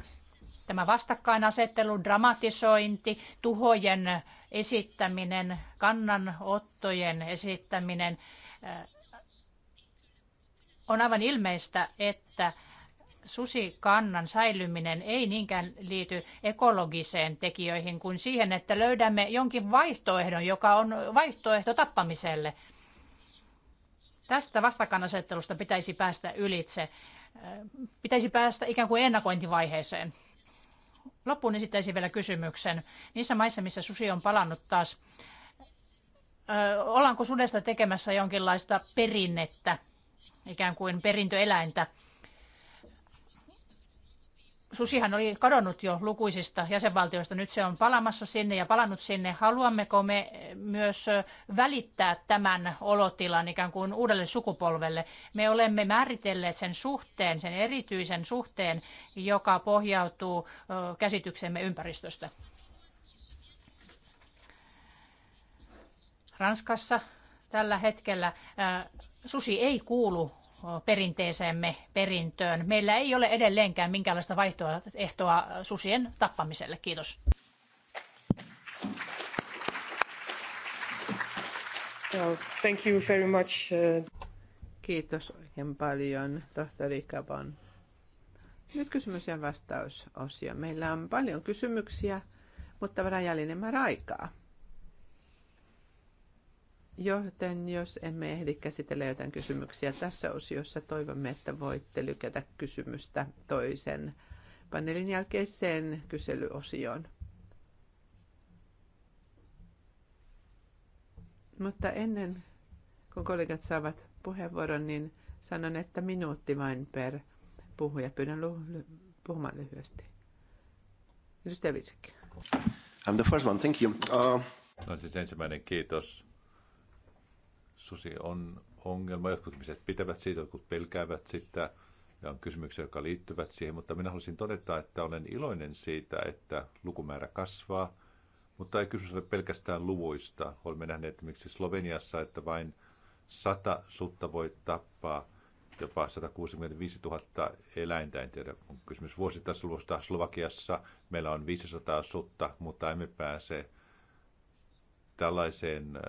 Tämä vastakkainasettelu, dramatisointi, tuhojen esittäminen, kannanottojen esittäminen. Äh, on aivan ilmeistä, että susikannan säilyminen ei niinkään liity ekologiseen tekijöihin kuin siihen, että löydämme jonkin vaihtoehdon, joka on vaihtoehto tappamiselle. Tästä vastakkainasettelusta pitäisi päästä ylitse. Äh, pitäisi päästä ikään kuin ennakointivaiheeseen loppuun esittäisin vielä kysymyksen. Niissä maissa, missä susi on palannut taas, ollaanko sudesta tekemässä jonkinlaista perinnettä, ikään kuin perintöeläintä? Susihan oli kadonnut jo lukuisista jäsenvaltioista, nyt se on palamassa sinne ja palannut sinne. Haluammeko me myös välittää tämän olotilan ikään kuin uudelle sukupolvelle? Me olemme määritelleet sen suhteen, sen erityisen suhteen, joka pohjautuu käsityksemme ympäristöstä. Ranskassa tällä hetkellä susi ei kuulu perinteeseemme, perintöön. Meillä ei ole edelleenkään minkäänlaista vaihtoehtoa susien tappamiselle. Kiitos. Well, thank you very much. Uh, Kiitos oikein paljon, tohtori Kavan. Nyt kysymys- ja vastausosio. Meillä on paljon kysymyksiä, mutta vähän jäljinen määrä aikaa. Joten jos emme ehdi käsitellä jotain kysymyksiä tässä osiossa, toivomme, että voitte lykätä kysymystä toisen paneelin jälkeiseen kyselyosioon. Mutta ennen kun kollegat saavat puheenvuoron, niin sanon, että minuutti vain per puhuja. Pyydän puhumaan lyhyesti. Edustaja Vitsikki. I'm the first one, thank you. Uh... No siis ensimmäinen kiitos susi on ongelma. Jotkut ihmiset pitävät siitä, jotkut pelkäävät sitä ja on kysymyksiä, jotka liittyvät siihen, mutta minä haluaisin todeta, että olen iloinen siitä, että lukumäärä kasvaa, mutta ei kysymys ole pelkästään luvuista. Olemme nähneet esimerkiksi Sloveniassa, että vain sata sutta voi tappaa jopa 165 000 eläintä, en tiedä, on kysymys vuosittaisluvusta. Slovakiassa meillä on 500 sutta, mutta emme pääse tällaiseen äh,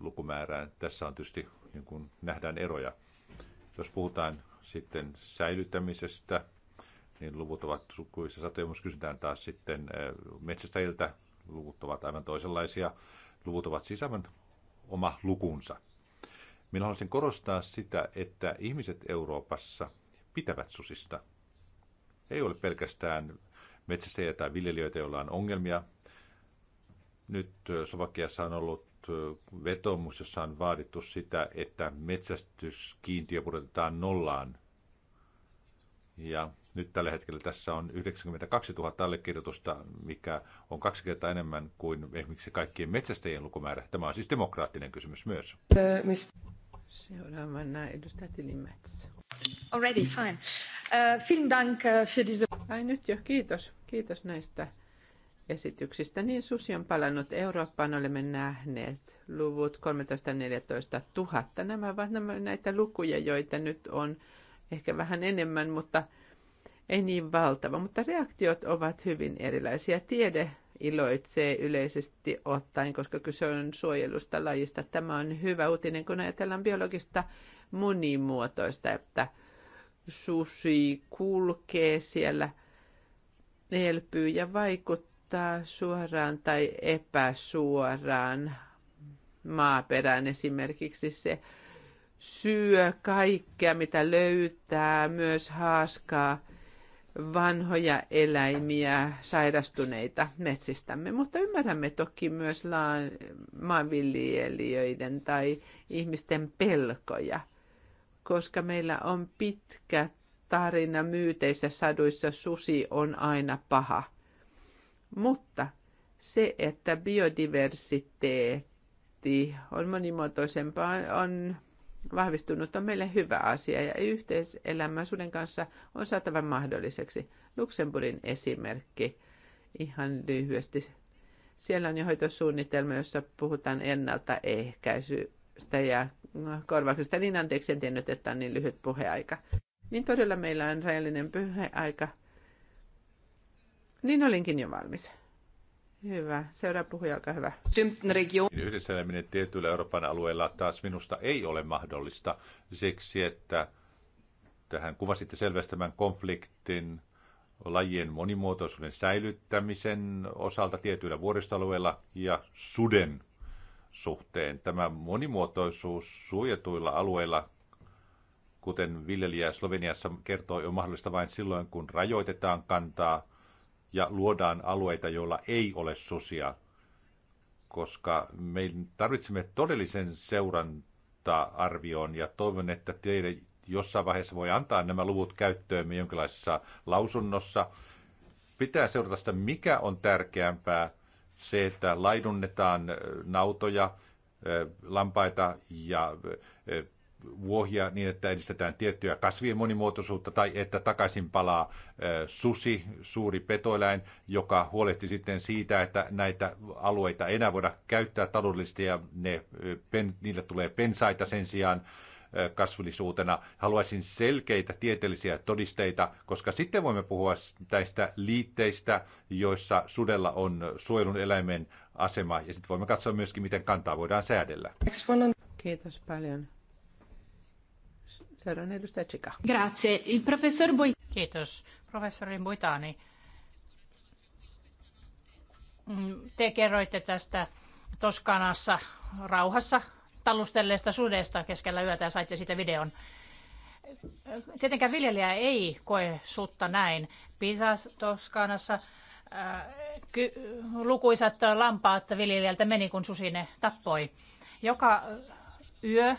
lukumäärään. Tässä on tietysti, niin kuin nähdään eroja. Jos puhutaan sitten säilyttämisestä, niin luvut ovat sukuissa satoja. Jos kysytään taas sitten äh, metsästäjiltä, luvut ovat aivan toisenlaisia. Luvut ovat siis aivan oma lukunsa. Minä haluaisin korostaa sitä, että ihmiset Euroopassa pitävät susista. Ei ole pelkästään metsästäjiä tai viljelijöitä, joilla on ongelmia nyt Slovakiassa on ollut vetomus, jossa on vaadittu sitä, että metsästyskiintiö pudotetaan nollaan. Ja nyt tällä hetkellä tässä on 92 000 allekirjoitusta, mikä on kaksi kertaa enemmän kuin esimerkiksi kaikkien metsästäjien lukumäärä. Tämä on siis demokraattinen kysymys myös. Seuraavana edustaja Tilimets. Already, fine. Uh, vielen Dank uh, für diese... Ai nyt jo, kiitos. Kiitos näistä esityksistä, niin susi on palannut Eurooppaan. Olemme nähneet luvut 13-14 000. Nämä ovat nämä, näitä lukuja, joita nyt on ehkä vähän enemmän, mutta ei niin valtava. Mutta reaktiot ovat hyvin erilaisia. Tiede iloitsee yleisesti ottaen, koska kyse on suojelusta lajista. Tämä on hyvä uutinen, kun ajatellaan biologista monimuotoista, että susi kulkee siellä, elpyy ja vaikuttaa vaikuttaa suoraan tai epäsuoraan maaperään esimerkiksi se syö kaikkea, mitä löytää, myös haaskaa vanhoja eläimiä, sairastuneita metsistämme, mutta ymmärrämme toki myös laan, maanviljelijöiden tai ihmisten pelkoja, koska meillä on pitkä tarina myyteissä saduissa, susi on aina paha – mutta se, että biodiversiteetti on monimuotoisempaa, on vahvistunut, on meille hyvä asia ja yhteiselämä suden kanssa on saatava mahdolliseksi. Luxemburgin esimerkki ihan lyhyesti. Siellä on jo hoitosuunnitelma, jossa puhutaan ennaltaehkäisystä ja korvauksesta. Niin anteeksi, en tiennyt, että on niin lyhyt puheaika. Niin todella meillä on rajallinen puheaika – niin olinkin jo valmis. Hyvä. Seuraava puhuja, olkaa hyvä. Niin Yhdisteleminen tietyillä Euroopan alueilla taas minusta ei ole mahdollista siksi, että tähän kuvasitte selvästi tämän konfliktin lajien monimuotoisuuden säilyttämisen osalta tietyillä vuoristoalueilla ja suden suhteen. Tämä monimuotoisuus suojatuilla alueilla, kuten viljelijä Sloveniassa kertoo, on mahdollista vain silloin, kun rajoitetaan kantaa – ja luodaan alueita, joilla ei ole susia, koska me tarvitsemme todellisen seuranta-arvioon ja toivon, että teille jossain vaiheessa voi antaa nämä luvut me jonkinlaisessa lausunnossa. Pitää seurata sitä, mikä on tärkeämpää, se, että laidunnetaan nautoja, lampaita ja vuohia niin, että edistetään tiettyä kasvien monimuotoisuutta tai että takaisin palaa susi, suuri petoeläin, joka huolehti sitten siitä, että näitä alueita ei enää voida käyttää taloudellisesti ja ne, pen, niille tulee pensaita sen sijaan kasvillisuutena. Haluaisin selkeitä tieteellisiä todisteita, koska sitten voimme puhua näistä liitteistä, joissa sudella on suojelun eläimen asema, ja sitten voimme katsoa myöskin, miten kantaa voidaan säädellä. Kiitos paljon edustaja Chika. Grazie. Il professor Kiitos. Professori Buitani, mm, te kerroitte tästä Toskanassa rauhassa talustelleesta sudesta keskellä yötä ja saitte siitä videon. Tietenkään viljelijä ei koe sutta näin. Pisas Toskanassa äh, ky- lukuisat lampaat viljelijältä meni, kun susi ne tappoi. Joka yö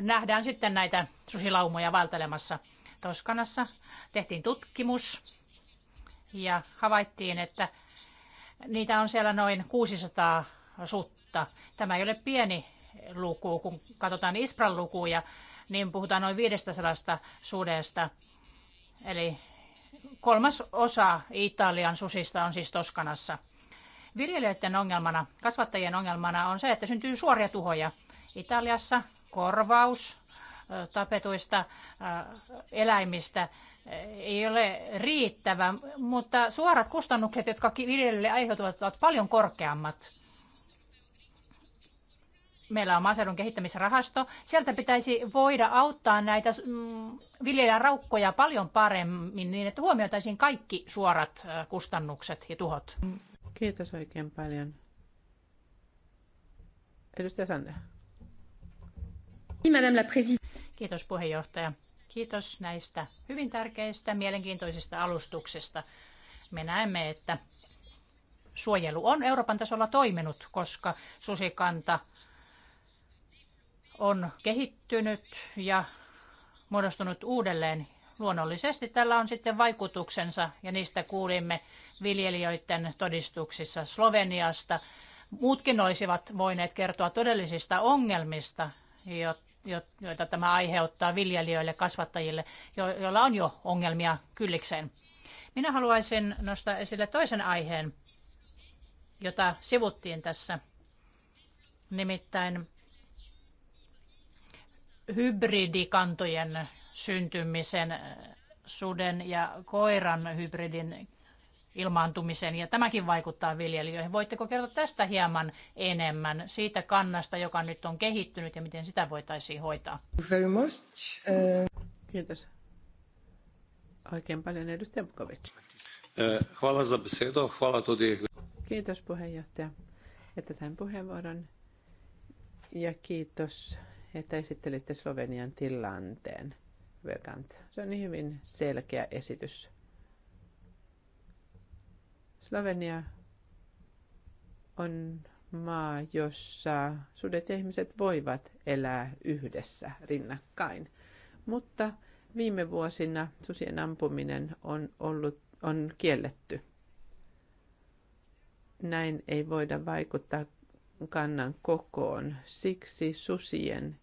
nähdään sitten näitä susilaumoja valtelemassa. Toskanassa tehtiin tutkimus ja havaittiin, että niitä on siellä noin 600 sutta. Tämä ei ole pieni luku, kun katsotaan Ispran lukuja, niin puhutaan noin 500 sudesta. Eli kolmas osa Italian susista on siis Toskanassa. Viljelijöiden ongelmana, kasvattajien ongelmana on se, että syntyy suoria tuhoja. Italiassa korvaus tapetuista eläimistä ei ole riittävä, mutta suorat kustannukset, jotka viljelijöille aiheutuvat, ovat paljon korkeammat. Meillä on maaseudun kehittämisrahasto. Sieltä pitäisi voida auttaa näitä mm, viljelijän raukkoja paljon paremmin niin, että huomioitaisiin kaikki suorat kustannukset ja tuhot. Kiitos oikein paljon. Edustaja Sande. Kiitos puheenjohtaja. Kiitos näistä hyvin tärkeistä, mielenkiintoisista alustuksista. Me näemme, että suojelu on Euroopan tasolla toiminut, koska susikanta on kehittynyt ja muodostunut uudelleen. Luonnollisesti tällä on sitten vaikutuksensa ja niistä kuulimme viljelijöiden todistuksissa Sloveniasta. Muutkin olisivat voineet kertoa todellisista ongelmista, joita tämä aiheuttaa viljelijöille, kasvattajille, joilla on jo ongelmia kyllikseen. Minä haluaisin nostaa esille toisen aiheen, jota sivuttiin tässä, nimittäin hybridikantojen syntymisen suden ja koiran hybridin ilmaantumisen ja tämäkin vaikuttaa viljelijöihin. Voitteko kertoa tästä hieman enemmän, siitä kannasta, joka nyt on kehittynyt ja miten sitä voitaisiin hoitaa? Very much. Uh... Kiitos. Oikein paljon edustaja Bukovic. Eh, hvala za besedo, hvala tudi. Kiitos puheenjohtaja, että sain puheenvuoron. Ja kiitos, että esittelitte Slovenian tilanteen. Se on niin hyvin selkeä esitys Slovenia on maa, jossa sudet ja ihmiset voivat elää yhdessä rinnakkain. Mutta viime vuosina susien ampuminen on, ollut, on kielletty. Näin ei voida vaikuttaa kannan kokoon. Siksi susien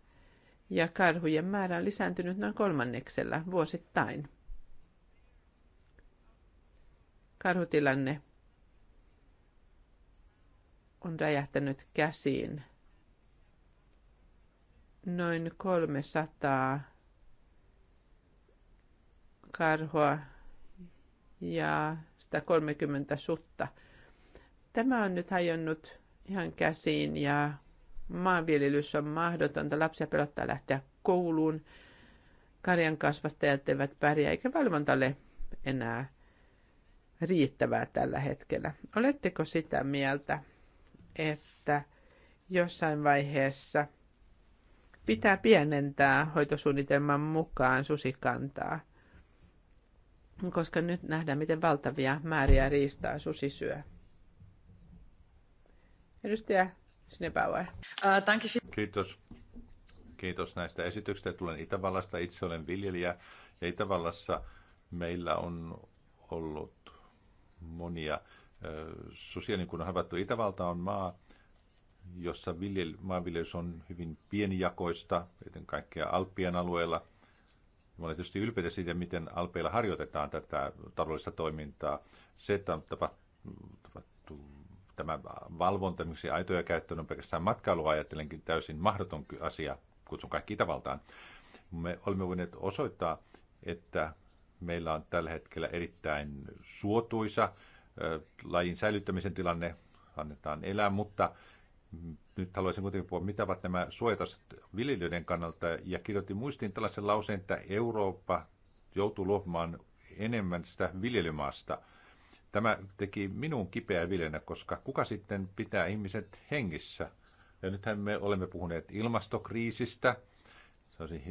ja karhujen määrä on lisääntynyt noin kolmanneksella vuosittain. Karhutilanne on räjähtänyt käsiin. Noin 300 karhua ja 130 sutta. Tämä on nyt hajonnut ihan käsiin ja maanviljelys on mahdotonta. Lapsia pelottaa lähteä kouluun. Karjan kasvattajat eivät pärjää eikä valvonta ole enää riittävää tällä hetkellä. Oletteko sitä mieltä, että jossain vaiheessa pitää pienentää hoitosuunnitelman mukaan susikantaa, koska nyt nähdään, miten valtavia määriä riistaa susi syö. Edustaja Uh, Kiitos. Kiitos näistä esityksistä. Tulen Itävallasta. Itse olen viljelijä ja Itävallassa meillä on ollut monia Sosiaalinen niin on havaittu, Itävalta on maa, jossa viljel, maanviljelys on hyvin pienijakoista, eten kaikkea Alppien alueella. Mä olen tietysti ylpeitä siitä, miten Alpeilla harjoitetaan tätä taloudellista toimintaa. Se, että on tapahtu, tämä valvonta, miksi aitoja käyttöön on pelkästään matkailua ajattelenkin täysin mahdoton asia, kutsun kaikki Itävaltaan. Me olemme voineet osoittaa, että meillä on tällä hetkellä erittäin suotuisa lajin säilyttämisen tilanne annetaan elää, mutta nyt haluaisin kuitenkin puhua, mitä ovat nämä suojatasot viljelijöiden kannalta. Ja kirjoitin muistiin tällaisen lauseen, että Eurooppa joutuu luomaan enemmän sitä viljelymaasta. Tämä teki minun kipeää viljenä, koska kuka sitten pitää ihmiset hengissä? Ja nythän me olemme puhuneet ilmastokriisistä. Se olisi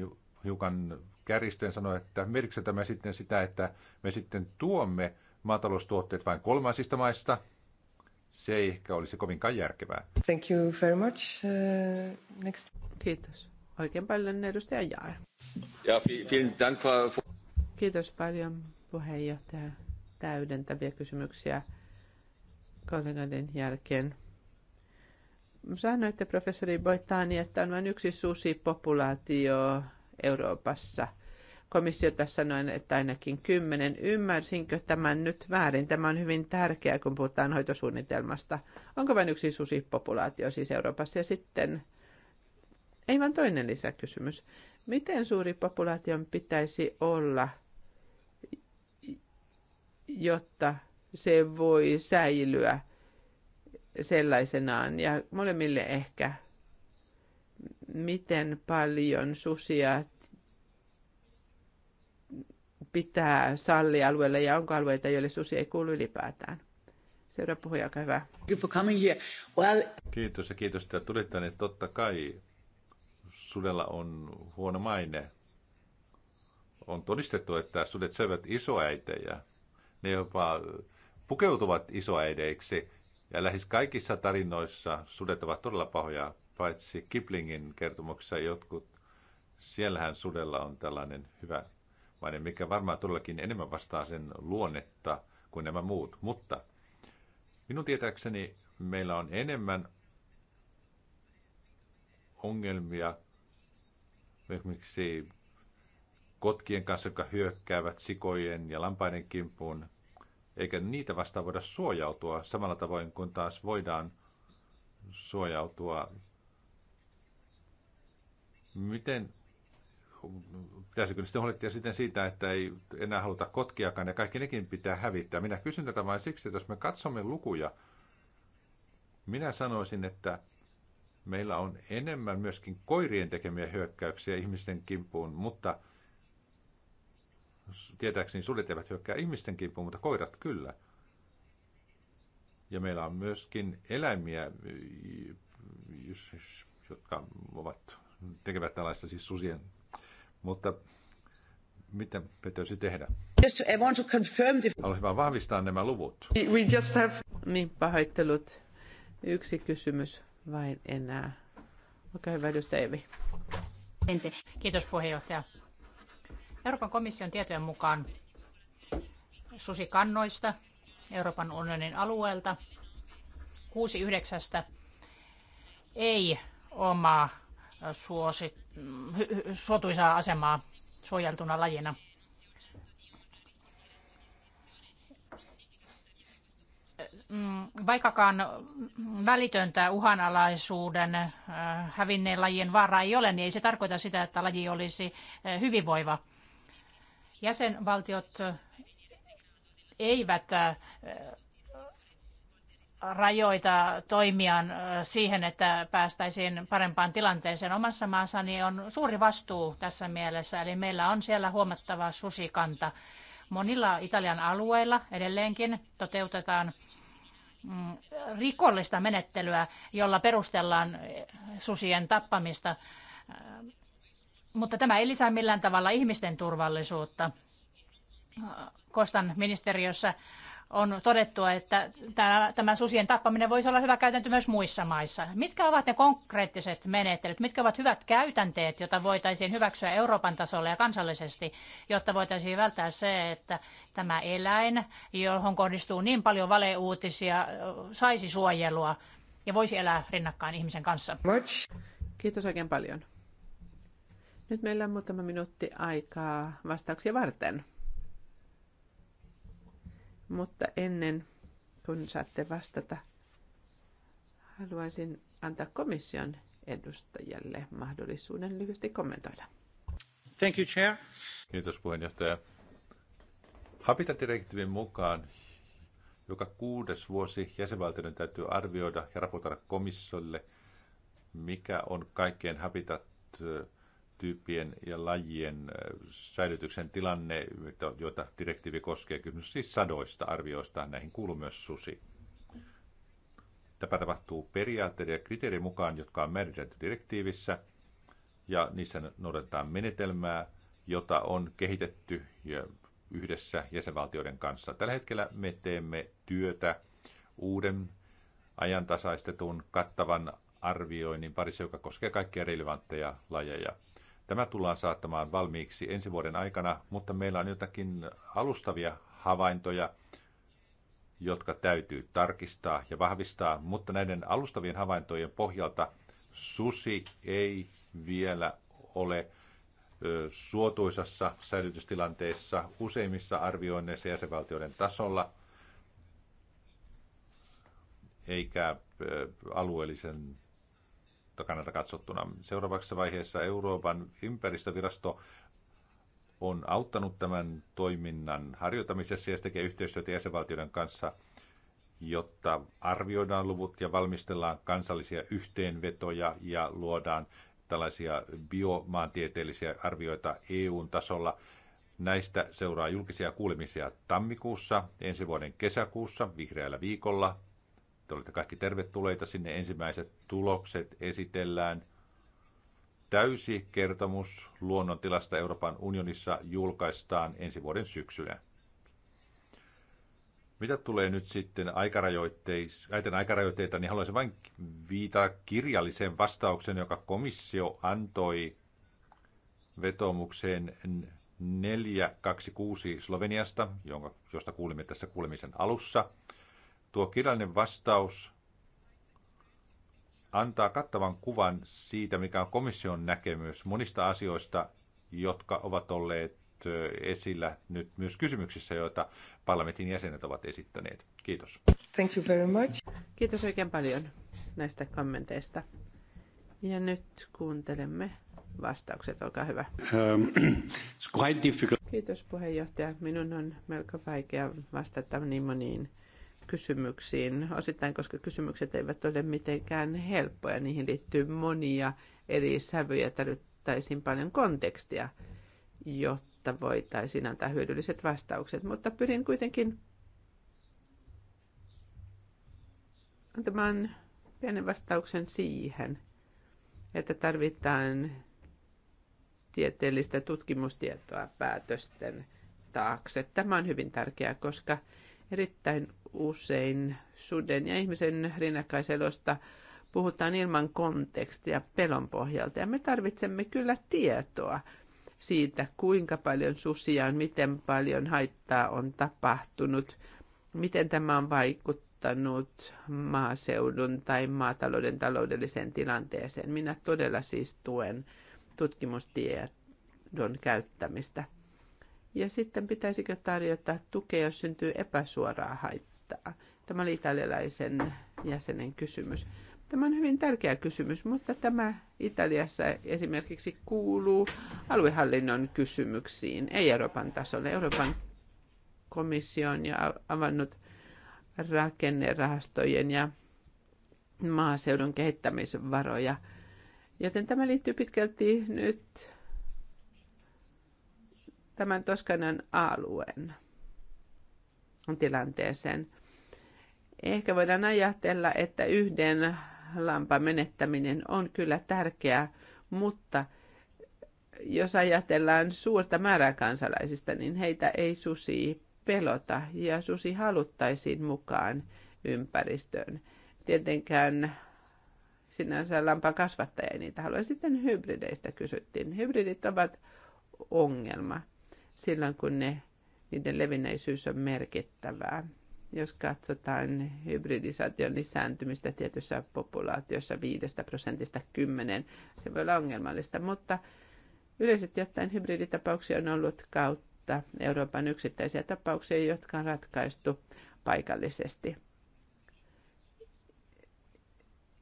hiukan käristen sanoa, että merkitsee me sitten sitä, että me sitten tuomme maataloustuotteet vain kolmansista maista. Se ei ehkä olisi kovinkaan järkevää. Thank you very much. Uh, next. Kiitos. Oikein paljon edustaja Jaar. Ja, vielen dank, Kiitos paljon puheenjohtaja. Täydentäviä kysymyksiä kollegoiden jälkeen. Sanoitte professori Boitani, että on vain yksi susipopulaatio Euroopassa – Komissio tässä sanoen, että ainakin kymmenen. Ymmärsinkö tämän nyt väärin? Tämä on hyvin tärkeää, kun puhutaan hoitosuunnitelmasta. Onko vain yksi susipopulaatio siis Euroopassa? Ja sitten, ei vaan toinen lisäkysymys. Miten suuri populaation pitäisi olla, jotta se voi säilyä sellaisenaan? Ja molemmille ehkä, miten paljon susia pitää sallia alueelle ja onko alueita, joille susi ei kuulu ylipäätään? Seuraava puhuja, olkaa hyvä. Kiitos ja kiitos, että tulit tänne. Niin totta kai sudella on huono maine. On todistettu, että sudet söivät isoäitejä. Ne jopa pukeutuvat isoäideiksi. Ja lähes kaikissa tarinoissa sudet ovat todella pahoja, paitsi Kiplingin kertomuksessa jotkut. Siellähän sudella on tällainen hyvä maiden, mikä varmaan todellakin enemmän vastaa sen luonnetta kuin nämä muut. Mutta minun tietääkseni meillä on enemmän ongelmia esimerkiksi kotkien kanssa, jotka hyökkäävät sikojen ja lampaiden kimpuun, eikä niitä vastaan voida suojautua samalla tavoin kuin taas voidaan suojautua. Miten pitäisikö sitten huolehtia sitten siitä, että ei enää haluta kotkiakaan ja kaikki nekin pitää hävittää. Minä kysyn tätä vain siksi, että jos me katsomme lukuja, minä sanoisin, että meillä on enemmän myöskin koirien tekemiä hyökkäyksiä ihmisten kimpuun, mutta tietääkseni sudet eivät hyökkää ihmisten kimpuun, mutta koirat kyllä. Ja meillä on myöskin eläimiä, jotka ovat, tekevät tällaista siis susien mutta mitä pitäisi tehdä? Just, I want to confirm the... Haluaisin vain vahvistaa nämä luvut. We just have... Niin, pahoittelut. Yksi kysymys vain enää. Olkaa hyvä, edustaja Evi. Kiitos puheenjohtaja. Euroopan komission tietojen mukaan susikannoista Euroopan unionin alueelta kuusi yhdeksästä ei omaa suosit suotuisaa asemaa suojeltuna lajina. Mm, vaikkakaan välitöntä uhanalaisuuden äh, hävinneen lajien vaaraa ei ole, niin ei se tarkoita sitä, että laji olisi äh, hyvinvoiva. Jäsenvaltiot äh, eivät rajoita toimiaan siihen, että päästäisiin parempaan tilanteeseen omassa maassani, on suuri vastuu tässä mielessä. Eli meillä on siellä huomattava susikanta. Monilla Italian alueilla edelleenkin toteutetaan mm, rikollista menettelyä, jolla perustellaan susien tappamista. Mutta tämä ei lisää millään tavalla ihmisten turvallisuutta. Kostan ministeriössä on todettu, että tämä susien tappaminen voisi olla hyvä käytäntö myös muissa maissa. Mitkä ovat ne konkreettiset menettelyt, mitkä ovat hyvät käytänteet, joita voitaisiin hyväksyä Euroopan tasolla ja kansallisesti, jotta voitaisiin välttää se, että tämä eläin, johon kohdistuu niin paljon valeuutisia, saisi suojelua ja voisi elää rinnakkain ihmisen kanssa? Kiitos oikein paljon. Nyt meillä on muutama minuutti aikaa vastauksia varten. Mutta ennen kun saatte vastata, haluaisin antaa komission edustajalle mahdollisuuden lyhyesti kommentoida. Thank you, Chair. Kiitos puheenjohtaja. Habitat-direktiivin mukaan joka kuudes vuosi jäsenvaltioiden täytyy arvioida ja raportoida komissiolle, mikä on kaikkien habitat tyyppien ja lajien äh, säilytyksen tilanne, joita direktiivi koskee, kysymys siis sadoista arvioista, näihin kuuluu myös susi. Tämä tapahtuu periaatteiden ja kriteerien mukaan, jotka on määritelty direktiivissä, ja niissä noudatetaan menetelmää, jota on kehitetty yhdessä jäsenvaltioiden kanssa. Tällä hetkellä me teemme työtä uuden ajantasaistetun kattavan arvioinnin parissa, joka koskee kaikkia relevantteja lajeja. Tämä tullaan saattamaan valmiiksi ensi vuoden aikana, mutta meillä on jotakin alustavia havaintoja, jotka täytyy tarkistaa ja vahvistaa, mutta näiden alustavien havaintojen pohjalta susi ei vielä ole suotuisassa säilytystilanteessa useimmissa arvioinneissa jäsenvaltioiden tasolla, eikä alueellisen kannalta katsottuna. Seuraavaksi vaiheessa Euroopan ympäristövirasto on auttanut tämän toiminnan harjoittamisessa ja tekee yhteistyötä jäsenvaltioiden kanssa, jotta arvioidaan luvut ja valmistellaan kansallisia yhteenvetoja ja luodaan tällaisia biomaantieteellisiä arvioita EUn tasolla. Näistä seuraa julkisia kuulemisia tammikuussa, ensi vuoden kesäkuussa, vihreällä viikolla te olette kaikki tervetulleita sinne. Ensimmäiset tulokset esitellään. Täysi kertomus luonnontilasta Euroopan unionissa julkaistaan ensi vuoden syksyllä. Mitä tulee nyt sitten aikarajoitteita, niin haluaisin vain viitaa kirjalliseen vastauksen, joka komissio antoi vetomukseen 426 Sloveniasta, jonka, josta kuulimme tässä kuulemisen alussa – Tuo kirjallinen vastaus antaa kattavan kuvan siitä, mikä on komission näkemys monista asioista, jotka ovat olleet esillä nyt myös kysymyksissä, joita parlamentin jäsenet ovat esittäneet. Kiitos. Thank you very much. Kiitos oikein paljon näistä kommenteista. Ja nyt kuuntelemme vastaukset, olkaa hyvä. Um, (clears throat) quite Kiitos puheenjohtaja. Minun on melko vaikea vastata niin moniin kysymyksiin, osittain koska kysymykset eivät ole mitenkään helppoja. Niihin liittyy monia eri sävyjä, tarvittaisiin paljon kontekstia, jotta voitaisiin antaa hyödylliset vastaukset. Mutta pyrin kuitenkin antamaan pienen vastauksen siihen, että tarvitaan tieteellistä tutkimustietoa päätösten taakse. Tämä on hyvin tärkeää, koska Erittäin usein suden ja ihmisen rinnakkaiselosta puhutaan ilman kontekstia pelon pohjalta. Ja me tarvitsemme kyllä tietoa siitä, kuinka paljon susia on, miten paljon haittaa on tapahtunut, miten tämä on vaikuttanut maaseudun tai maatalouden taloudelliseen tilanteeseen. Minä todella siis tuen tutkimustiedon käyttämistä. Ja sitten pitäisikö tarjota tukea, jos syntyy epäsuoraa haittaa? Tämä oli italialaisen jäsenen kysymys. Tämä on hyvin tärkeä kysymys, mutta tämä Italiassa esimerkiksi kuuluu aluehallinnon kysymyksiin, ei Euroopan tasolle. Euroopan komissio on jo avannut rakennerahastojen ja maaseudun kehittämisvaroja, joten tämä liittyy pitkälti nyt tämän Toskanan alueen tilanteeseen. Ehkä voidaan ajatella, että yhden lampan menettäminen on kyllä tärkeää, mutta jos ajatellaan suurta määrää kansalaisista, niin heitä ei susi pelota ja susi haluttaisiin mukaan ympäristöön. Tietenkään sinänsä lampan kasvattaja ei niitä halua. Sitten hybrideistä kysyttiin. Hybridit ovat ongelma silloin, kun ne, niiden levinneisyys on merkittävää. Jos katsotaan hybridisaation lisääntymistä tietyssä populaatiossa 5 prosentista 10, se voi olla ongelmallista, mutta yleisesti ottaen hybriditapauksia on ollut kautta Euroopan yksittäisiä tapauksia, jotka on ratkaistu paikallisesti.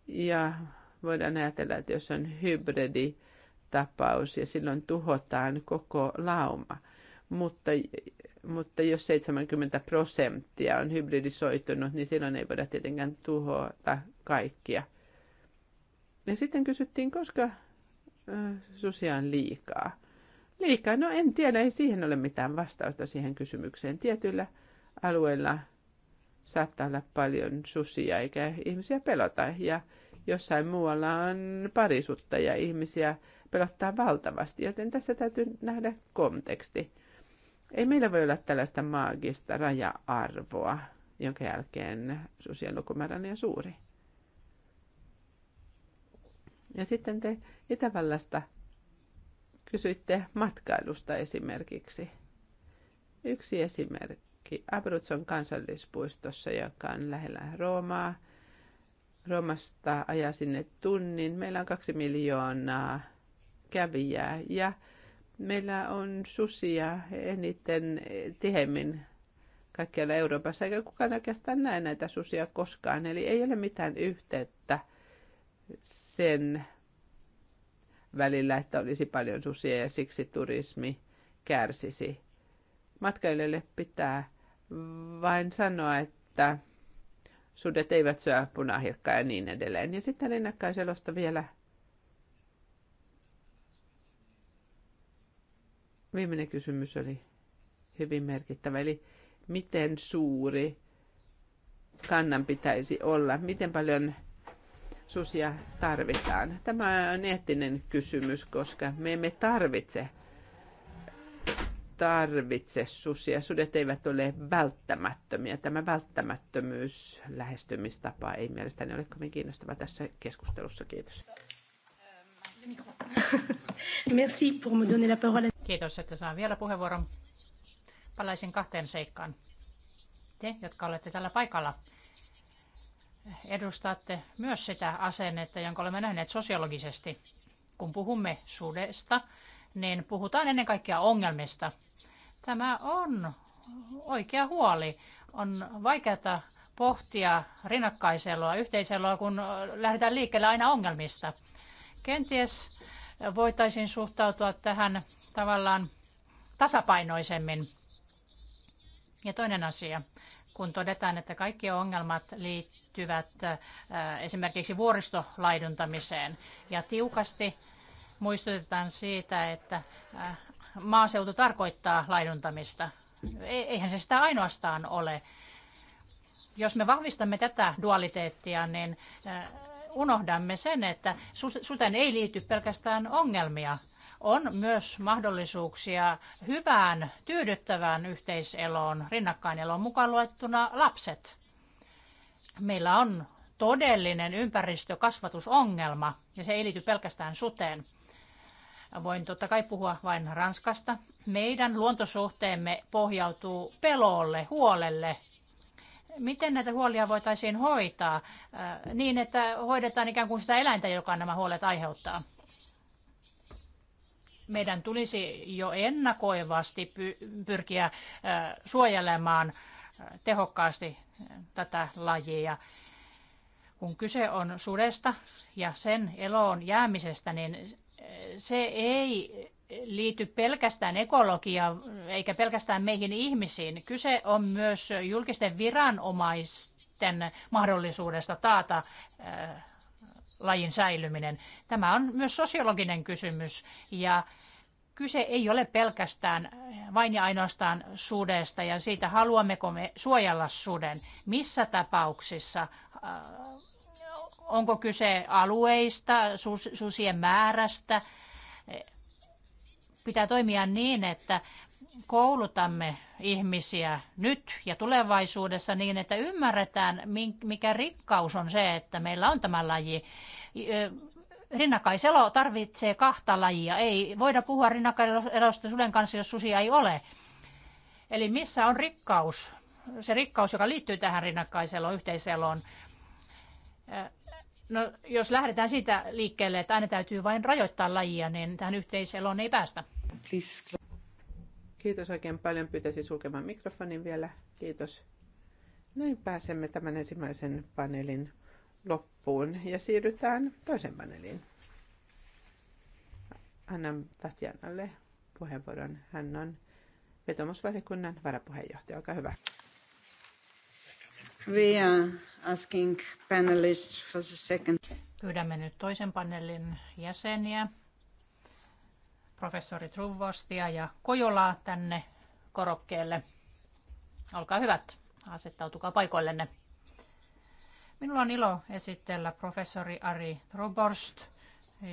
Ja voidaan ajatella, että jos on hybriditapaus ja silloin tuhotaan koko lauma, mutta, mutta jos 70 prosenttia on hybridisoitunut, niin silloin ei voida tietenkään tuhota kaikkia. Ja sitten kysyttiin, koska susia on liikaa. Liikaa? No en tiedä, ei siihen ole mitään vastausta siihen kysymykseen. Tietyillä alueilla saattaa olla paljon susia eikä ihmisiä pelota. Ja jossain muualla on parisutta ja ihmisiä pelottaa valtavasti, joten tässä täytyy nähdä konteksti. Ei meillä voi olla tällaista maagista raja-arvoa, jonka jälkeen susien lukumäärä on suuri. Ja sitten te Itävallasta kysyitte matkailusta esimerkiksi. Yksi esimerkki Abruzzon kansallispuistossa, joka on lähellä Roomaa. Roomasta ajaa sinne tunnin. Meillä on kaksi miljoonaa kävijää ja Meillä on susia eniten tihemmin kaikkialla Euroopassa, eikä kukaan oikeastaan näe näitä susia koskaan. Eli ei ole mitään yhteyttä sen välillä, että olisi paljon susia ja siksi turismi kärsisi. Matkailijoille pitää vain sanoa, että sudet eivät syö punahirkkaa ja niin edelleen. Ja sitten rinnakkaiselosta vielä – viimeinen kysymys oli hyvin merkittävä, eli miten suuri kannan pitäisi olla, miten paljon susia tarvitaan. Tämä on eettinen kysymys, koska me emme tarvitse tarvitse susia. Sudet eivät ole välttämättömiä. Tämä välttämättömyys lähestymistapa ei mielestäni ole kovin kiinnostava tässä keskustelussa. Kiitos. Merci pour me donner la parole. Kiitos, että saan vielä puheenvuoron. Palaisin kahteen seikkaan. Te, jotka olette tällä paikalla, edustatte myös sitä asennetta, jonka olemme nähneet sosiologisesti. Kun puhumme sudesta, niin puhutaan ennen kaikkea ongelmista. Tämä on oikea huoli. On vaikeata pohtia rinnakkaiseloa, yhteiseloa, kun lähdetään liikkeelle aina ongelmista. Kenties voitaisiin suhtautua tähän tavallaan tasapainoisemmin. Ja toinen asia, kun todetaan, että kaikki ongelmat liittyvät äh, esimerkiksi vuoristolaiduntamiseen ja tiukasti muistutetaan siitä, että äh, maaseutu tarkoittaa laiduntamista. E, eihän se sitä ainoastaan ole. Jos me vahvistamme tätä dualiteettia, niin äh, unohdamme sen, että suten ei liity pelkästään ongelmia on myös mahdollisuuksia hyvään, tyydyttävään yhteiseloon, rinnakkaineloon mukaan luettuna lapset. Meillä on todellinen ympäristökasvatusongelma ja se ei liity pelkästään suteen. Voin totta kai puhua vain Ranskasta. Meidän luontosuhteemme pohjautuu pelolle, huolelle, miten näitä huolia voitaisiin hoitaa äh, niin, että hoidetaan ikään kuin sitä eläintä, joka nämä huolet aiheuttaa? meidän tulisi jo ennakoivasti pyrkiä suojelemaan tehokkaasti tätä lajia. Kun kyse on sudesta ja sen eloon jäämisestä, niin se ei liity pelkästään ekologiaan eikä pelkästään meihin ihmisiin. Kyse on myös julkisten viranomaisten mahdollisuudesta taata lajin säilyminen. Tämä on myös sosiologinen kysymys ja kyse ei ole pelkästään vain ja ainoastaan sudesta ja siitä, haluammeko me suojella suden, missä tapauksissa, äh, onko kyse alueista, susien määrästä. Pitää toimia niin, että koulutamme ihmisiä nyt ja tulevaisuudessa niin, että ymmärretään, mikä rikkaus on se, että meillä on tämä laji. Rinnakaiselo tarvitsee kahta lajia. Ei voida puhua rinnakkaiselosta suden kanssa, jos susia ei ole. Eli missä on rikkaus, se rikkaus, joka liittyy tähän rinnakkaiseloon, yhteiseloon. No, jos lähdetään siitä liikkeelle, että aina täytyy vain rajoittaa lajia, niin tähän yhteiseloon ei päästä. Please. Kiitos oikein paljon. Pyytäisin sulkemaan mikrofonin vielä. Kiitos. Näin pääsemme tämän ensimmäisen paneelin loppuun ja siirrytään toisen paneeliin. Annan Tatjanalle puheenvuoron. Hän on vetomusvaliokunnan varapuheenjohtaja. Olkaa hyvä. We are asking panelists for the second. Pyydämme nyt toisen paneelin jäseniä professori Truvostia ja Kojolaa tänne korokkeelle. Olkaa hyvät, asettautukaa paikoillenne. Minulla on ilo esitellä professori Ari Truvost,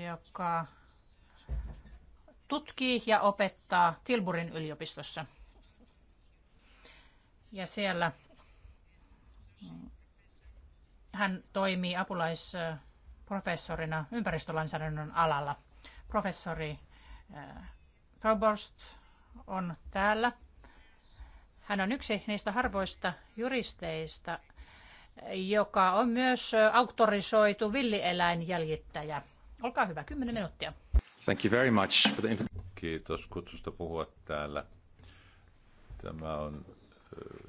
joka tutkii ja opettaa Tilburin yliopistossa. Ja siellä hän toimii apulaisprofessorina ympäristölainsäädännön alalla. Professori Proborst on täällä. Hän on yksi niistä harvoista juristeista, joka on myös auktorisoitu villieläinjäljittäjä. Olkaa hyvä, 10 minuuttia. Thank you very much for the Kiitos kutsusta puhua täällä. Tämä on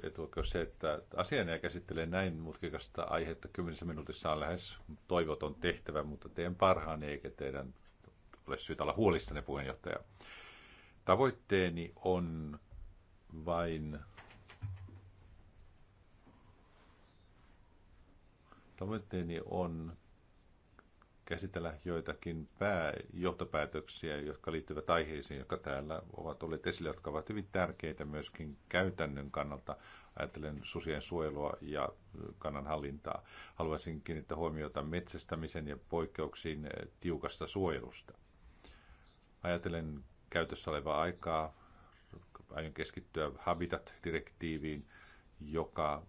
etuoikeus se, että asiana käsittelee näin mutkikasta aihetta kymmenessä minuutissa on lähes toivoton tehtävä, mutta teen parhaani eikä teidän ole syytä olla huolissanne puheenjohtaja. Tavoitteeni on vain Tavoitteeni on käsitellä joitakin pääjohtopäätöksiä, jotka liittyvät aiheisiin, jotka täällä ovat olleet esillä, jotka ovat hyvin tärkeitä myöskin käytännön kannalta. Ajattelen susien suojelua ja kannan hallintaa. Haluaisin kiinnittää huomiota metsästämisen ja poikkeuksiin tiukasta suojelusta. Ajatellen käytössä olevaa aikaa, aion keskittyä Habitat-direktiiviin, joka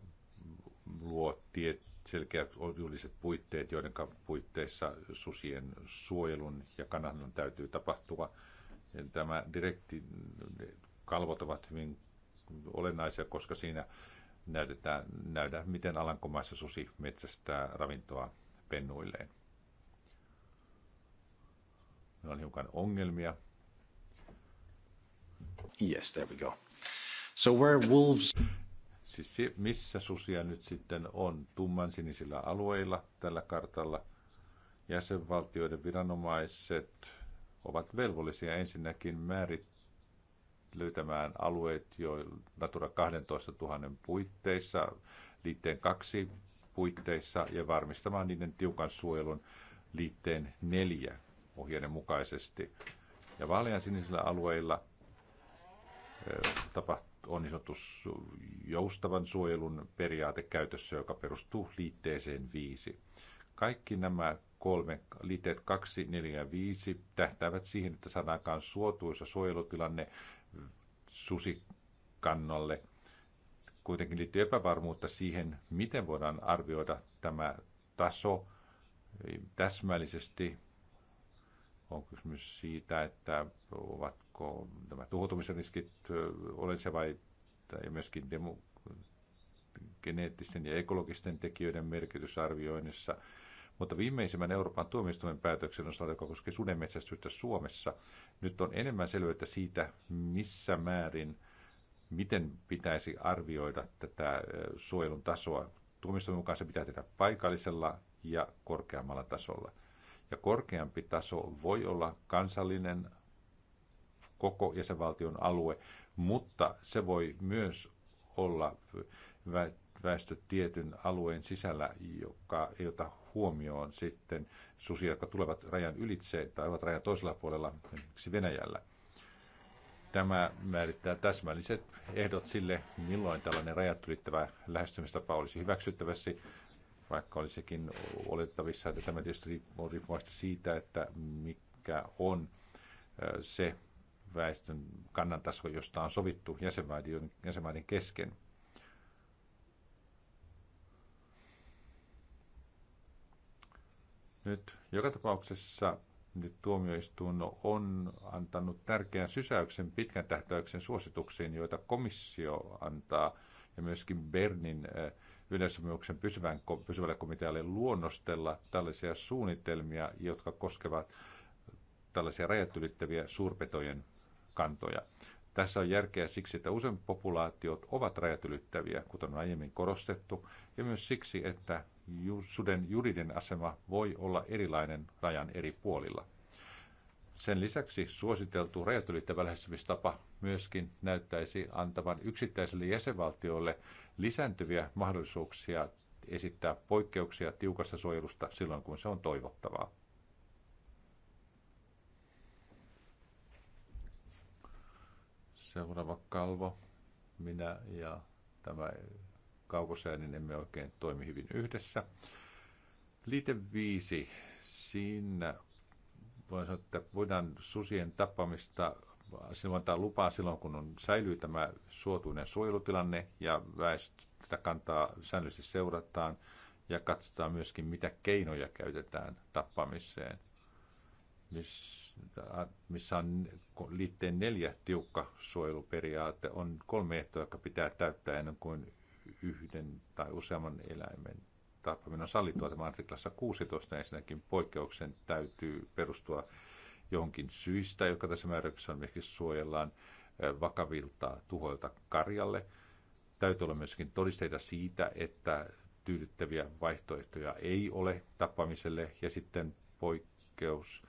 luo tiet, selkeät julkiset puitteet, joiden puitteissa susien suojelun ja kananhan täytyy tapahtua. Tämä direkti, kalvot ovat hyvin olennaisia, koska siinä näytetään, nähdään, miten Alankomaissa susi metsästää ravintoa pennuilleen. Meillä on hiukan ongelmia. Yes, there we go. So where wolves... Siis missä susia nyt sitten on tummansinisillä alueilla tällä kartalla, jäsenvaltioiden viranomaiset ovat velvollisia ensinnäkin määrit löytämään alueet jo Natura 12 000 puitteissa, liitteen kaksi puitteissa ja varmistamaan niiden tiukan suojelun liitteen neljä ohjeiden mukaisesti. Ja vaalean sinisillä alueilla on niin sanottu joustavan suojelun periaate käytössä, joka perustuu liitteeseen 5. Kaikki nämä kolme, liitteet 2, 4 ja 5, tähtäävät siihen, että saadaankaan suotuisa suojelutilanne susikannalle. Kuitenkin liittyy epävarmuutta siihen, miten voidaan arvioida tämä taso täsmällisesti, on kysymys siitä, että ovatko nämä tuhoutumisriskit olensa vai ja myöskin demo, geneettisten ja ekologisten tekijöiden merkitysarvioinnissa. Mutta viimeisimmän Euroopan tuomioistuimen päätöksen osalta, joka koskee sudenmetsästystä Suomessa, nyt on enemmän selvyyttä siitä, missä määrin, miten pitäisi arvioida tätä suojelun tasoa. Tuomioistuimen mukaan se pitää tehdä paikallisella ja korkeammalla tasolla. Ja korkeampi taso voi olla kansallinen koko jäsenvaltion alue, mutta se voi myös olla väestö tietyn alueen sisällä, joka ei ota huomioon sitten susia, jotka tulevat rajan ylitse tai ovat rajan toisella puolella, esimerkiksi Venäjällä. Tämä määrittää täsmälliset ehdot sille, milloin tällainen rajat ylittävä lähestymistapa olisi hyväksyttävästi vaikka olisikin oletettavissa, että tämä tietysti on riippuvasti siitä, että mikä on se väestön taso, josta on sovittu jäsenmaiden, jäsenmaiden kesken. Nyt joka tapauksessa nyt tuomioistuin on antanut tärkeän sysäyksen pitkän tähtäyksen suosituksiin, joita komissio antaa, ja myöskin Bernin äh, yleissopimuksen pysyvän, pysyvälle komitealle luonnostella tällaisia suunnitelmia, jotka koskevat tällaisia rajat ylittäviä suurpetojen kantoja. Tässä on järkeä siksi, että useimmat populaatiot ovat rajat ylittäviä, kuten on aiemmin korostettu, ja myös siksi, että suden juridinen asema voi olla erilainen rajan eri puolilla. Sen lisäksi suositeltu rajat ylittävä lähestymistapa myöskin näyttäisi antavan yksittäiselle jäsenvaltiolle lisääntyviä mahdollisuuksia esittää poikkeuksia tiukasta suojelusta silloin, kun se on toivottavaa. Seuraava kalvo. Minä ja tämä kaukosäädin emme oikein toimi hyvin yhdessä. Liite 5. Siinä voin sanoa, että voidaan susien tappamista silloin tämä lupaa silloin, kun on, säilyy tämä suotuinen suojelutilanne ja väestö, tätä kantaa säännöllisesti seurataan ja katsotaan myöskin, mitä keinoja käytetään tappamiseen. Missä on liitteen neljä tiukka suojeluperiaate, on kolme ehtoa, jotka pitää täyttää ennen kuin yhden tai useamman eläimen tappaminen on sallittua. Tämä artiklassa 16 ensinnäkin poikkeuksen täytyy perustua johonkin syistä, joka tässä määräyksessä on esimerkiksi suojellaan vakavilta tuhoilta karjalle. Täytyy olla myöskin todisteita siitä, että tyydyttäviä vaihtoehtoja ei ole tappamiselle ja sitten poikkeus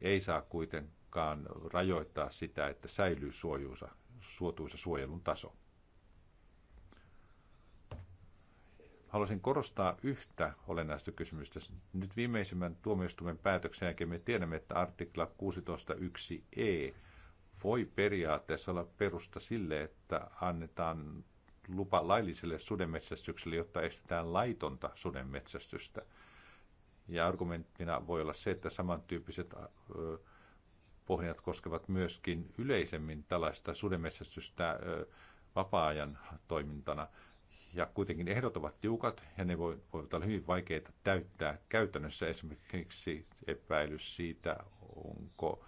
ei saa kuitenkaan rajoittaa sitä, että säilyy suojuusa, suotuisa suojelun taso. haluaisin korostaa yhtä olennaista kysymystä. Nyt viimeisimmän tuomioistuimen päätöksen jälkeen me tiedämme, että artikla 16.1e voi periaatteessa olla perusta sille, että annetaan lupa lailliselle sudenmetsästykselle, jotta estetään laitonta sudenmetsästystä. Ja argumenttina voi olla se, että samantyyppiset pohjat koskevat myöskin yleisemmin tällaista sudenmetsästystä vapaa-ajan toimintana – ja kuitenkin ehdot ovat tiukat ja ne voivat olla hyvin vaikeita täyttää käytännössä esimerkiksi epäilys siitä, onko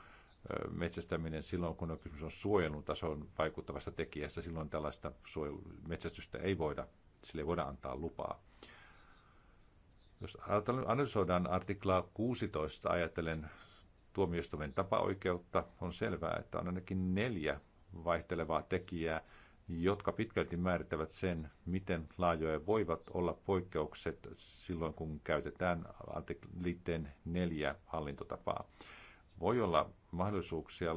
metsästäminen silloin, kun on kysymys on suojelun tason vaikuttavasta tekijästä, silloin tällaista metsästystä ei voida, sille ei voida antaa lupaa. Jos analysoidaan artiklaa 16, ajatellen tuomioistuimen tapaoikeutta, on selvää, että on ainakin neljä vaihtelevaa tekijää, jotka pitkälti määrittävät sen, miten laajoja voivat olla poikkeukset silloin, kun käytetään liitteen neljä hallintotapaa. Voi olla mahdollisuuksia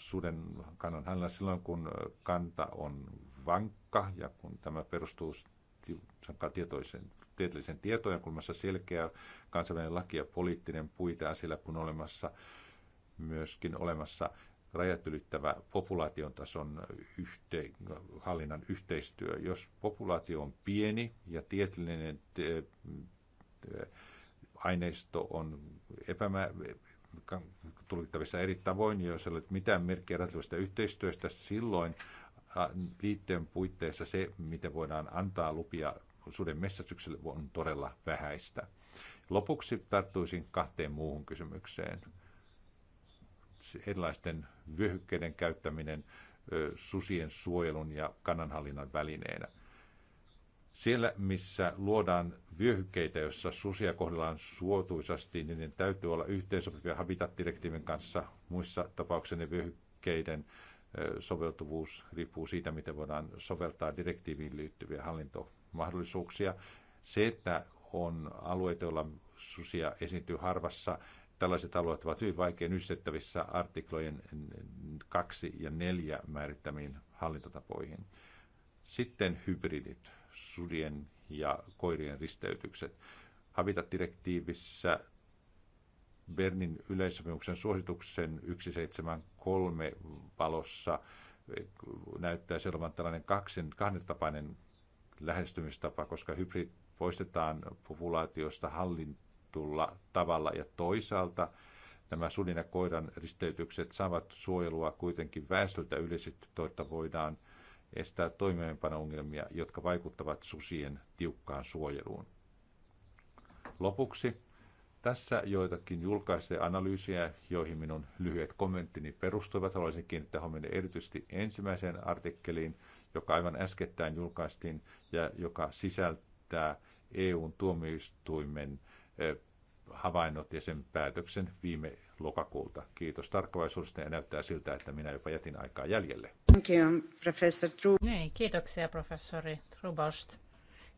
suuden kannan hänellä silloin, kun kanta on vankka ja kun tämä perustuu tietoisen, tieteellisen tietoja, kulmassa kun selkeä kansainvälinen laki ja poliittinen puite sillä, kun olemassa myöskin olemassa rajat ylittävä populaation tason yhte, hallinnan yhteistyö. Jos populaatio on pieni ja tieteellinen aineisto on epämä, tulkittavissa eri tavoin, niin jos ei ole mitään merkkiä ratkaisusta yhteistyöstä, silloin liitteen puitteissa se, mitä voidaan antaa lupia suden metsästykselle, on todella vähäistä. Lopuksi tarttuisin kahteen muuhun kysymykseen erilaisten vyöhykkeiden käyttäminen susien suojelun ja kannanhallinnan välineenä. Siellä, missä luodaan vyöhykkeitä, joissa susia kohdellaan suotuisasti, niin ne täytyy olla yhteensopivia Habitat-direktiivin kanssa. Muissa tapauksissa ne vyöhykkeiden soveltuvuus riippuu siitä, miten voidaan soveltaa direktiiviin liittyviä hallintomahdollisuuksia. Se, että on alueita, joilla susia esiintyy harvassa, Tällaiset alueet ovat hyvin vaikein ystettävissä artiklojen 2 ja 4 määrittämiin hallintotapoihin. Sitten hybridit, sudien ja koirien risteytykset. Habitat-direktiivissä Bernin yleissopimuksen suosituksen 173 valossa näyttää olevan tällainen kaksen, kahdentapainen lähestymistapa, koska hybrid poistetaan populaatiosta hallin, suojatulla tavalla ja toisaalta nämä suden ja koiran risteytykset saavat suojelua kuitenkin väestöltä yleisesti, että voidaan estää toimeenpano-ongelmia, jotka vaikuttavat susien tiukkaan suojeluun. Lopuksi tässä joitakin julkaisee analyysiä, joihin minun lyhyet kommenttini perustuivat. Haluaisin kiinnittää huomioon erityisesti ensimmäiseen artikkeliin, joka aivan äskettäin julkaistiin ja joka sisältää EUn tuomioistuimen havainnot ja sen päätöksen viime lokakuulta. Kiitos tarkkavaisuudesta ja näyttää siltä, että minä jopa jätin aikaa jäljelle. Niin, kiitoksia professori Trubost.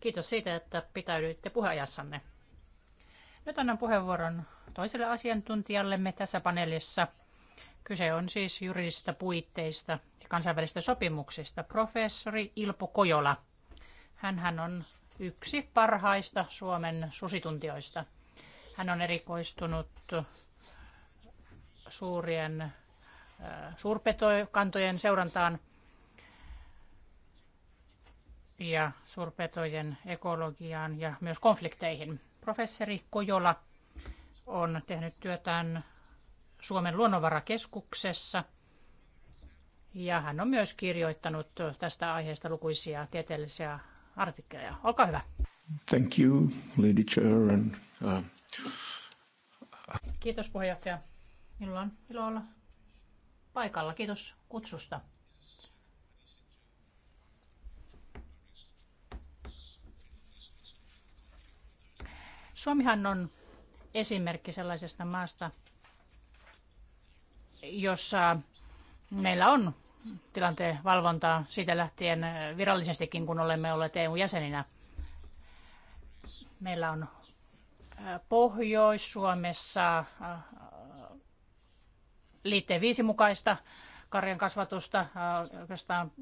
Kiitos siitä, että pitäydyitte puheajassanne. Nyt annan puheenvuoron toiselle asiantuntijallemme tässä paneelissa. Kyse on siis juridisista puitteista ja kansainvälisistä sopimuksista. Professori Ilpo Kojola. Hänhän on yksi parhaista Suomen susituntijoista. Hän on erikoistunut suurien äh, suurpetokantojen seurantaan ja suurpetojen ekologiaan ja myös konflikteihin. Professori Kojola on tehnyt työtään Suomen luonnonvarakeskuksessa ja hän on myös kirjoittanut tästä aiheesta lukuisia tieteellisiä artikkeleja. Olkaa hyvä. Thank you, Lady Chair. And, uh... Kiitos puheenjohtaja. Minulla on ilo olla paikalla. Kiitos kutsusta. Suomihan on esimerkki sellaisesta maasta, jossa meillä on tilanteen valvontaa siitä lähtien eh, virallisestikin, kun olemme olleet EU-jäseninä. Meillä on eh, Pohjois-Suomessa eh, liitteen viisi mukaista karjan kasvatusta, oikeastaan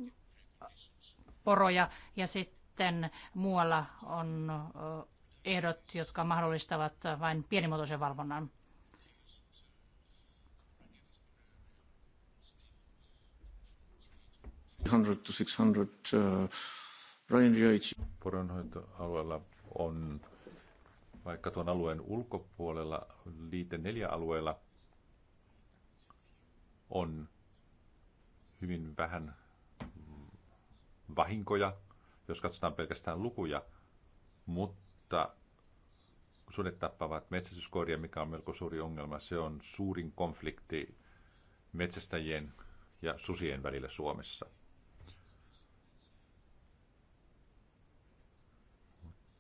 poroja ja sitten muualla on ehdot, jotka mahdollistavat vain pienimuotoisen valvonnan. Uh, Poronhoitoalueella on vaikka tuon alueen ulkopuolella liite neljä alueella on hyvin vähän vahinkoja, jos katsotaan pelkästään lukuja, mutta sudet tappavat metsästyskoiria, mikä on melko suuri ongelma. Se on suurin konflikti metsästäjien ja susien välillä Suomessa.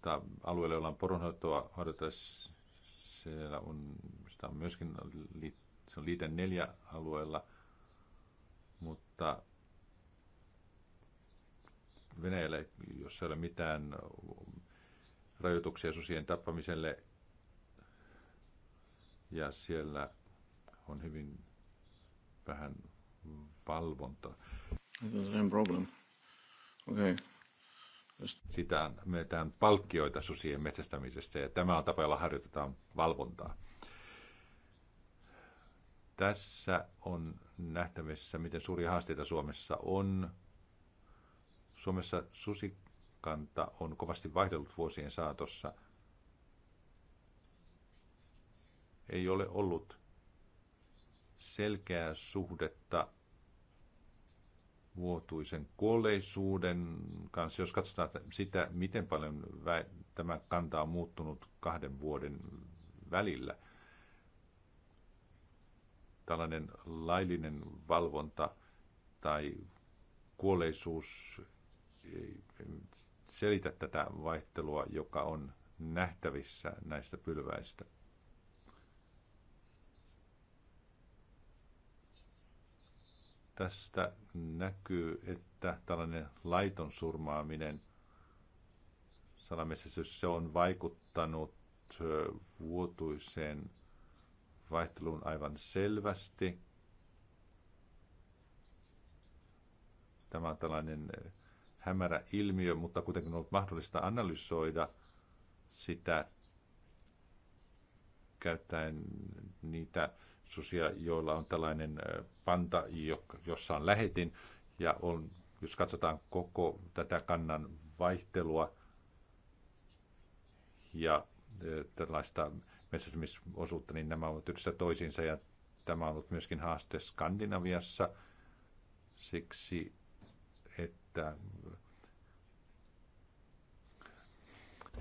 mutta alueella, jolla on poronhoitoa harjoittaa, siellä on, sitä on myöskin, se on liite neljä alueella, mutta Venäjällä, jos ei ole mitään rajoituksia susien tappamiselle, ja siellä on hyvin vähän valvontaa. That's a problem. Okay. Sitä myötään palkkioita susien metsästämisestä ja tämä on tapa, jolla harjoitetaan valvontaa. Tässä on nähtävissä, miten suuria haasteita Suomessa on. Suomessa susikanta on kovasti vaihdellut vuosien saatossa. Ei ole ollut selkeää suhdetta vuotuisen kuolleisuuden kanssa, jos katsotaan sitä, miten paljon tämä kanta on muuttunut kahden vuoden välillä. Tällainen laillinen valvonta tai kuolleisuus ei selitä tätä vaihtelua, joka on nähtävissä näistä pylväistä. Tästä näkyy, että tällainen laiton surmaaminen, salametsästys, se on vaikuttanut vuotuiseen vaihteluun aivan selvästi. Tämä on tällainen hämärä ilmiö, mutta kuitenkin on ollut mahdollista analysoida sitä käyttäen niitä susia, joilla on tällainen panta, jossa on lähetin. Ja on, jos katsotaan koko tätä kannan vaihtelua ja tällaista metsästymisosuutta, niin nämä ovat yhdessä toisiinsa. Ja tämä on ollut myöskin haaste Skandinaviassa siksi, että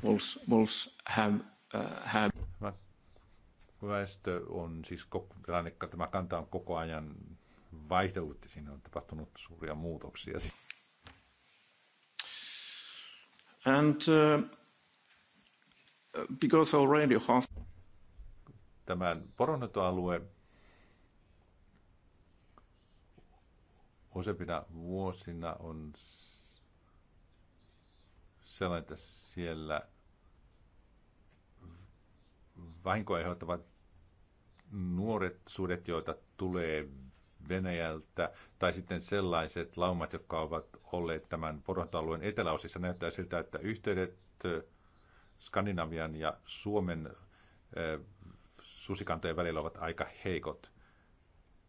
wolves, wolves have, uh, have väestö on siis, tilanne, tämä kanta on koko ajan vaihdellut ja siinä on tapahtunut suuria muutoksia. And uh, because already Tämä poronhoitoalue useimpina vuosina on sellainen, että siellä vahinkoa aiheuttavat nuoret sudet, joita tulee Venäjältä, tai sitten sellaiset laumat, jotka ovat olleet tämän porontalueen eteläosissa. Näyttää siltä, että yhteydet Skandinavian ja Suomen susikantojen välillä ovat aika heikot.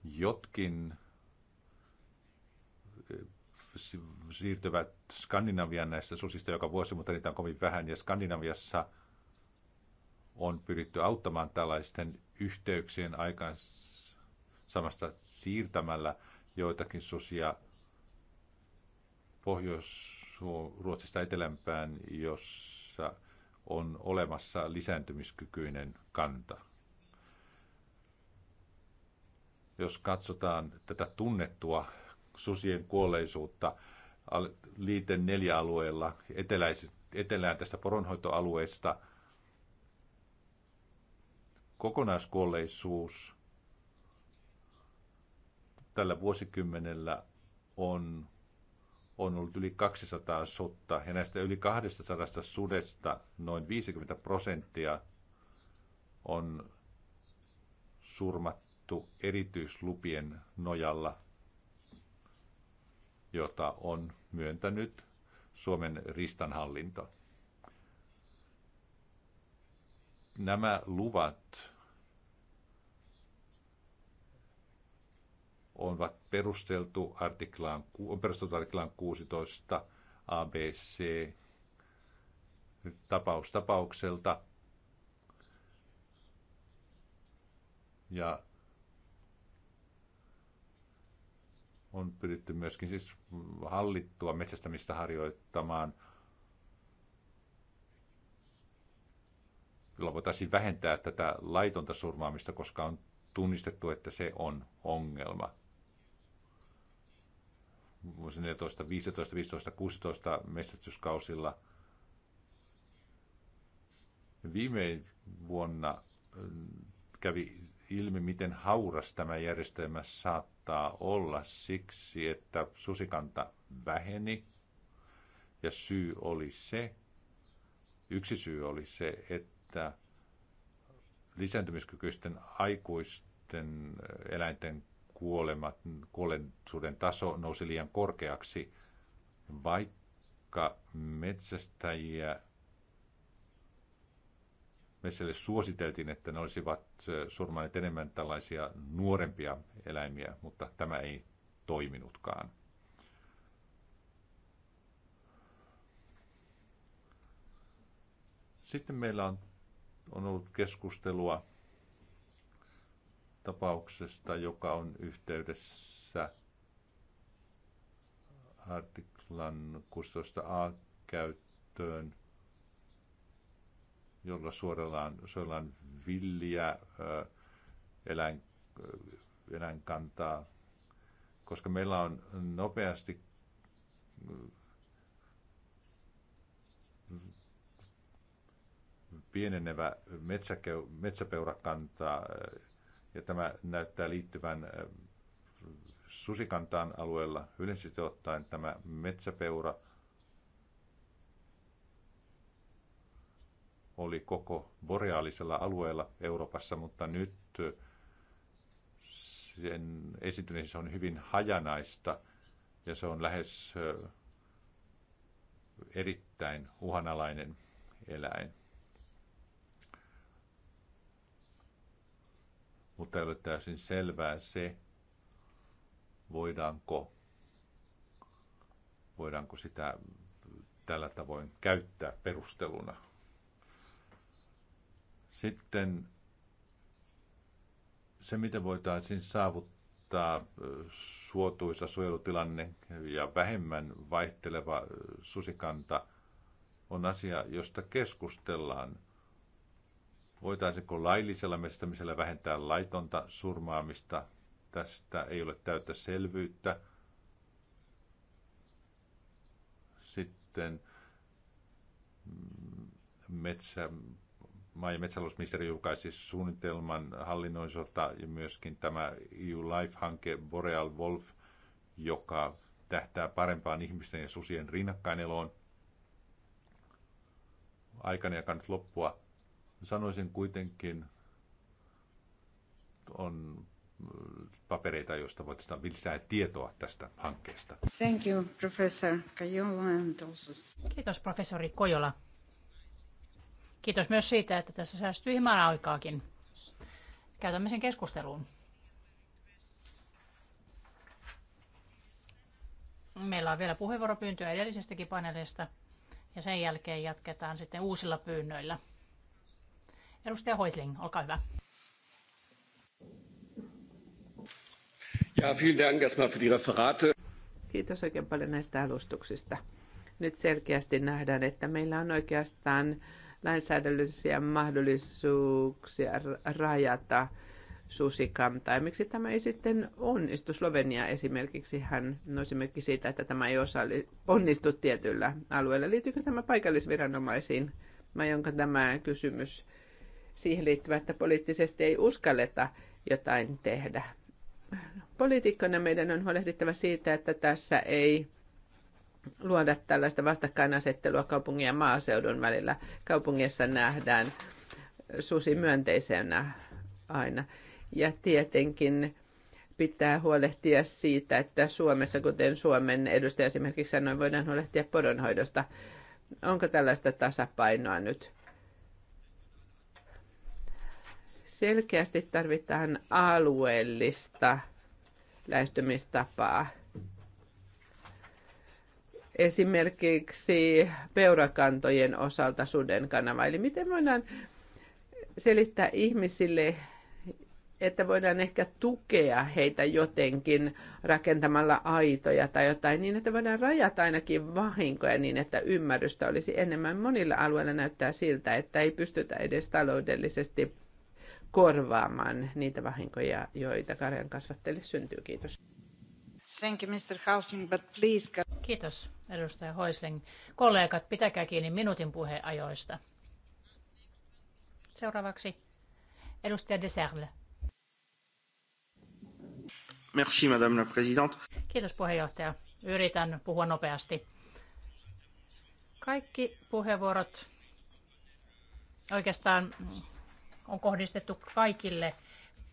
Jotkin siirtyvät Skandinavian näistä susista joka vuosi, mutta niitä on kovin vähän. Ja Skandinaviassa – on pyritty auttamaan tällaisten yhteyksien aikaan samasta siirtämällä joitakin susia Pohjois-Ruotsista etelämpään, jossa on olemassa lisääntymiskykyinen kanta. Jos katsotaan tätä tunnettua susien kuolleisuutta liiten neljä alueella eteläiset, etelään tästä poronhoitoalueesta – kokonaiskuolleisuus tällä vuosikymmenellä on, on ollut yli 200 sutta, ja näistä yli 200 sudesta noin 50 prosenttia on surmattu erityislupien nojalla, jota on myöntänyt Suomen ristanhallinto. nämä luvat on perusteltu artiklaan, on perusteltu artiklaan 16 ABC tapaus tapaukselta. Ja on pyritty myöskin siis hallittua metsästämistä harjoittamaan – jolla voitaisiin vähentää tätä laitonta surmaamista, koska on tunnistettu, että se on ongelma. Vuosina 14, 15, 15, 16 metsästyskausilla viime vuonna mm, kävi ilmi, miten hauras tämä järjestelmä saattaa olla siksi, että susikanta väheni. Ja syy oli se, yksi syy oli se, että että lisääntymiskykyisten aikuisten äh, eläinten kuolemat, kuolleisuuden taso nousi liian korkeaksi, vaikka metsästäjiä metsälle suositeltiin, että ne olisivat äh, surmanneet enemmän tällaisia nuorempia eläimiä, mutta tämä ei toiminutkaan. Sitten meillä on on ollut keskustelua tapauksesta, joka on yhteydessä artiklan 16a käyttöön, jolla suojellaan, suojellaan villiä eläin, eläinkantaa, koska meillä on nopeasti pienenevä metsäke, metsäpeurakanta, äh, ja tämä näyttää liittyvän äh, susikantaan alueella. Yleisesti ottaen tämä metsäpeura oli koko boreaalisella alueella Euroopassa, mutta nyt äh, sen esiintyneisyys on hyvin hajanaista ja se on lähes erittäin uhanalainen eläin. mutta ei ole täysin selvää se, voidaanko, voidaanko sitä tällä tavoin käyttää perusteluna. Sitten se, miten voitaisiin saavuttaa suotuisa suojelutilanne ja vähemmän vaihteleva susikanta, on asia, josta keskustellaan – Voitaisiinko laillisella metsästämisellä vähentää laitonta surmaamista? Tästä ei ole täyttä selvyyttä. Sitten mm, metsä, maa- ja metsätalousministeri julkaisi suunnitelman hallinnoisolta ja myöskin tämä EU Life-hanke Boreal Wolf, joka tähtää parempaan ihmisten ja susien rinnakkaineloon. Aikana jakanut loppua Sanoisin kuitenkin, on äh, papereita, joista saada lisää tietoa tästä hankkeesta. Thank you, professor Kajola. And also... Kiitos, professori Kojola. Kiitos myös siitä, että tässä säästyy hieman aikaakin. Käytämme sen keskusteluun. Meillä on vielä puheenvuoropyyntöä edellisestäkin paneelista ja sen jälkeen jatketaan sitten uusilla pyynnöillä. Edustaja Hoisling, olkaa hyvä. Ja, vielen Dank erstmal für die Referate. Kiitos oikein paljon näistä alustuksista. Nyt selkeästi nähdään, että meillä on oikeastaan lainsäädännöllisiä mahdollisuuksia rajata susikantaa. Ja Miksi tämä ei sitten onnistu? Slovenia esimerkiksi, hän no esimerkiksi siitä, että tämä ei osalli, onnistu tietyllä alueella. Liittyykö tämä paikallisviranomaisiin vai onko tämä kysymys siihen liittyvä, että poliittisesti ei uskalleta jotain tehdä. Poliitikkona meidän on huolehdittava siitä, että tässä ei luoda tällaista vastakkainasettelua kaupungin ja maaseudun välillä. Kaupungissa nähdään susi myönteisenä aina. Ja tietenkin pitää huolehtia siitä, että Suomessa, kuten Suomen edustaja esimerkiksi sanoi, voidaan huolehtia poronhoidosta. Onko tällaista tasapainoa nyt? Selkeästi tarvitaan alueellista lähestymistapaa. Esimerkiksi peurakantojen osalta suden kanava. Eli miten voidaan selittää ihmisille, että voidaan ehkä tukea heitä jotenkin rakentamalla aitoja tai jotain niin, että voidaan rajata ainakin vahinkoja niin, että ymmärrystä olisi enemmän. Monilla alueilla näyttää siltä, että ei pystytä edes taloudellisesti korvaamaan niitä vahinkoja, joita karjan kasvattajille syntyy. Kiitos. Thank you, Mr. Hausling, but please... Kiitos, edustaja Hoisling. Kollegat, pitäkää kiinni minuutin puheajoista. Seuraavaksi edustaja Deserle. Merci, madame la présidente. Kiitos puheenjohtaja. Yritän puhua nopeasti. Kaikki puheenvuorot oikeastaan on kohdistettu kaikille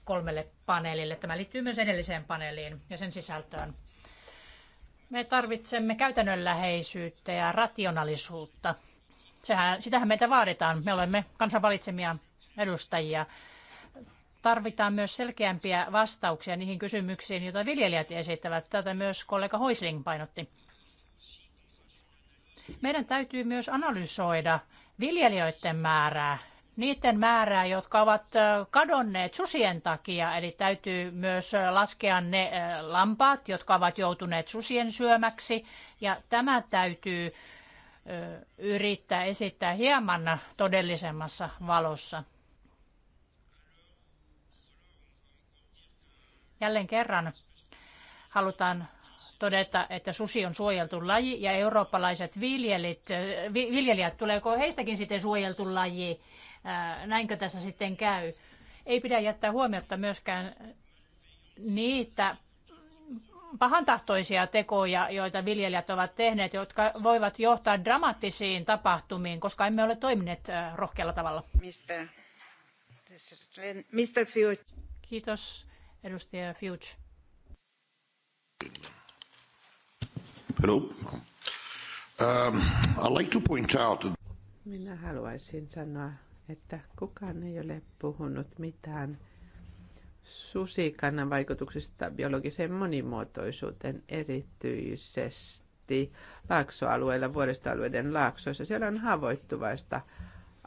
kolmelle paneelille. Tämä liittyy myös edelliseen paneeliin ja sen sisältöön. Me tarvitsemme käytännönläheisyyttä ja rationaalisuutta. Sehän, sitähän meitä vaaditaan. Me olemme kansan valitsemia edustajia. Tarvitaan myös selkeämpiä vastauksia niihin kysymyksiin, joita viljelijät esittävät. Tätä myös kollega Hoisling painotti. Meidän täytyy myös analysoida viljelijöiden määrää niiden määrää, jotka ovat kadonneet susien takia. Eli täytyy myös laskea ne lampaat, jotka ovat joutuneet susien syömäksi. Ja tämä täytyy yrittää esittää hieman todellisemmassa valossa. Jälleen kerran halutaan todeta, että susi on suojeltu laji ja eurooppalaiset viljelit, viljelijät, tuleeko heistäkin sitten suojeltu laji? näinkö tässä sitten käy. Ei pidä jättää huomiota myöskään niitä pahantahtoisia tekoja, joita viljelijät ovat tehneet, jotka voivat johtaa dramaattisiin tapahtumiin, koska emme ole toimineet rohkealla tavalla. Mister, Mister Fuge. Kiitos, edustaja Fuge. Hello. Um, I'd like to point out... Minä haluaisin sanoa että kukaan ei ole puhunut mitään susikannan vaikutuksista biologiseen monimuotoisuuteen erityisesti laaksoalueilla, vuoristoalueiden laaksoissa. Siellä on haavoittuvaista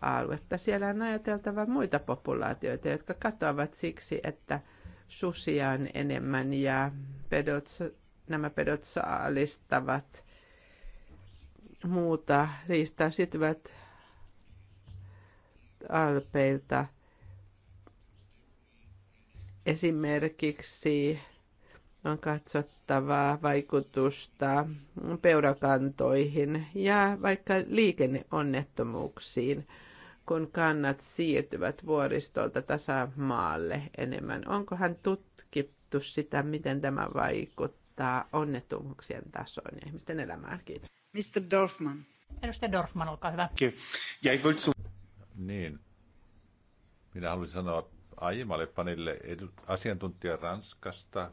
aluetta. Siellä on ajateltava muita populaatioita, jotka katoavat siksi, että susia on enemmän ja pedot, nämä pedot saalistavat muuta riistaa, sityvät Alpeilta esimerkiksi on katsottavaa vaikutusta peurakantoihin ja vaikka liikenneonnettomuuksiin, kun kannat siirtyvät vuoristolta tasamaalle enemmän. Onkohan tutkittu sitä, miten tämä vaikuttaa onnettomuuksien tasoon ja ihmisten elämään? Kiitos. Mr. Dorfman. Edustaja Dorfman, olkaa hyvä. Kiitos. Niin. Minä haluaisin sanoa aiemmalle panille asiantuntija Ranskasta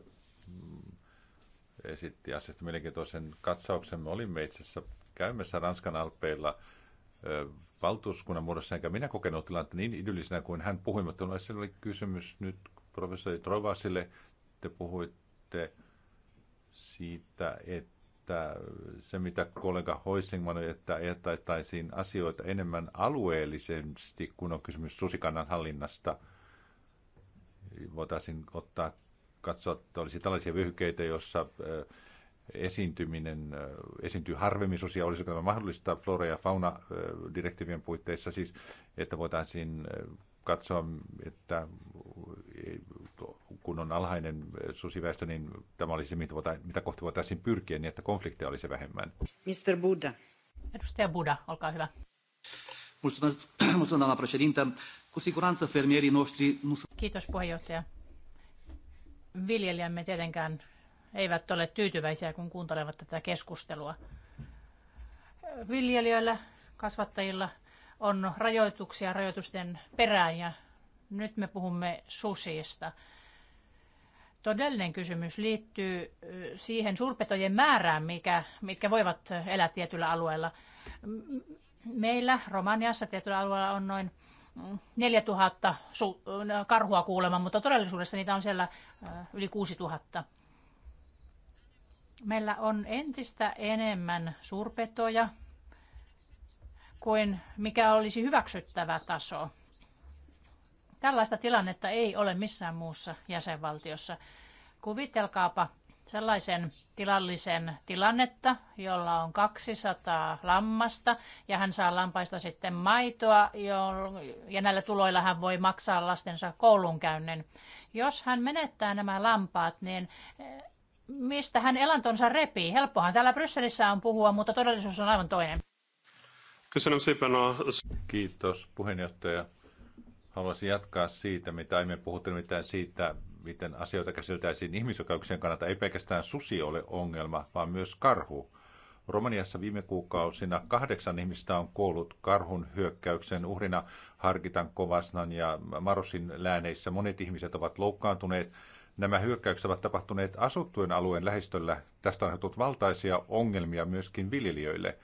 mm, esitti asiasta mielenkiintoisen katsauksen. Me olimme itse asiassa käymässä Ranskan alpeilla valtuuskunnan muodossa, enkä minä kokenut tilannetta niin idyllisenä kuin hän puhui, mutta siinä oli kysymys nyt professori Trovasille. Te puhuitte siitä, että että se mitä kollega Hoisingman että ajattaisiin asioita enemmän alueellisesti, kun on kysymys susikannan hallinnasta, voitaisiin ottaa, katsoa, että olisi tällaisia vyhykeitä, joissa esiintyminen, esiintyy harvemmin susia, olisiko tämä mahdollista flora- ja fauna-direktiivien puitteissa, siis että voitaisiin katsoa, että kun on alhainen susiväestö, niin tämä olisi se, mitä kohti voitaisiin pyrkiä, niin että konflikteja olisi vähemmän. Mr. Buddha. Edustaja Buddha, olkaa hyvä. (clears throat) Kiitos, puheenjohtaja. Viljelijämme tietenkään eivät ole tyytyväisiä, kun kuuntelevat tätä keskustelua. Viljelijöillä, kasvattajilla on rajoituksia rajoitusten perään ja nyt me puhumme susista. Todellinen kysymys liittyy siihen suurpetojen määrään, mikä, mitkä voivat elää tietyllä alueella. Meillä Romaniassa tietyllä alueella on noin 4000 karhua kuulemma, mutta todellisuudessa niitä on siellä yli 6000. Meillä on entistä enemmän suurpetoja kuin mikä olisi hyväksyttävä taso. Tällaista tilannetta ei ole missään muussa jäsenvaltiossa. Kuvitelkaapa sellaisen tilallisen tilannetta, jolla on 200 lammasta ja hän saa lampaista sitten maitoa ja näillä tuloilla hän voi maksaa lastensa koulunkäynnin. Jos hän menettää nämä lampaat, niin eh, mistä hän elantonsa repii? Helppohan täällä Brysselissä on puhua, mutta todellisuus on aivan toinen. Kiitos puheenjohtaja. Haluaisin jatkaa siitä, mitä aiemmin puhuttiin, mitään siitä, miten asioita käsiteltäisiin ihmisoikeuksien kannalta. Ei pelkästään susi ole ongelma, vaan myös karhu. Romaniassa viime kuukausina kahdeksan ihmistä on kuollut karhun hyökkäyksen uhrina Harkitan, Kovasnan ja Marosin lääneissä. Monet ihmiset ovat loukkaantuneet. Nämä hyökkäykset ovat tapahtuneet asuttujen alueen lähistöllä. Tästä on tullut valtaisia ongelmia myöskin viljelijöille.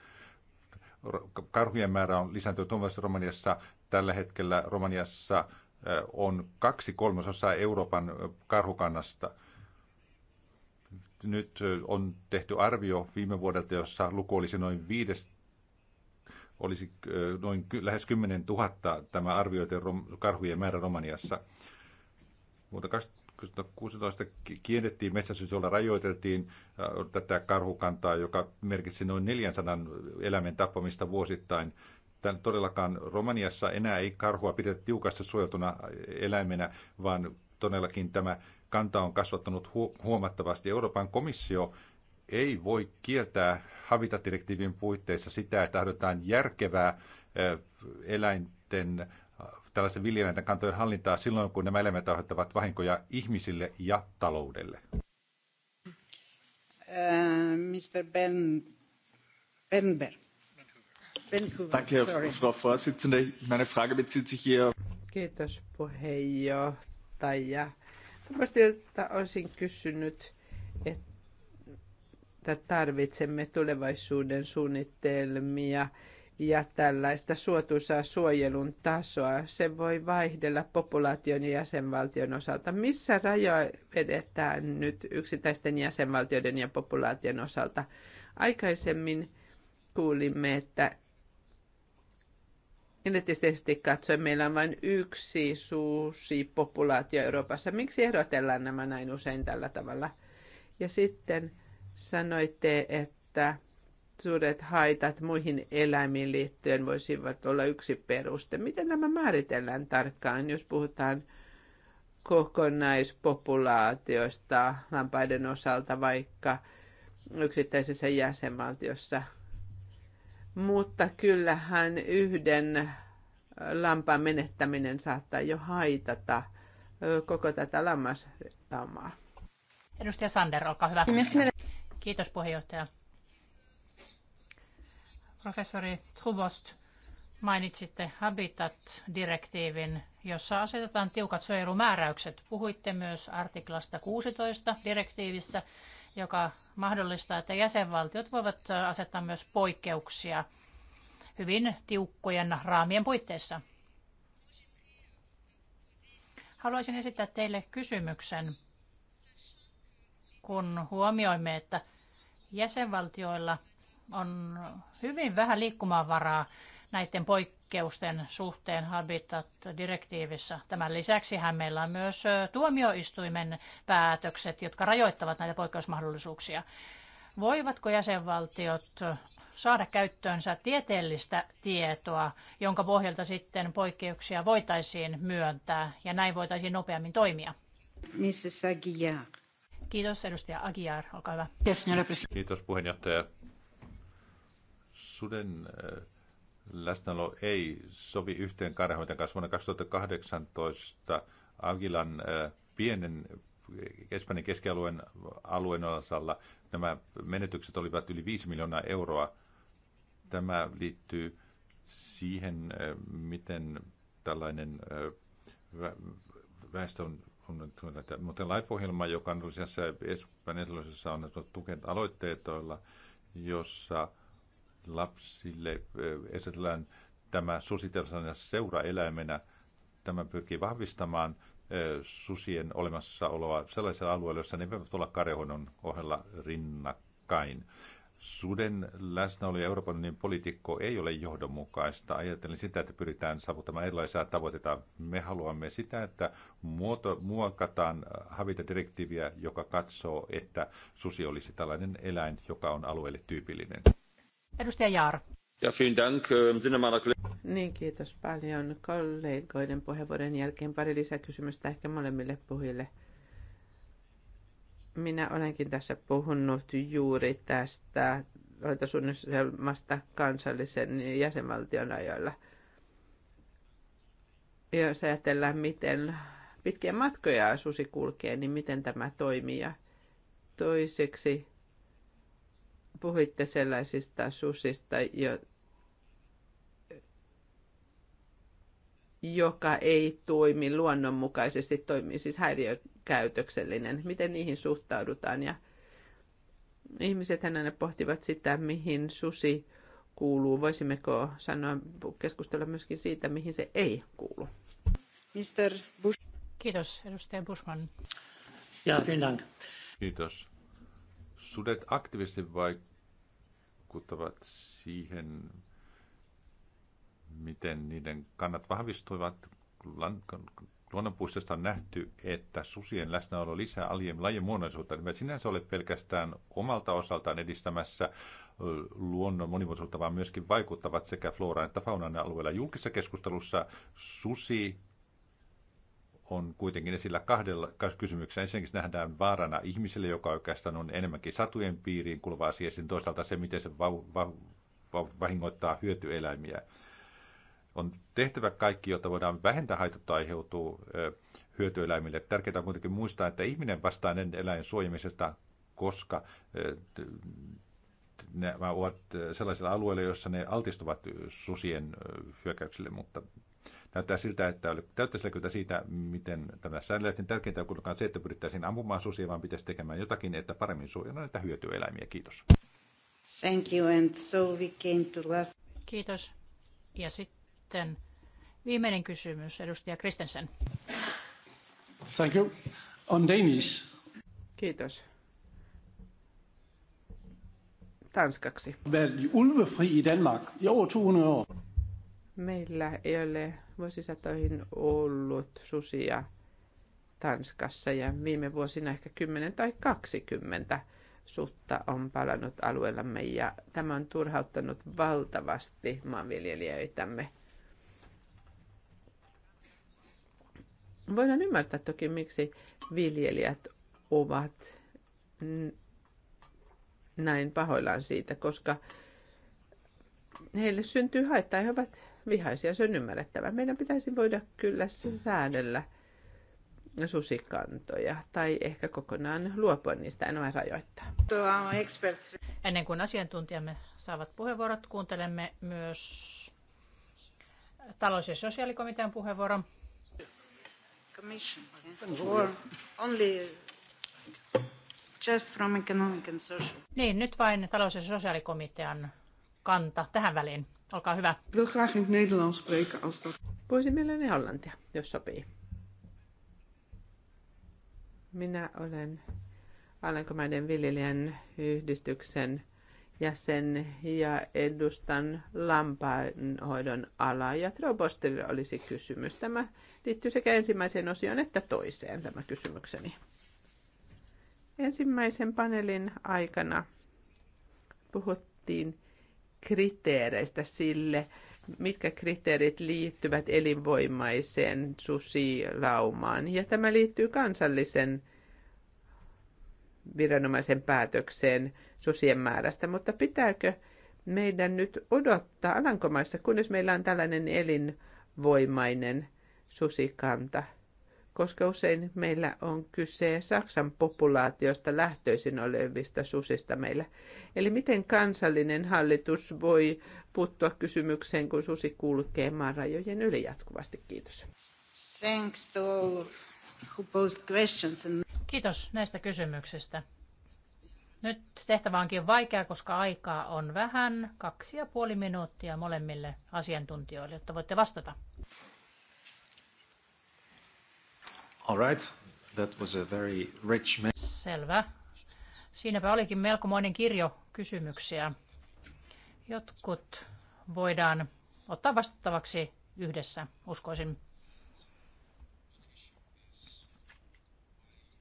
Karhujen määrä on lisääntynyt Romaniassa Tällä hetkellä Romaniassa on kaksi kolmasosaa Euroopan karhukannasta. Nyt on tehty arvio viime vuodelta, jossa luku olisi noin viides, olisi noin lähes 10 000 tämä arvioiden karhujen määrä Romaniassa. Mutta 2016 kiellettiin jolla rajoiteltiin tätä karhukantaa, joka merkitsi noin 400 eläimen tappamista vuosittain. Tän todellakaan Romaniassa enää ei karhua pidetä tiukasti suojeltuna eläimenä, vaan todellakin tämä kanta on kasvattanut huomattavasti. Euroopan komissio ei voi kieltää habitatdirektiivin puitteissa sitä, että tahdotaan järkevää eh, eläinten tällaisen viljelijöiden kantojen hallintaa silloin, kun nämä eläimet aiheuttavat vahinkoja ihmisille ja taloudelle. Äh, Mr. Ben, Benberg. Vancouver, Danke, sorry. Frau Vorsitzende. Meine Frage bezieht sich hier auf... Kiitos, puheenjohtaja. Tomastilta olisin kysynyt, että tarvitsemme tulevaisuuden suunnitelmia ja tällaista suotuisaa suojelun tasoa. Se voi vaihdella populaation ja jäsenvaltion osalta. Missä rajoja vedetään nyt yksittäisten jäsenvaltioiden ja populaation osalta? Aikaisemmin kuulimme, että Geneettisesti katsoen meillä on vain yksi suusi populaatio Euroopassa. Miksi erotellaan nämä näin usein tällä tavalla? Ja sitten sanoitte, että suuret haitat muihin eläimiin liittyen voisivat olla yksi peruste. Miten nämä määritellään tarkkaan, jos puhutaan kokonaispopulaatioista lampaiden osalta vaikka yksittäisessä jäsenvaltiossa? Mutta kyllähän yhden lampaan menettäminen saattaa jo haitata koko tätä lammaslaumaa. Edustaja Sander, olkaa hyvä. Kiitos puheenjohtaja. Professori Trubost, mainitsitte Habitat-direktiivin, jossa asetetaan tiukat suojelumääräykset. Puhuitte myös artiklasta 16 direktiivissä, joka mahdollista, että jäsenvaltiot voivat asettaa myös poikkeuksia hyvin tiukkojen raamien puitteissa. Haluaisin esittää teille kysymyksen, kun huomioimme, että jäsenvaltioilla on hyvin vähän liikkumavaraa näiden poikkeuksien poikkeusten suhteen Habitat-direktiivissä. Tämän lisäksi meillä on myös tuomioistuimen päätökset, jotka rajoittavat näitä poikkeusmahdollisuuksia. Voivatko jäsenvaltiot saada käyttöönsä tieteellistä tietoa, jonka pohjalta sitten poikkeuksia voitaisiin myöntää ja näin voitaisiin nopeammin toimia? Mrs. Aguiar. Kiitos edustaja Aguiar, olkaa hyvä. Kiitos puheenjohtaja. Suden läsnäolo ei sovi yhteen karhoiten kanssa. Vuonna 2018 Agilan äh, pienen Espanjan keskialueen alueen osalla nämä menetykset olivat yli 5 miljoonaa euroa. Tämä liittyy siihen, äh, miten tällainen äh, väestö on mutta Life-ohjelma, joka on Espanjan on tukenut aloitteet, jossa lapsille eh, esitellään tämä susitelsana seuraeläimenä. Tämä pyrkii vahvistamaan eh, susien olemassaoloa sellaisella alueilla, jossa ne voivat olla karehonon ohella rinnakkain. Suden läsnäolo ja Euroopan unionin politiikko ei ole johdonmukaista. Ajattelin sitä, että pyritään saavuttamaan erilaisia tavoitteita. Me haluamme sitä, että muoto, muokataan havitadirektiiviä, joka katsoo, että susi olisi tällainen eläin, joka on alueelle tyypillinen. Edustaja Jaar. Ja vielen dank. Äh, niin, kiitos paljon kollegoiden puheenvuoron jälkeen. Pari lisäkysymystä ehkä molemmille puhujille. Minä olenkin tässä puhunut juuri tästä hoitosuunnitelmasta kansallisen jäsenvaltion ajoilla. Jos ajatellaan, miten pitkiä matkoja susi kulkee, niin miten tämä toimii. Ja toiseksi puhuitte sellaisista susista, jo, joka ei toimi luonnonmukaisesti, toimii siis häiriökäytöksellinen. Miten niihin suhtaudutaan? Ja ihmiset aina pohtivat sitä, mihin susi kuuluu. Voisimmeko sanoa, keskustella myöskin siitä, mihin se ei kuulu? Mr. Bush. Kiitos, edustaja Bushman. Ja, vielen Kiitos sudet aktiivisesti vaikuttavat siihen, miten niiden kannat vahvistuivat. Luonnonpuistosta on nähty, että susien läsnäolo lisää lajien muonaisuutta. Me sinänsä ole pelkästään omalta osaltaan edistämässä luonnon monimuotoisuutta, vaan myöskin vaikuttavat sekä floraan että faunan alueella. Julkisessa keskustelussa susi on kuitenkin esillä kahdella kysymyksellä. Ensinnäkin nähdään vaarana ihmiselle, joka oikeastaan on enemmänkin satujen piiriin kuuluva asia, sitten toisaalta se, miten se va- va- va- vahingoittaa hyötyeläimiä. On tehtävä kaikki, jotta voidaan vähentää haitat aiheutuu hyötyeläimille. Tärkeää on kuitenkin muistaa, että ihminen vastaa eläin suojamisesta, koska nämä ovat sellaisilla alueilla, joissa ne altistuvat susien hyökkäyksille, mutta Näyttää siltä, että näyttäisi kyllä siitä, miten tämä säännöllisten tärkeintä on kuitenkaan se, että pyrittäisiin ampumaan susia, vaan pitäisi tekemään jotakin, että paremmin suojella näitä hyötyeläimiä. Kiitos. Thank you, and so we came to last... Kiitos. Ja sitten viimeinen kysymys, edustaja Kristensen. Thank you. On Danish. Kiitos tanskaksi. Været ulvefri i Danmark i over 200 år. Meillä ei ole vuosisatoihin ollut susia Tanskassa ja viime vuosina ehkä 10 tai 20 sutta on palannut alueellamme ja tämä on turhauttanut valtavasti maanviljelijöitämme. Voidaan ymmärtää toki, miksi viljelijät ovat näin pahoillaan siitä, koska heille syntyy haittaa. He ovat vihaisia, se on ymmärrettävää. Meidän pitäisi voida kyllä säädellä susikantoja tai ehkä kokonaan luopua niistä enää rajoittaa. Ennen kuin asiantuntijamme saavat puheenvuorot, kuuntelemme myös talous- ja sosiaalikomitean puheenvuoron. just from economic and social. Niin, nyt vain talous- ja sosiaalikomitean kanta tähän väliin. Olkaa hyvä. Wil graag in het Nederlands spreken als dat... Voisin mielelläni hollantia, jos sopii. Minä olen Alankomaiden viljelijän yhdistyksen jäsen ja edustan lampaanhoidon alaa. Ja Trobostille olisi kysymys. Tämä liittyy sekä ensimmäiseen osioon että toiseen tämä kysymykseni. Ensimmäisen paneelin aikana puhuttiin kriteereistä sille, mitkä kriteerit liittyvät elinvoimaiseen susilaumaan. Ja tämä liittyy kansallisen viranomaisen päätökseen susien määrästä, mutta pitääkö meidän nyt odottaa Alankomaissa, kunnes meillä on tällainen elinvoimainen susikanta? koska usein meillä on kyse Saksan populaatiosta lähtöisin olevista susista meillä. Eli miten kansallinen hallitus voi puuttua kysymykseen, kun susi kulkee maan rajojen yli jatkuvasti? Kiitos. Thanks to all who posed questions and... Kiitos näistä kysymyksistä. Nyt tehtävä onkin vaikea, koska aikaa on vähän, kaksi ja puoli minuuttia molemmille asiantuntijoille, jotta voitte vastata. All right. That was a very rich... Selvä. Siinäpä olikin melkomoinen kirjo kysymyksiä. Jotkut voidaan ottaa vastattavaksi yhdessä, uskoisin.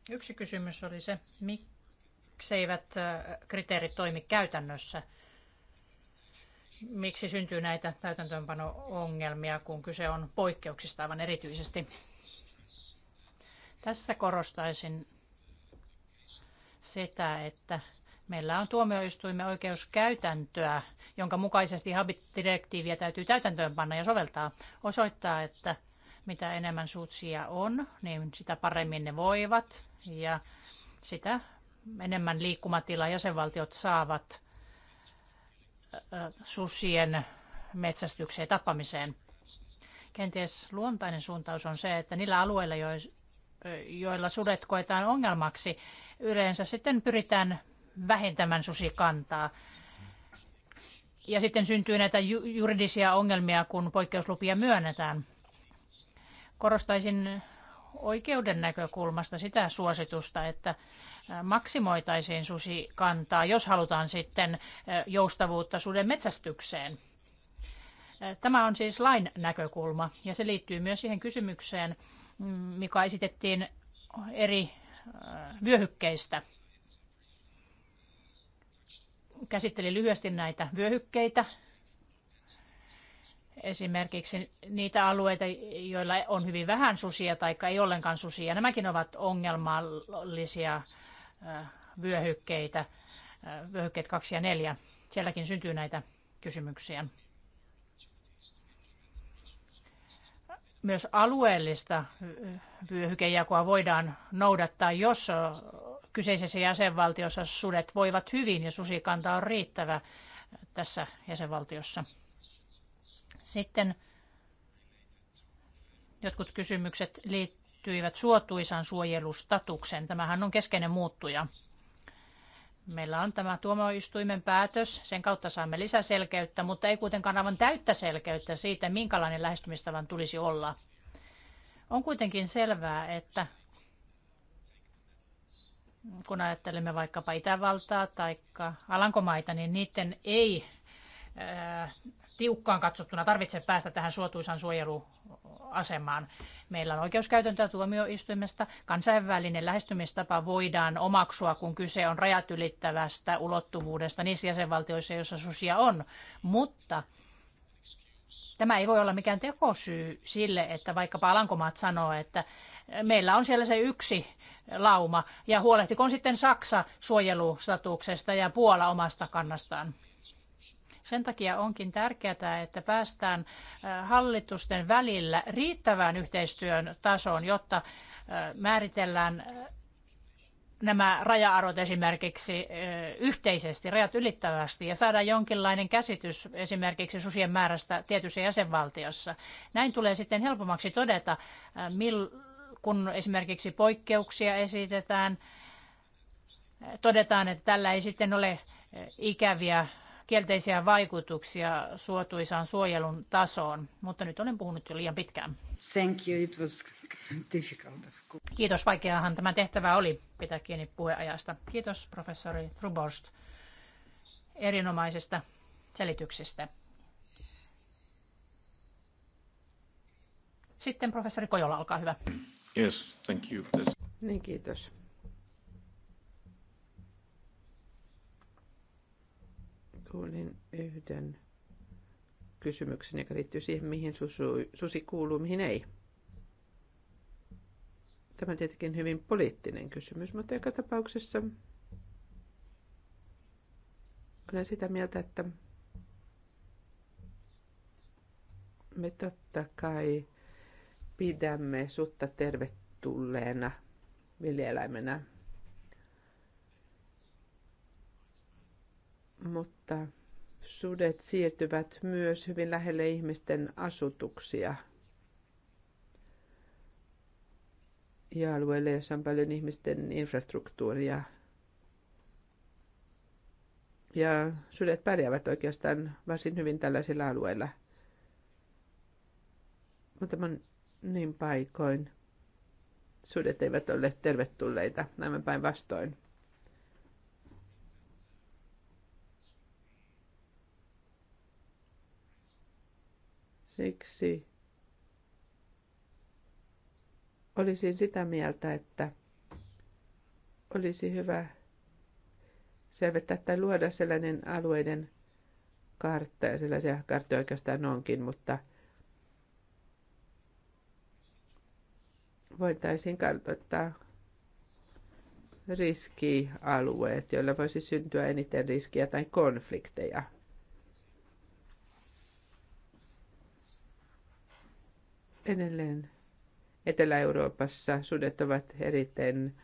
Yksi kysymys oli se, mikseivät kriteerit toimi käytännössä. Miksi syntyy näitä täytäntöönpano-ongelmia, kun kyse on poikkeuksista aivan erityisesti? Tässä korostaisin sitä, että meillä on tuomioistuimen oikeuskäytäntöä, jonka mukaisesti Habit-direktiiviä täytyy täytäntöönpanna ja soveltaa, osoittaa, että mitä enemmän suutsia on, niin sitä paremmin ne voivat ja sitä enemmän liikkumatilaa jäsenvaltiot saavat susien metsästykseen ja tappamiseen. Kenties luontainen suuntaus on se, että niillä alueilla, joilla sudet koetaan ongelmaksi, yleensä sitten pyritään vähentämään susikantaa. Ja sitten syntyy näitä juridisia ongelmia, kun poikkeuslupia myönnetään. Korostaisin oikeuden näkökulmasta sitä suositusta, että maksimoitaisiin susikantaa, jos halutaan sitten joustavuutta suden metsästykseen. Tämä on siis lain näkökulma ja se liittyy myös siihen kysymykseen, mikä esitettiin eri äh, vyöhykkeistä. Käsitteli lyhyesti näitä vyöhykkeitä, esimerkiksi niitä alueita, joilla on hyvin vähän susia tai ei ollenkaan susia. Nämäkin ovat ongelmallisia äh, vyöhykkeitä, äh, vyöhykkeet 2 ja 4. Sielläkin syntyy näitä kysymyksiä. myös alueellista vyöhykejakoa voidaan noudattaa, jos kyseisessä jäsenvaltiossa sudet voivat hyvin ja susikanta on riittävä tässä jäsenvaltiossa. Sitten jotkut kysymykset liittyivät suotuisan suojelustatukseen. Tämähän on keskeinen muuttuja. Meillä on tämä tuomioistuimen päätös, sen kautta saamme lisäselkeyttä, mutta ei kuitenkaan aivan täyttä selkeyttä siitä, minkälainen lähestymistavan tulisi olla. On kuitenkin selvää, että kun ajattelemme vaikkapa Itävaltaa tai Alankomaita, niin niiden ei tiukkaan katsottuna tarvitse päästä tähän suotuisan suojeluasemaan. Meillä on oikeuskäytäntöä tuomioistuimesta. Kansainvälinen lähestymistapa voidaan omaksua, kun kyse on rajat ylittävästä ulottuvuudesta niissä jäsenvaltioissa, joissa susia on. Mutta tämä ei voi olla mikään tekosyy sille, että vaikkapa Alankomaat sanoo, että meillä on siellä se yksi lauma ja huolehtikoon sitten Saksa suojelustatuksesta ja Puola omasta kannastaan. Sen takia onkin tärkeää, että päästään äh, hallitusten välillä riittävään yhteistyön tasoon, jotta äh, määritellään äh, nämä raja-arvot esimerkiksi yhteisesti, rajat ylittävästi ja saada jonkinlainen käsitys esimerkiksi susien määrästä tietyssä jäsenvaltiossa. Näin tulee sitten helpommaksi todeta, kun esimerkiksi poikkeuksia esitetään, todetaan, että tällä ei sitten ole ikäviä kielteisiä vaikutuksia suotuisaan suojelun tasoon, mutta nyt olen puhunut jo liian pitkään. Thank you, it was difficult. Kiitos, vaikeahan tämä tehtävä oli pitää kiinni puheajasta. Kiitos professori Truborst erinomaisesta selityksestä. Sitten professori Kojola, olkaa hyvä. Yes, thank you. Niin, kiitos. kuulin yhden kysymyksen, joka liittyy siihen, mihin susu, susi kuuluu, mihin ei. Tämä on tietenkin hyvin poliittinen kysymys, mutta joka tapauksessa olen sitä mieltä, että me totta kai pidämme sutta tervetulleena viljeläimenä mutta sudet siirtyvät myös hyvin lähelle ihmisten asutuksia ja alueelle, jossa on paljon ihmisten infrastruktuuria. Ja sudet pärjäävät oikeastaan varsin hyvin tällaisilla alueilla. Mutta niin paikoin sudet eivät ole tervetulleita, näin päinvastoin. Siksi olisin sitä mieltä, että olisi hyvä selvittää tai luoda sellainen alueiden kartta, ja sellaisia karttoja oikeastaan onkin, mutta voitaisiin kartoittaa riskialueet, joilla voisi syntyä eniten riskiä tai konflikteja – Edelleen Etelä-Euroopassa sudet ovat eriten,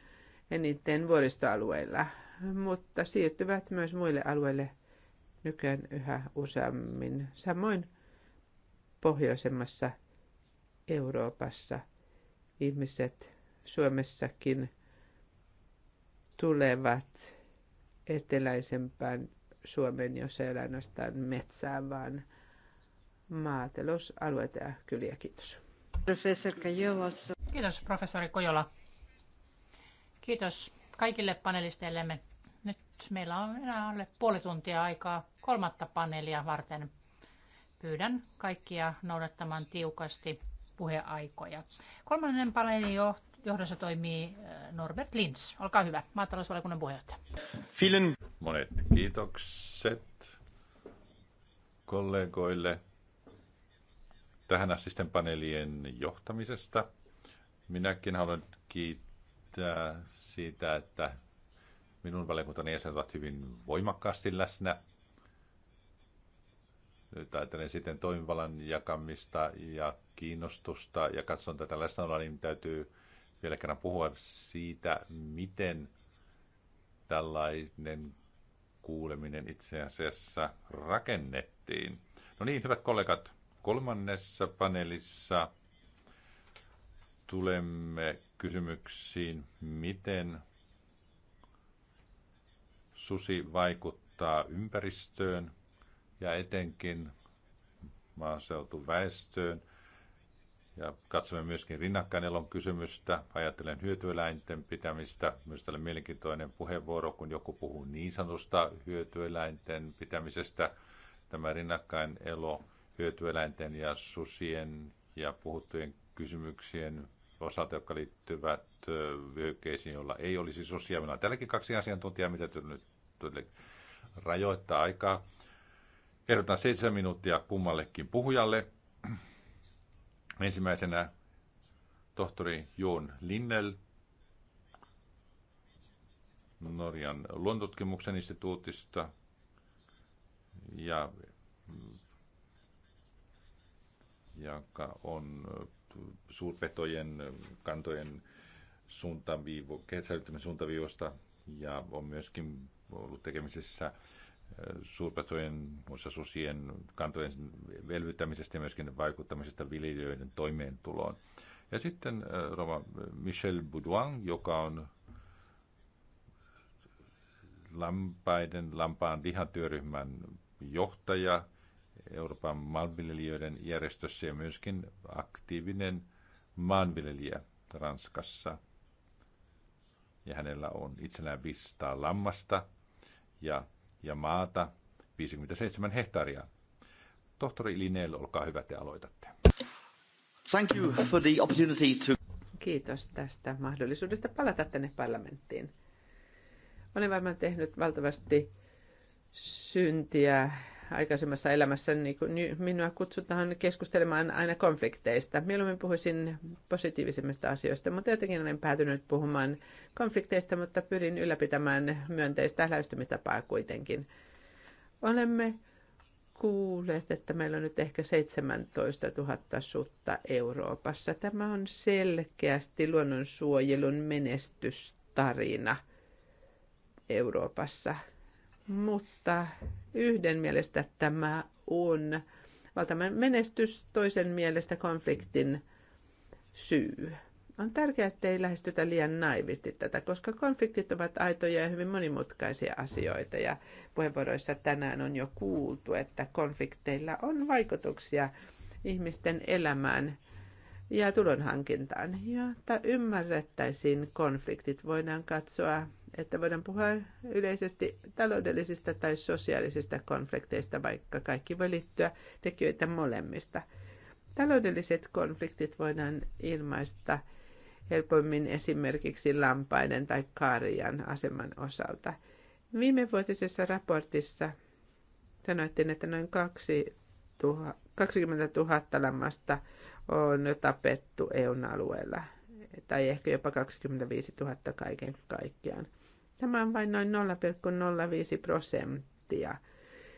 eniten vuoristoalueilla, mutta siirtyvät myös muille alueille nykyään yhä useammin. Samoin pohjoisemmassa Euroopassa ihmiset Suomessakin tulevat eteläisempään Suomen, jos ei ole ainoastaan metsää, vaan maatalousalueita ja kyliä. Kiitos. Kiitos professori Kojola. Kiitos kaikille panelisteillemme. Nyt meillä on enää alle puoli tuntia aikaa kolmatta paneelia varten. Pyydän kaikkia noudattamaan tiukasti puheaikoja. Kolmannen paneelin johdossa toimii äh, Norbert Lins. Olkaa hyvä, maatalousvaliokunnan puheenjohtaja. Vielen monet kiitokset kollegoille tähän assisten paneelien johtamisesta. Minäkin haluan kiittää siitä, että minun valiokuntani jäsenet ovat hyvin voimakkaasti läsnä. Nyt ajattelen sitten toimivallan jakamista ja kiinnostusta ja katson tätä läsnäoloa, niin täytyy vielä kerran puhua siitä, miten tällainen kuuleminen itse asiassa rakennettiin. No niin, hyvät kollegat, Kolmannessa paneelissa tulemme kysymyksiin, miten susi vaikuttaa ympäristöön ja etenkin maaseutuväestöön. Ja katsomme myöskin rinnakkainelon kysymystä. Ajattelen hyötyeläinten pitämistä. Myös tällä mielenkiintoinen puheenvuoro, kun joku puhuu niin sanotusta hyötyeläinten pitämisestä. Tämä rinnakkainelo hyötyeläinten ja susien ja puhuttujen kysymyksien osalta, jotka liittyvät vyöhykkeisiin, joilla ei olisi susia. Meillä on tälläkin kaksi asiantuntijaa, mitä nyt rajoittaa aikaa. Ehdotan seitsemän minuuttia kummallekin puhujalle. Ensimmäisenä tohtori Joon Linnell Norjan luontotutkimuksen instituutista ja joka on äh, suurpetojen kantojen suuntaviivo, kesäytymisen suuntaviivosta ja on myöskin ollut tekemisissä äh, suurpetojen, muissa susien kantojen elvyttämisestä ja myöskin vaikuttamisesta viljelijöiden toimeentuloon. Ja sitten äh, Roma Michel Boudouin, joka on lampaiden, lampaan lihatyöryhmän johtaja – Euroopan maanviljelijöiden järjestössä ja myöskin aktiivinen maanviljelijä Ranskassa. Ja hänellä on itsenään 500 lammasta ja, ja maata 57 hehtaaria. Tohtori Linel, olkaa hyvä, te aloitatte. Thank you for the opportunity to... Kiitos tästä mahdollisuudesta palata tänne parlamenttiin. Olen varmaan tehnyt valtavasti syntiä aikaisemmassa elämässä, niin kun minua kutsutaan keskustelemaan aina konflikteista. Mieluummin puhuisin positiivisemmista asioista, mutta jotenkin olen päätynyt puhumaan konflikteista, mutta pyrin ylläpitämään myönteistä lähestymistapaa kuitenkin. Olemme kuulleet, että meillä on nyt ehkä 17 000 sutta Euroopassa. Tämä on selkeästi luonnonsuojelun menestystarina Euroopassa – mutta yhden mielestä tämä on valtavan menestys, toisen mielestä konfliktin syy. On tärkeää, ettei lähestytä liian naivisti tätä, koska konfliktit ovat aitoja ja hyvin monimutkaisia asioita. Ja puheenvuoroissa tänään on jo kuultu, että konflikteilla on vaikutuksia ihmisten elämään ja tulonhankintaan, jotta ymmärrettäisiin konfliktit. Voidaan katsoa, että voidaan puhua yleisesti taloudellisista tai sosiaalisista konflikteista, vaikka kaikki voi liittyä tekijöitä molemmista. Taloudelliset konfliktit voidaan ilmaista helpommin esimerkiksi lampaiden tai karjan aseman osalta. Viimevuotisessa raportissa sanoittiin, että noin 20 000 lammasta on tapettu EUn alueella, tai ehkä jopa 25 000 kaiken kaikkiaan. Tämä on vain noin 0,05 prosenttia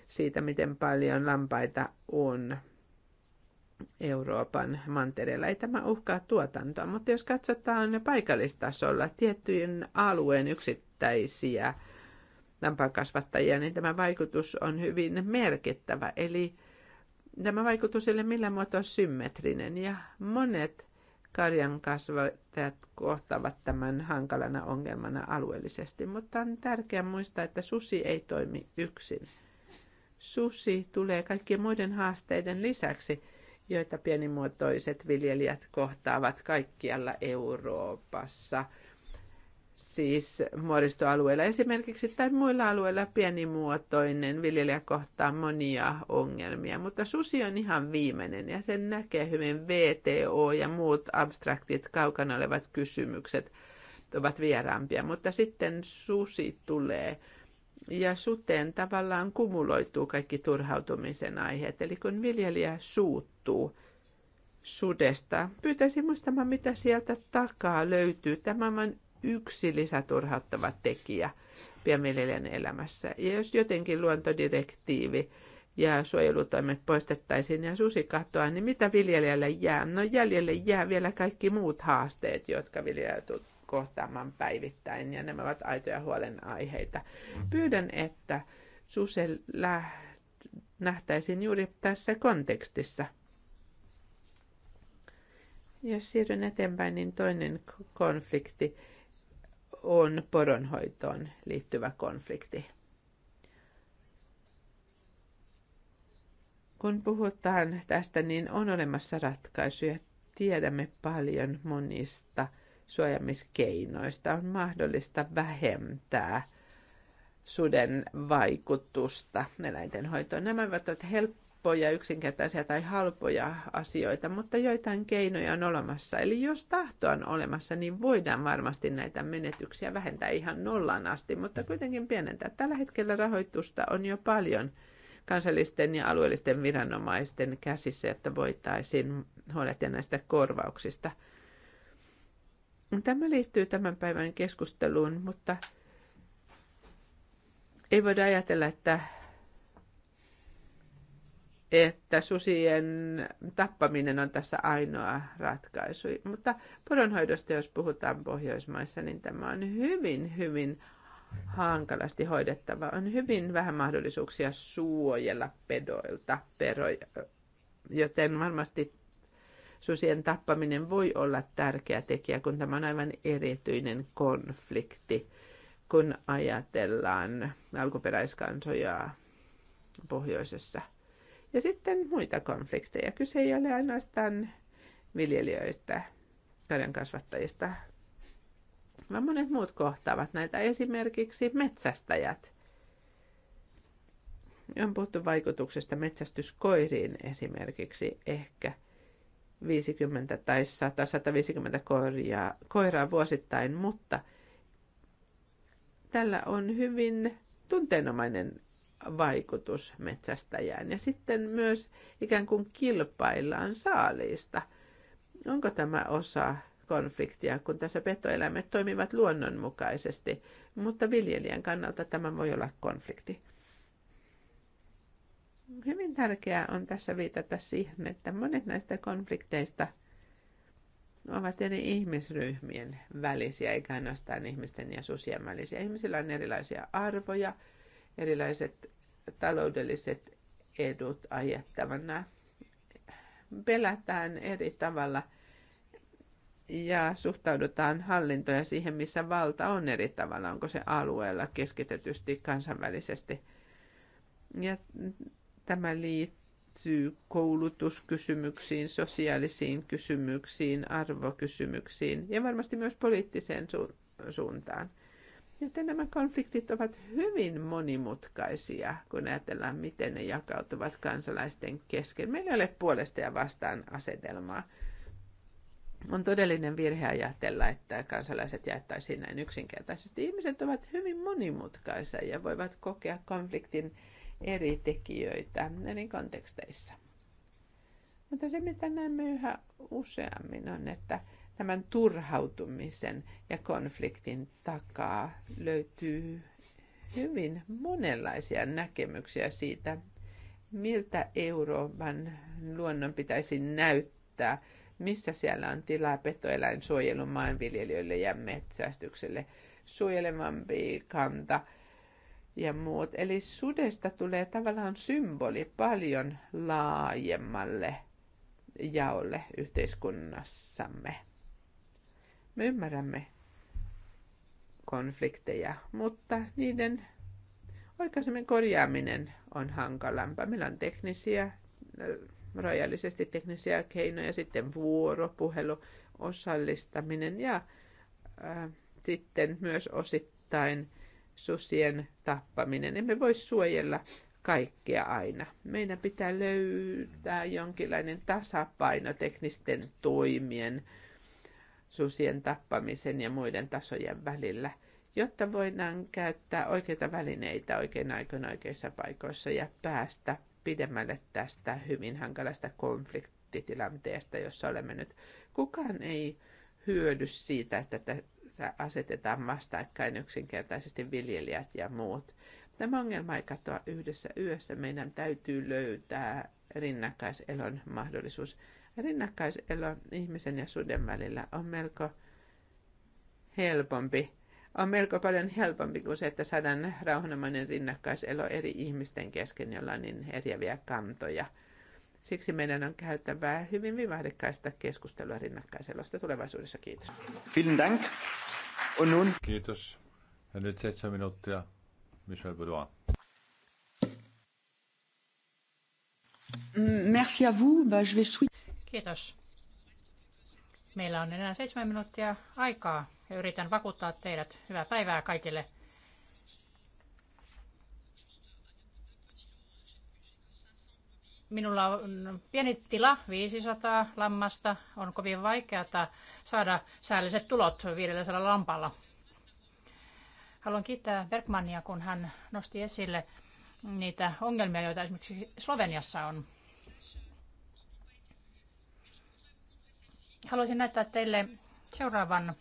siitä, miten paljon lampaita on Euroopan mantereella. Ei tämä uhkaa tuotantoa, mutta jos katsotaan paikallistasolla tiettyjen alueen yksittäisiä lampakasvattajia, niin tämä vaikutus on hyvin merkittävä. Eli Tämä vaikutus ei ole millään muotoa symmetrinen ja monet karjan kasvattajat kohtavat tämän hankalana ongelmana alueellisesti, mutta on tärkeää muistaa, että susi ei toimi yksin. Susi tulee kaikkien muiden haasteiden lisäksi, joita pienimuotoiset viljelijät kohtaavat kaikkialla Euroopassa – siis muoristoalueilla esimerkiksi tai muilla alueilla pienimuotoinen viljelijä kohtaa monia ongelmia, mutta susi on ihan viimeinen ja sen näkee hyvin VTO ja muut abstraktit kaukana olevat kysymykset ovat vieraampia, mutta sitten susi tulee ja suteen tavallaan kumuloituu kaikki turhautumisen aiheet. Eli kun viljelijä suuttuu, sudesta. Pyytäisin muistamaan, mitä sieltä takaa löytyy. Tämä on yksi lisäturhauttava tekijä pienviljelijän elämässä. Ja jos jotenkin luontodirektiivi ja suojelutoimet poistettaisiin ja susi katoaa, niin mitä viljelijälle jää? No jäljelle jää vielä kaikki muut haasteet, jotka viljelijät kohtaamaan päivittäin, ja nämä ovat aitoja huolenaiheita. Pyydän, että suse nähtäisiin juuri tässä kontekstissa. Jos siirryn eteenpäin, niin toinen konflikti on poronhoitoon liittyvä konflikti. Kun puhutaan tästä, niin on olemassa ratkaisuja. Tiedämme paljon monista suojamiskeinoista. On mahdollista vähentää suden vaikutusta eläintenhoitoon. Nämä ovat helppoja helppoja, yksinkertaisia tai halpoja asioita, mutta joitain keinoja on olemassa. Eli jos tahto on olemassa, niin voidaan varmasti näitä menetyksiä vähentää ihan nollaan asti, mutta kuitenkin pienentää. Tällä hetkellä rahoitusta on jo paljon kansallisten ja alueellisten viranomaisten käsissä, että voitaisiin huolehtia näistä korvauksista. Tämä liittyy tämän päivän keskusteluun, mutta ei voida ajatella, että että susien tappaminen on tässä ainoa ratkaisu. Mutta poronhoidosta, jos puhutaan Pohjoismaissa, niin tämä on hyvin, hyvin hankalasti hoidettava. On hyvin vähän mahdollisuuksia suojella pedoilta peroja, joten varmasti susien tappaminen voi olla tärkeä tekijä, kun tämä on aivan erityinen konflikti, kun ajatellaan alkuperäiskansoja pohjoisessa – ja sitten muita konflikteja. Kyse ei ole ainoastaan viljelijöistä, karjan kasvattajista, vaan monet muut kohtaavat näitä. Esimerkiksi metsästäjät. On puhuttu vaikutuksesta metsästyskoiriin esimerkiksi ehkä 50 tai 100, 150 koiraa, koiraa vuosittain, mutta tällä on hyvin tunteenomainen vaikutus metsästäjään. Ja sitten myös ikään kuin kilpaillaan saaliista. Onko tämä osa konfliktia, kun tässä petoeläimet toimivat luonnonmukaisesti, mutta viljelijän kannalta tämä voi olla konflikti. Hyvin tärkeää on tässä viitata siihen, että monet näistä konflikteista ovat eri ihmisryhmien välisiä, eikä ainoastaan ihmisten ja susien välisiä. Ihmisillä on erilaisia arvoja, erilaiset taloudelliset edut ajettavana. Pelätään eri tavalla ja suhtaudutaan hallintoja siihen, missä valta on eri tavalla, onko se alueella keskitetysti kansainvälisesti. Ja tämä liittyy koulutuskysymyksiin, sosiaalisiin kysymyksiin, arvokysymyksiin ja varmasti myös poliittiseen su- suuntaan. Joten nämä konfliktit ovat hyvin monimutkaisia, kun ajatellaan, miten ne jakautuvat kansalaisten kesken. Meillä ei ole puolesta ja vastaan asetelmaa. On todellinen virhe ajatella, että kansalaiset jaettaisiin näin yksinkertaisesti. Ihmiset ovat hyvin monimutkaisia ja voivat kokea konfliktin eri tekijöitä eri konteksteissa. Mutta se, mitä näemme yhä useammin, on, että tämän turhautumisen ja konfliktin takaa löytyy hyvin monenlaisia näkemyksiä siitä, miltä Euroopan luonnon pitäisi näyttää, missä siellä on tilaa petoeläinsuojelun maanviljelijöille ja metsästykselle, suojelemampi kanta ja muut. Eli sudesta tulee tavallaan symboli paljon laajemmalle jaolle yhteiskunnassamme. Me ymmärrämme konflikteja, mutta niiden oikaisemmin korjaaminen on hankalampaa. Meillä on teknisiä, äh, rajallisesti teknisiä keinoja, sitten vuoropuhelu, osallistaminen ja äh, sitten myös osittain susien tappaminen. Emme voi suojella kaikkea aina. Meidän pitää löytää jonkinlainen tasapaino teknisten toimien susien tappamisen ja muiden tasojen välillä, jotta voidaan käyttää oikeita välineitä oikein aikoina oikeissa paikoissa ja päästä pidemmälle tästä hyvin hankalasta konfliktitilanteesta, jossa olemme nyt. Kukaan ei hyödy siitä, että tässä asetetaan vastaikkain yksinkertaisesti viljelijät ja muut. Tämä ongelma ei katoa yhdessä yössä. Meidän täytyy löytää rinnakkaiselon mahdollisuus. Rinnakkaiselo ihmisen ja suden välillä on melko helpompi. On melko paljon helpompi kuin se, että saadaan rauhanomainen rinnakkaiselo eri ihmisten kesken, jolla on niin eriäviä kantoja. Siksi meidän on käyttävää hyvin vivahdekkaista keskustelua rinnakkaiselosta tulevaisuudessa. Kiitos. Vielen dank. Und nun... Kiitos. Ja nyt seitsemän minuuttia. Michel Baudouin. Merci à vous. Bah, je vais Kiitos. Meillä on enää seitsemän minuuttia aikaa ja yritän vakuuttaa teidät. Hyvää päivää kaikille. Minulla on pieni tila, 500 lammasta. On kovin vaikeaa saada säälliset tulot 500 lampalla. Haluan kiittää Bergmania, kun hän nosti esille niitä ongelmia, joita esimerkiksi Sloveniassa on Haluaisin näyttää teille seuraavan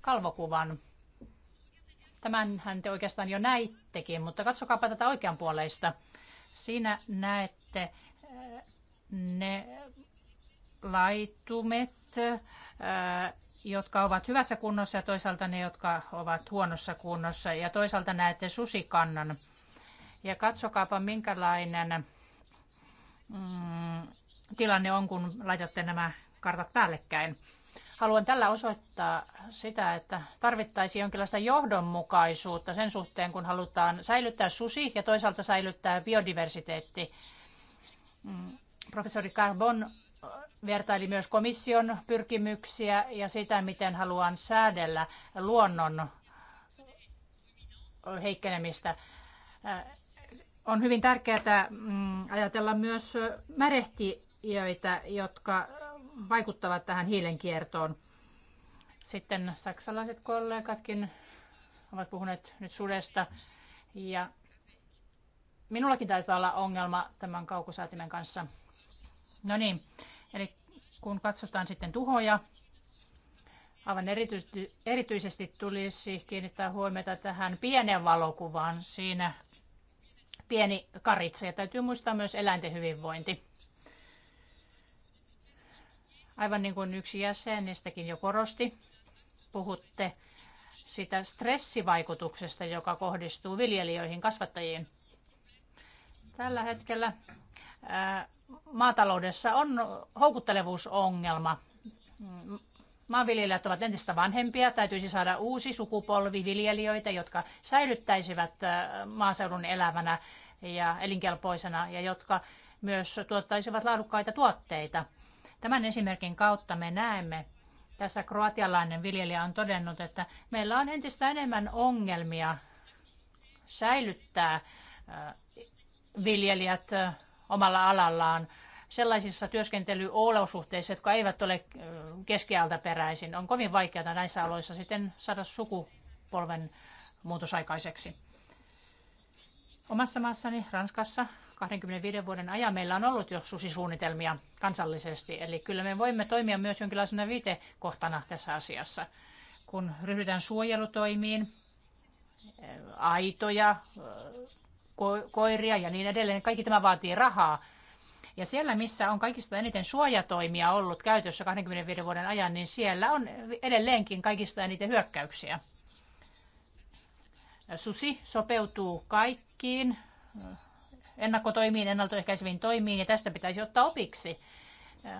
kalvokuvan. Tämänhän te oikeastaan jo näittekin, mutta katsokaapa tätä oikeanpuoleista. Siinä näette äh, ne laitumet, äh, jotka ovat hyvässä kunnossa ja toisaalta ne, jotka ovat huonossa kunnossa. Ja toisaalta näette susikannan. Ja katsokaapa minkälainen mm, tilanne on, kun laitatte nämä kartat päällekkäin. Haluan tällä osoittaa sitä, että tarvittaisiin jonkinlaista johdonmukaisuutta sen suhteen, kun halutaan säilyttää susi ja toisaalta säilyttää biodiversiteetti. Mm, professori Carbon äh, vertaili myös komission pyrkimyksiä ja sitä, miten haluan säädellä luonnon heikkenemistä. Äh, on hyvin tärkeää mm, ajatella myös märehtiöitä, jotka vaikuttavat tähän hiilenkiertoon. Sitten saksalaiset kollegatkin ovat puhuneet nyt sudesta. Ja minullakin täytyy olla ongelma tämän kaukosäätimen kanssa. No niin, eli kun katsotaan sitten tuhoja, aivan erityisesti, erityisesti tulisi kiinnittää huomiota tähän pienen valokuvaan. Siinä pieni karitse ja täytyy muistaa myös eläinten hyvinvointi. Aivan niin kuin yksi jäsenistäkin jo korosti, puhutte sitä stressivaikutuksesta, joka kohdistuu viljelijöihin, kasvattajiin. Tällä hetkellä maataloudessa on houkuttelevuusongelma. Maanviljelijät ovat entistä vanhempia, täytyisi saada uusi sukupolvi viljelijöitä, jotka säilyttäisivät maaseudun elävänä ja elinkelpoisena ja jotka myös tuottaisivat laadukkaita tuotteita – Tämän esimerkin kautta me näemme, tässä kroatialainen viljelijä on todennut, että meillä on entistä enemmän ongelmia säilyttää viljelijät omalla alallaan sellaisissa työskentelyolosuhteissa, jotka eivät ole keskialta peräisin. On kovin vaikeaa näissä aloissa sitten saada sukupolven muutos aikaiseksi. Omassa maassani Ranskassa 25 vuoden ajan meillä on ollut jo susisuunnitelmia kansallisesti, eli kyllä me voimme toimia myös jonkinlaisena viitekohtana tässä asiassa. Kun ryhdytään suojelutoimiin, aitoja, ko- koiria ja niin edelleen, kaikki tämä vaatii rahaa. Ja siellä, missä on kaikista eniten suojatoimia ollut käytössä 25 vuoden ajan, niin siellä on edelleenkin kaikista eniten hyökkäyksiä. Susi sopeutuu kaikkiin ennakkotoimiin, ennaltoehkäiseviin toimiin ja tästä pitäisi ottaa opiksi.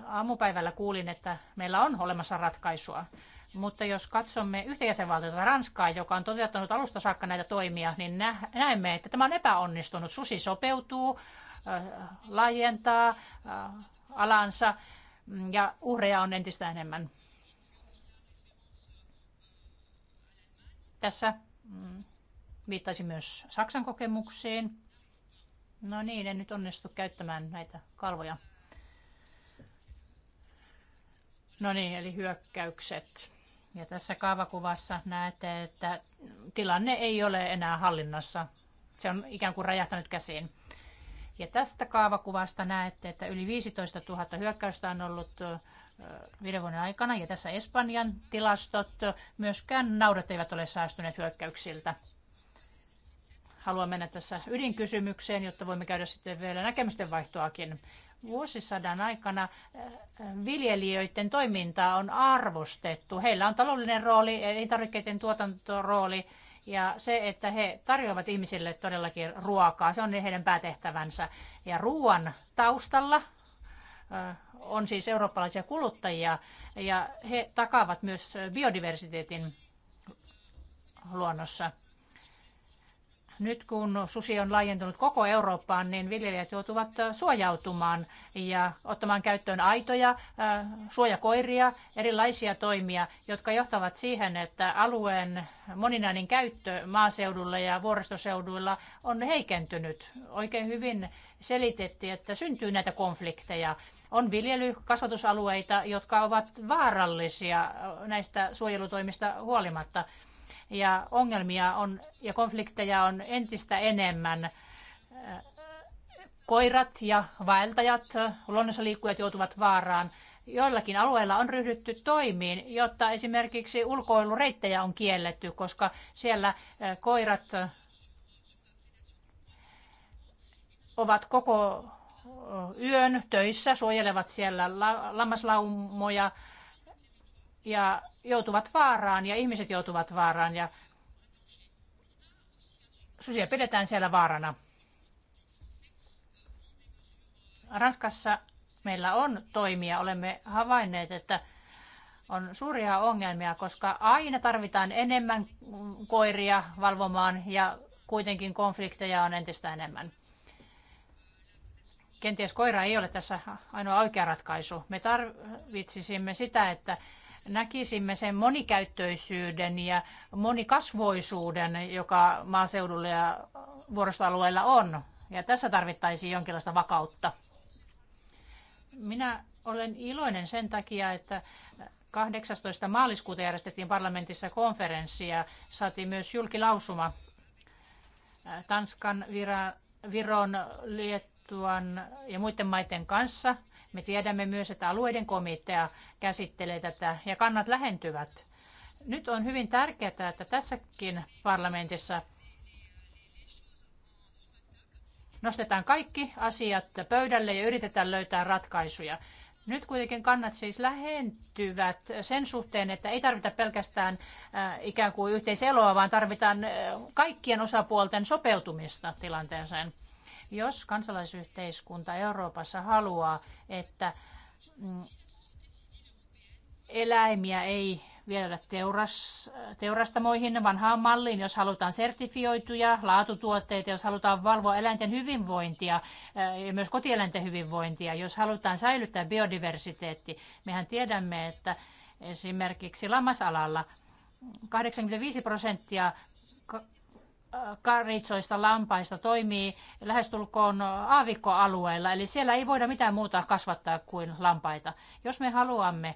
Aamupäivällä kuulin, että meillä on olemassa ratkaisua. Mutta jos katsomme yhtä jäsenvaltiota, Ranskaa, joka on toteuttanut alusta saakka näitä toimia, niin näemme, että tämä on epäonnistunut. Susi sopeutuu, laajentaa alansa mm, ja uhreja on entistä enemmän. Tässä mm, viittaisin myös Saksan kokemuksiin. No niin, en nyt onnistu käyttämään näitä kalvoja. No niin, eli hyökkäykset. Ja tässä kaavakuvassa näette, että tilanne ei ole enää hallinnassa. Se on ikään kuin räjähtänyt käsiin. Ja tästä kaavakuvasta näette, että yli 15 000 hyökkäystä on ollut viiden vuoden aikana. Ja tässä Espanjan tilastot myöskään naudat eivät ole säästyneet hyökkäyksiltä haluan mennä tässä ydinkysymykseen, jotta voimme käydä sitten vielä näkemysten vaihtoakin. Vuosisadan aikana eh, viljelijöiden toimintaa on arvostettu. Heillä on taloudellinen rooli, elintarvikkeiden tuotantorooli ja se, että he tarjoavat ihmisille todellakin ruokaa, se on heidän päätehtävänsä. Ja ruoan taustalla eh, on siis eurooppalaisia kuluttajia ja he takaavat myös biodiversiteetin luonnossa nyt kun susi on laajentunut koko Eurooppaan, niin viljelijät joutuvat äh, suojautumaan ja ottamaan käyttöön aitoja, äh, suojakoiria, erilaisia toimia, jotka johtavat siihen, että alueen moninainen käyttö maaseudulla ja vuoristoseuduilla on heikentynyt. Oikein hyvin selitettiin, että syntyy näitä konflikteja. On viljelykasvatusalueita, jotka ovat vaarallisia näistä suojelutoimista huolimatta – ja ongelmia on, ja konflikteja on entistä enemmän. Koirat ja vaeltajat, luonnossa liikkujat joutuvat vaaraan. Joillakin alueilla on ryhdytty toimiin, jotta esimerkiksi ulkoilureittejä on kielletty, koska siellä eh, koirat eh, ovat koko eh, yön töissä, suojelevat siellä lammaslaumoja ja joutuvat vaaraan ja ihmiset joutuvat vaaraan ja susia pidetään siellä vaarana. Ranskassa meillä on toimia. Olemme havainneet, että on suuria ongelmia, koska aina tarvitaan enemmän koiria valvomaan ja kuitenkin konflikteja on entistä enemmän. Kenties koira ei ole tässä ainoa oikea ratkaisu. Me tarvitsisimme sitä, että näkisimme sen monikäyttöisyyden ja monikasvoisuuden, joka maaseudulla ja vuoristoalueilla on. Ja tässä tarvittaisiin jonkinlaista vakautta. Minä olen iloinen sen takia, että 18. maaliskuuta järjestettiin parlamentissa konferenssi ja saatiin myös julkilausuma Tanskan, Viron, Liettuan ja muiden maiden kanssa – me tiedämme myös, että alueiden komitea käsittelee tätä ja kannat lähentyvät. Nyt on hyvin tärkeää, että tässäkin parlamentissa nostetaan kaikki asiat pöydälle ja yritetään löytää ratkaisuja. Nyt kuitenkin kannat siis lähentyvät sen suhteen, että ei tarvita pelkästään äh, ikään kuin yhteiseloa, vaan tarvitaan äh, kaikkien osapuolten sopeutumista tilanteeseen. Jos kansalaisyhteiskunta Euroopassa haluaa, että mm, eläimiä ei viedä teuras, teurastamoihin vanhaan malliin, jos halutaan sertifioituja laatutuotteita, jos halutaan valvoa eläinten hyvinvointia eh, ja myös kotieläinten hyvinvointia, jos halutaan säilyttää biodiversiteetti. Mehän tiedämme, että esimerkiksi lammasalalla 85 prosenttia karitsoista lampaista toimii lähestulkoon aavikkoalueella, eli siellä ei voida mitään muuta kasvattaa kuin lampaita. Jos me haluamme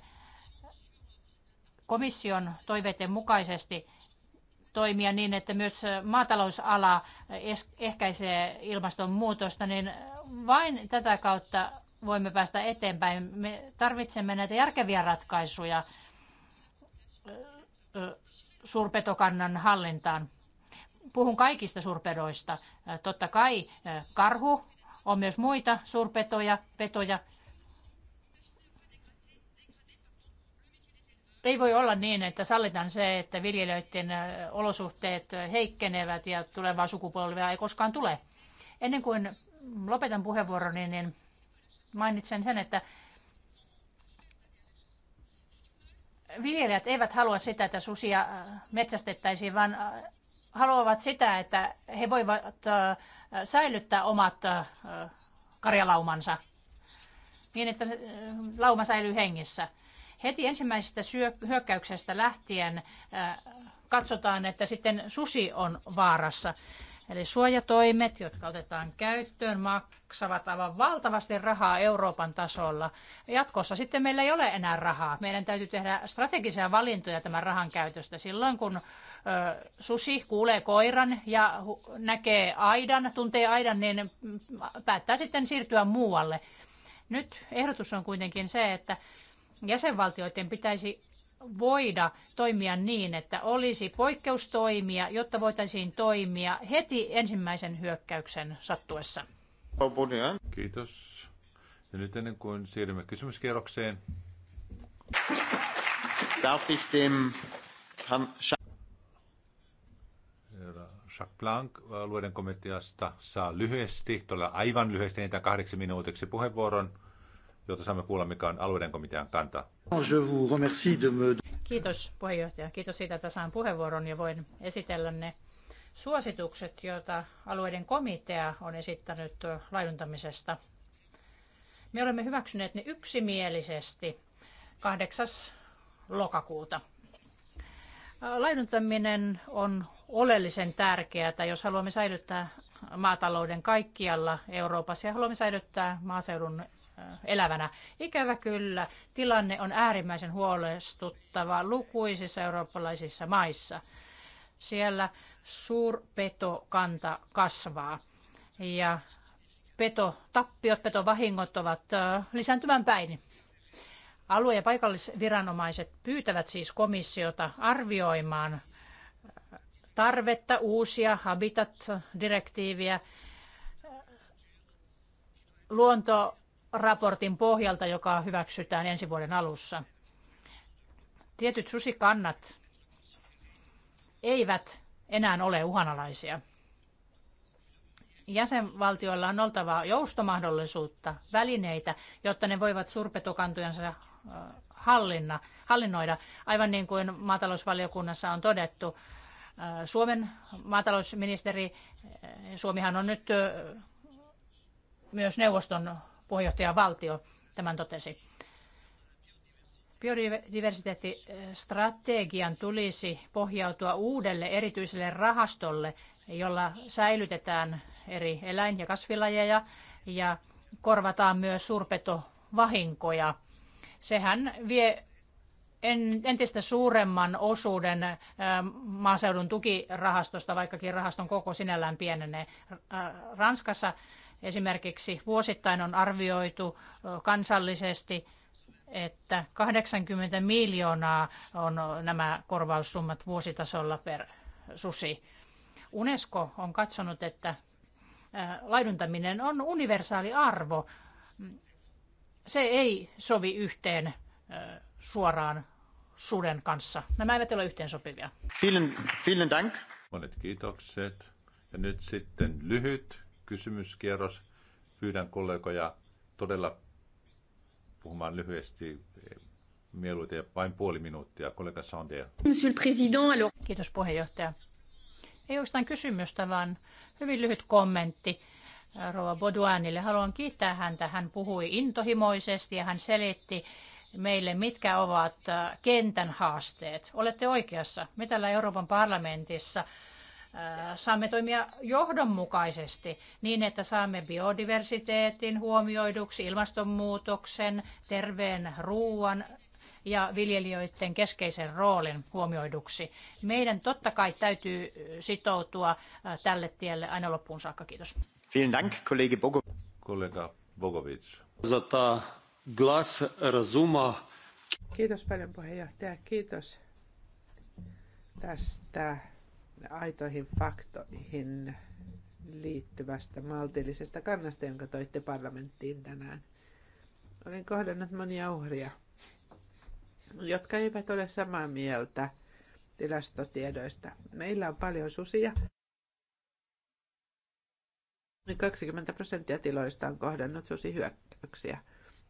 komission toiveiden mukaisesti toimia niin, että myös maatalousala ehkäisee ilmastonmuutosta, niin vain tätä kautta voimme päästä eteenpäin. Me tarvitsemme näitä järkeviä ratkaisuja suurpetokannan hallintaan puhun kaikista suurpedoista. Totta kai karhu on myös muita suurpetoja, petoja. Ei voi olla niin, että sallitaan se, että viljelijöiden olosuhteet heikkenevät ja tulevaa sukupolvea ei koskaan tule. Ennen kuin lopetan puheenvuoroni, niin, niin mainitsen sen, että viljelijät eivät halua sitä, että susia metsästettäisiin, vaan haluavat sitä, että he voivat säilyttää omat karjalaumansa niin, että lauma säilyy hengissä. Heti ensimmäisestä hyökkäyksestä lähtien katsotaan, että sitten susi on vaarassa. Eli suojatoimet, jotka otetaan käyttöön, maksavat aivan valtavasti rahaa Euroopan tasolla. Jatkossa sitten meillä ei ole enää rahaa. Meidän täytyy tehdä strategisia valintoja tämän rahan käytöstä silloin, kun susi kuulee koiran ja näkee aidan, tuntee aidan, niin päättää sitten siirtyä muualle. Nyt ehdotus on kuitenkin se, että jäsenvaltioiden pitäisi voida toimia niin, että olisi poikkeustoimia, jotta voitaisiin toimia heti ensimmäisen hyökkäyksen sattuessa. Kiitos. Ja nyt ennen kuin siirrymme kysymyskierrokseen. Darf ich dem Herrn Jacques Blanc alueiden äh, komiteasta saa lyhyesti, todella aivan lyhyesti, niitä kahdeksi minuutiksi puheenvuoron, jota saamme kuulla, mikä on alueiden komitean kanta. Kiitos puheenjohtaja. Kiitos siitä, että saan puheenvuoron ja voin esitellä ne suositukset, joita alueiden komitea on esittänyt laiduntamisesta. Me olemme hyväksyneet ne yksimielisesti 8. lokakuuta. Laiduntaminen on oleellisen tärkeää, jos haluamme säilyttää maatalouden kaikkialla Euroopassa ja haluamme säilyttää maaseudun elävänä. Ikävä kyllä, tilanne on äärimmäisen huolestuttava lukuisissa eurooppalaisissa maissa. Siellä suurpetokanta kasvaa ja petotappiot, petovahingot ovat lisääntyvän päin Alue- ja paikallisviranomaiset pyytävät siis komissiota arvioimaan tarvetta uusia Habitat-direktiiviä luontoraportin pohjalta, joka hyväksytään ensi vuoden alussa. Tietyt susikannat eivät enää ole uhanalaisia. Jäsenvaltioilla on oltava joustomahdollisuutta, välineitä, jotta ne voivat surpetokantojansa hallinna, hallinnoida. Aivan niin kuin maatalousvaliokunnassa on todettu, Suomen maatalousministeri, Suomihan on nyt myös neuvoston puheenjohtajavaltio, tämän totesi. Biodiversiteettistrategian tulisi pohjautua uudelle erityiselle rahastolle, jolla säilytetään eri eläin- ja kasvilajeja ja korvataan myös suurpetovahinkoja – Sehän vie entistä suuremman osuuden maaseudun tukirahastosta, vaikkakin rahaston koko sinällään pienenee. Ranskassa esimerkiksi vuosittain on arvioitu kansallisesti, että 80 miljoonaa on nämä korvaussummat vuositasolla per susi. UNESCO on katsonut, että laiduntaminen on universaali arvo se ei sovi yhteen suoraan suden kanssa. Nämä eivät ole yhteensopivia. Vielen, vielen dank. Monet kiitokset. Ja nyt sitten lyhyt kysymyskierros. Pyydän kollegoja todella puhumaan lyhyesti mieluiten vain puoli minuuttia. Kollega Sandia. Monsieur le Président, Kiitos puheenjohtaja. Ei oikeastaan kysymystä, vaan hyvin lyhyt kommentti Rova Boduanille. Haluan kiittää häntä. Hän puhui intohimoisesti ja hän selitti meille, mitkä ovat äh, kentän haasteet. Olette oikeassa. Me täällä Euroopan parlamentissa äh, saamme toimia johdonmukaisesti niin, että saamme biodiversiteetin huomioiduksi, ilmastonmuutoksen, terveen ruoan ja viljelijöiden keskeisen roolin huomioiduksi. Meidän totta kai täytyy sitoutua äh, tälle tielle aina loppuun saakka. Kiitos. Vielen Dank, Kollege Kollega Bogovic. glas razuma. Kiitos paljon puheenjohtaja. Kiitos tästä aitoihin faktoihin liittyvästä maltillisesta kannasta, jonka toitte parlamenttiin tänään. Olen kohdannut monia uhria, jotka eivät ole samaa mieltä tilastotiedoista. Meillä on paljon susia. 20 niin prosenttia tiloista on kohdannut susihyökkäyksiä.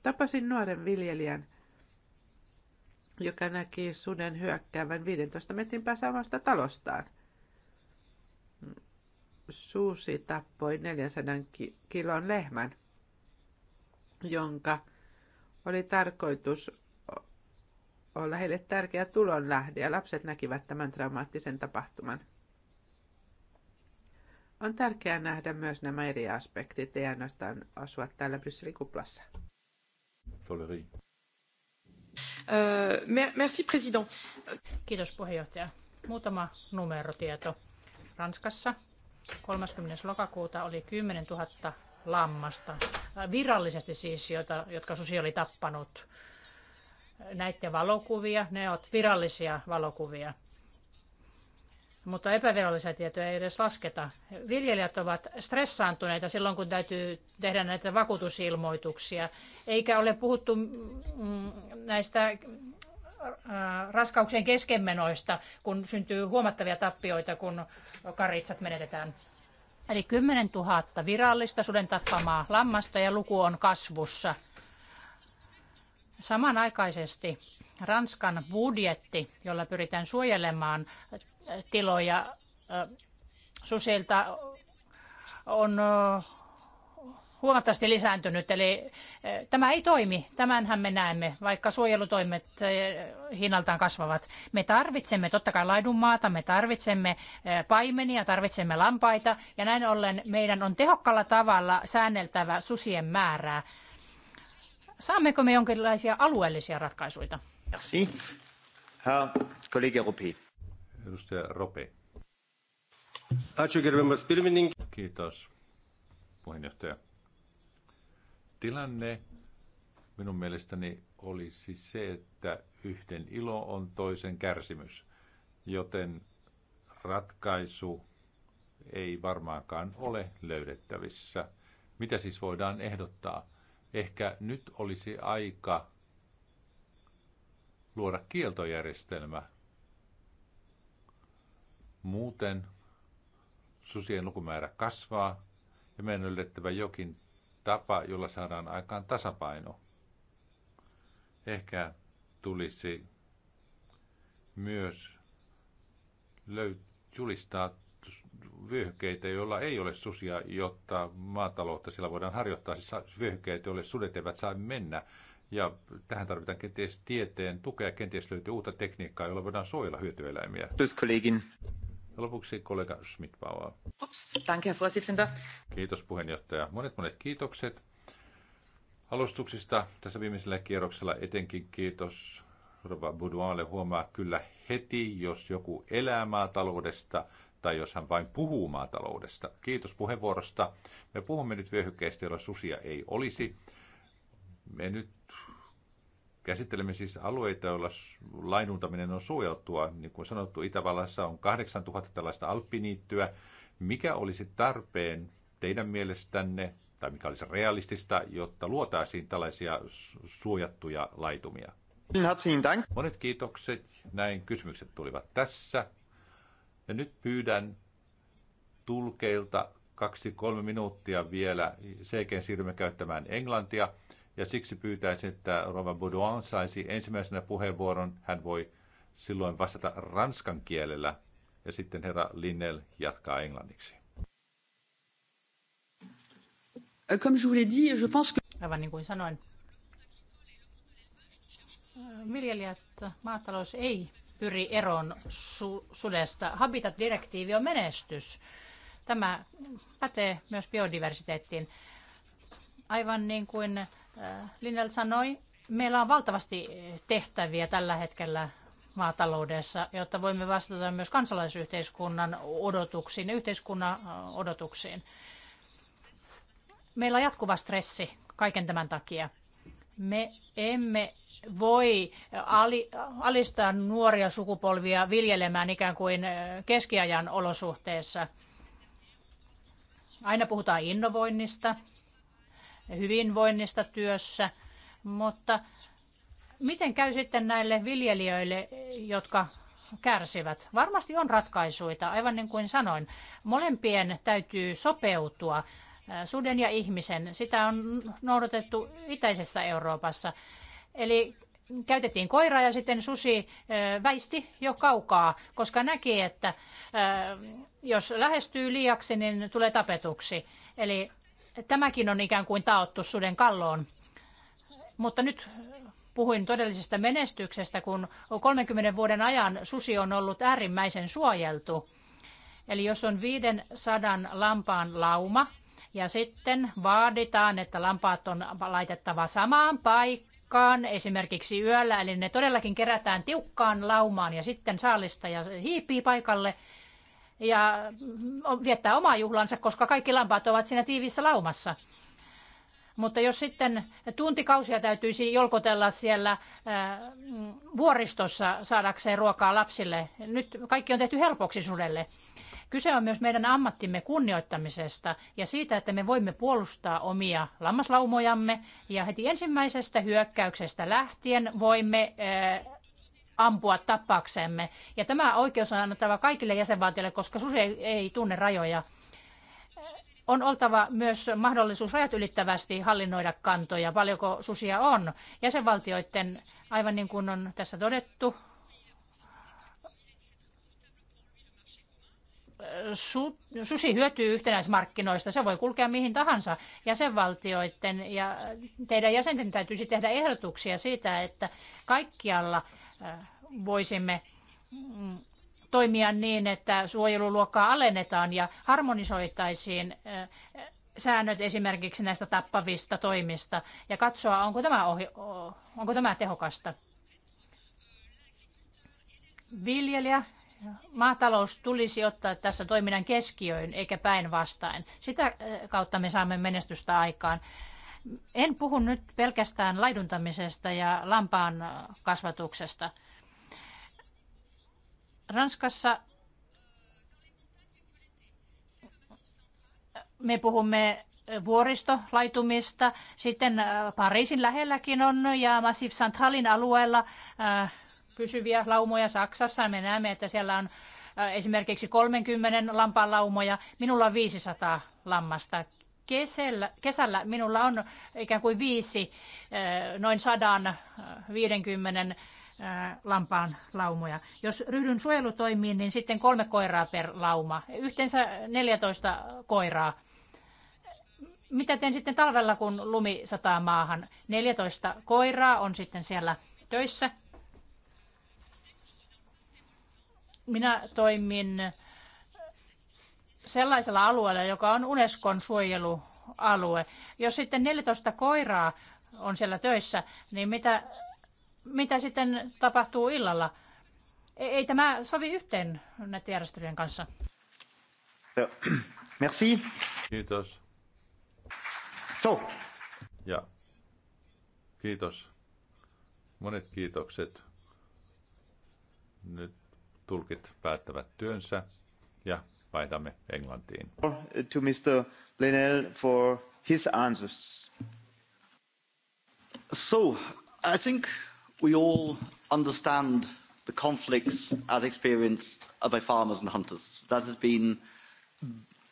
Tapasin nuoren viljelijän, joka näki suden hyökkäävän 15 metrin päässä omasta talostaan. Suusi tappoi 400 kilon lehmän, jonka oli tarkoitus olla heille tärkeä tulonlähde ja lapset näkivät tämän traumaattisen tapahtuman. On tärkeää nähdä myös nämä eri aspektit, ei ainoastaan asua täällä Brysselin kuplassa. Toleri. Euh, merci, president. Kiitos puheenjohtaja. Muutama numerotieto. Ranskassa 30. lokakuuta oli 10 000 lammasta, äh, virallisesti siis, joita, jotka susi oli tappanut. Näitte valokuvia, ne ovat virallisia valokuvia mutta epävirallisia tietoja ei edes lasketa. Viljelijät ovat stressaantuneita silloin, kun täytyy tehdä näitä vakuutusilmoituksia, eikä ole puhuttu mm, näistä äh, raskauksien keskenmenoista, kun syntyy huomattavia tappioita, kun karitsat menetetään. Eli 10 000 virallista suden tappamaa lammasta ja luku on kasvussa. Samanaikaisesti Ranskan budjetti, jolla pyritään suojelemaan tiloja susilta on huomattavasti lisääntynyt, eli tämä ei toimi. Tämänhän me näemme, vaikka suojelutoimet hinnaltaan kasvavat. Me tarvitsemme totta kai laidunmaata, me tarvitsemme paimenia, tarvitsemme lampaita, ja näin ollen meidän on tehokkalla tavalla säänneltävä susien määrää. Saammeko me jonkinlaisia alueellisia ratkaisuja? Merci. Herr Kollege Rupi. Edustaja Rope. Kiitos, puheenjohtaja. Tilanne minun mielestäni olisi se, että yhden ilo on toisen kärsimys, joten ratkaisu ei varmaankaan ole löydettävissä. Mitä siis voidaan ehdottaa? Ehkä nyt olisi aika luoda kieltojärjestelmä Muuten susien lukumäärä kasvaa ja meidän on löydettävä jokin tapa, jolla saadaan aikaan tasapaino. Ehkä tulisi myös julistaa vyöhykkeitä, joilla ei ole susia, jotta maataloutta sillä voidaan harjoittaa. Siis vyöhykkeitä, joille sudet eivät saa mennä. Ja tähän tarvitaan kenties tieteen tukea, kenties löytyy uutta tekniikkaa, jolla voidaan suojella hyötyeläimiä. Kiitos kollegin. Ja lopuksi kollega Schmidt-Bauer. Ups, danke, Herr Kiitos puheenjohtaja. Monet monet kiitokset alustuksista tässä viimeisellä kierroksella. Etenkin kiitos Rova Boudoinlle. Huomaa kyllä heti, jos joku elää maataloudesta tai jos hän vain puhuu maataloudesta. Kiitos puheenvuorosta. Me puhumme nyt vyöhykkeistä, joilla susia ei olisi. Me nyt Käsittelemme siis alueita, joilla lainuntaminen on suojeltua. Niin kuin sanottu, Itävallassa on 8000 tällaista alppiniittyä. Mikä olisi tarpeen teidän mielestänne, tai mikä olisi realistista, jotta luotaisiin tällaisia suojattuja laitumia? Monet kiitokset. Näin kysymykset tulivat tässä. Ja nyt pyydän tulkeilta kaksi-kolme minuuttia vielä. Sen siirrymme käyttämään englantia ja siksi pyytäisin, että Rova Baudouin saisi ensimmäisenä puheenvuoron. Hän voi silloin vastata ranskan kielellä ja sitten herra Linnell jatkaa englanniksi. Euh, comme je vous l'ai dit, je pense que... Aivan niin kuin sanoin, viljelijät, maatalous ei pyri eroon su- sudesta. Habitat-direktiivi on menestys. Tämä pätee myös biodiversiteettiin. Aivan niin kuin Äh, Linnell sanoi, meillä on valtavasti tehtäviä tällä hetkellä maataloudessa, jotta voimme vastata myös kansalaisyhteiskunnan odotuksiin ja yhteiskunnan äh, odotuksiin. Meillä on jatkuva stressi kaiken tämän takia. Me emme voi alistaa nuoria sukupolvia viljelemään ikään kuin äh, keskiajan olosuhteessa. Aina puhutaan innovoinnista, hyvinvoinnista työssä, mutta miten käy sitten näille viljelijöille, jotka kärsivät? Varmasti on ratkaisuja, aivan niin kuin sanoin. Molempien täytyy sopeutua äh, suden ja ihmisen. Sitä on noudatettu itäisessä Euroopassa. Eli käytettiin koira ja sitten susi äh, väisti jo kaukaa, koska näki, että äh, jos lähestyy liiaksi, niin tulee tapetuksi. Eli tämäkin on ikään kuin taottu suden kalloon. Mutta nyt puhuin todellisesta menestyksestä, kun 30 vuoden ajan susi on ollut äärimmäisen suojeltu. Eli jos on 500 lampaan lauma ja sitten vaaditaan, että lampaat on laitettava samaan paikkaan, esimerkiksi yöllä, eli ne todellakin kerätään tiukkaan laumaan ja sitten saalistaja hiipii paikalle ja viettää omaa juhlansa, koska kaikki lampaat ovat siinä tiivissä laumassa. Mutta jos sitten tuntikausia täytyisi jolkotella siellä mm, vuoristossa saadakseen ruokaa lapsille, nyt kaikki on tehty helpoksi sudelle. Kyse on myös meidän ammattimme kunnioittamisesta ja siitä, että me voimme puolustaa omia lammaslaumojamme ja heti ensimmäisestä hyökkäyksestä lähtien voimme ampua tappaaksemme Ja tämä oikeus on annettava kaikille jäsenvaltioille, koska susi ei, ei tunne rajoja. On oltava myös mahdollisuus rajat ylittävästi hallinnoida kantoja, paljonko susia on. Jäsenvaltioiden, aivan niin kuin on tässä todettu, susi hyötyy yhtenäismarkkinoista, se voi kulkea mihin tahansa jäsenvaltioiden ja teidän jäsenten täytyisi tehdä ehdotuksia siitä, että kaikkialla voisimme mm, toimia niin, että suojeluluokkaa alennetaan ja harmonisoitaisiin säännöt esimerkiksi näistä tappavista toimista ja katsoa, onko tämä, ohi, onko tämä tehokasta. Viljelijä, maatalous tulisi ottaa tässä toiminnan keskiöön eikä päinvastain. Sitä kautta me saamme menestystä aikaan. En puhu nyt pelkästään laiduntamisesta ja lampaan kasvatuksesta. Ranskassa me puhumme vuoristolaitumista. Sitten äh, Pariisin lähelläkin on ja Massif saint alueella äh, pysyviä laumoja Saksassa. Me näemme, että siellä on äh, esimerkiksi 30 lampaan laumoja. Minulla on 500 lammasta kesällä, kesällä minulla on ikään kuin viisi eh, noin sadan eh, viidenkymmenen eh, lampaan laumoja. Jos ryhdyn suojelutoimiin, niin sitten kolme koiraa per lauma, yhteensä 14 koiraa. Mitä teen sitten talvella, kun lumi sataa maahan? 14 koiraa on sitten siellä töissä. Minä toimin sellaisella alueella, joka on Unescon suojelualue. Jos sitten 14 koiraa on siellä töissä, niin mitä, mitä sitten tapahtuu illalla? Ei, ei tämä sovi yhteen näiden järjestelyjen kanssa. Merci. Kiitos. So. Ja kiitos. Monet kiitokset. Nyt tulkit päättävät työnsä ja vaihdamme Englantiin. To Mr. Linnell for his answers. So, I think we all understand the conflicts as experienced by farmers and hunters. That has been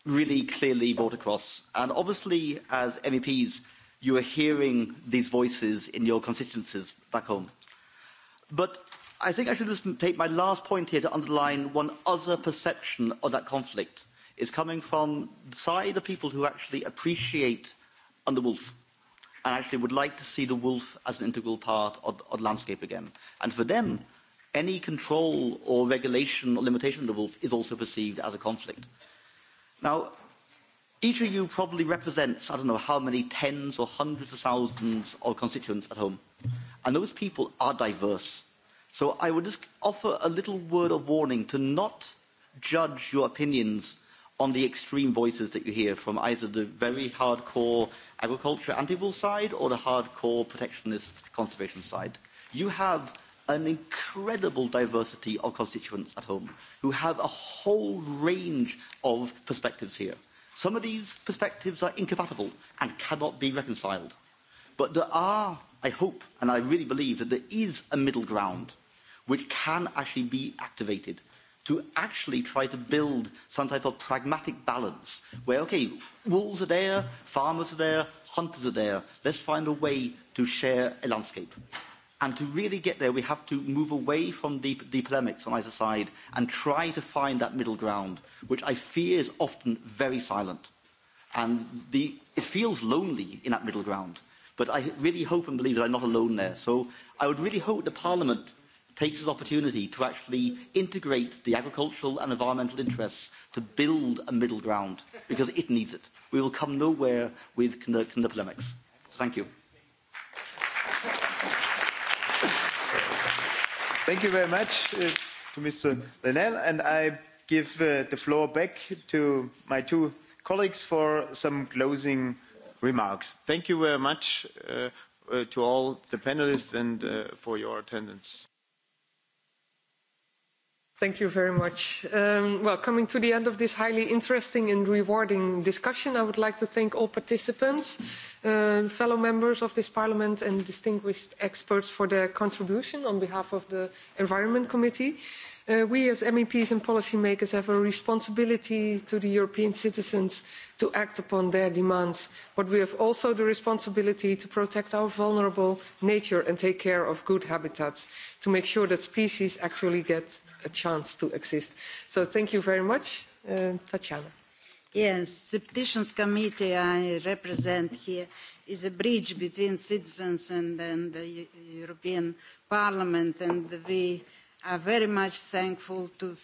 really clearly brought across. And obviously, as MEPs, you are hearing these voices in your constituencies back home. But I think I should just take my last point here to underline one other perception of that conflict is coming from the side of people who actually appreciate the wolf and actually would like to see the wolf as an integral part of, of the landscape again. And for them, any control or regulation or limitation of the wolf is also perceived as a conflict. Now, each of you probably represents, I don't know how many tens or hundreds of thousands of constituents at home. And those people are diverse So I would just offer a little word of warning to not judge your opinions on the extreme voices that you hear from either the very hardcore agriculture anti wool side or the hardcore protectionist conservation side. You have an incredible diversity of constituents at home who have a whole range of perspectives here. Some of these perspectives are incompatible and cannot be reconciled. But there are, I hope, and I really believe that there is a middle ground which can actually be activated to actually try to build some type of pragmatic balance where, okay, wolves are there, farmers are there, hunters are there. Let's find a way to share a landscape. And to really get there, we have to move away from the, the polemics on either side and try to find that middle ground, which I fear is often very silent. And the, it feels lonely in that middle ground. But I really hope and believe that I'm not alone there. So I would really hope the Parliament takes this opportunity to actually integrate the agricultural and environmental interests to build a middle ground because it needs it. We will come nowhere with polemics. Thank you. Thank you very much uh, to Mr. Linnell, and I give uh, the floor back to my two colleagues for some closing remarks. Thank you very much uh, uh, to all the panelists and uh, for your attendance. Thank you very much. Um, well, coming to the end of this highly interesting and rewarding discussion, I would like to thank all participants, uh, fellow members of this parliament and distinguished experts for their contribution on behalf of the Environment Committee. Uh, we as meps and policymakers have a responsibility to the european citizens to act upon their demands but we have also the responsibility to protect our vulnerable nature and take care of good habitats to make sure that species actually get a chance to exist. so thank you very much uh, tatjana. yes the petitions committee i represent here is a bridge between citizens and, the european parliament and we are very much thankful to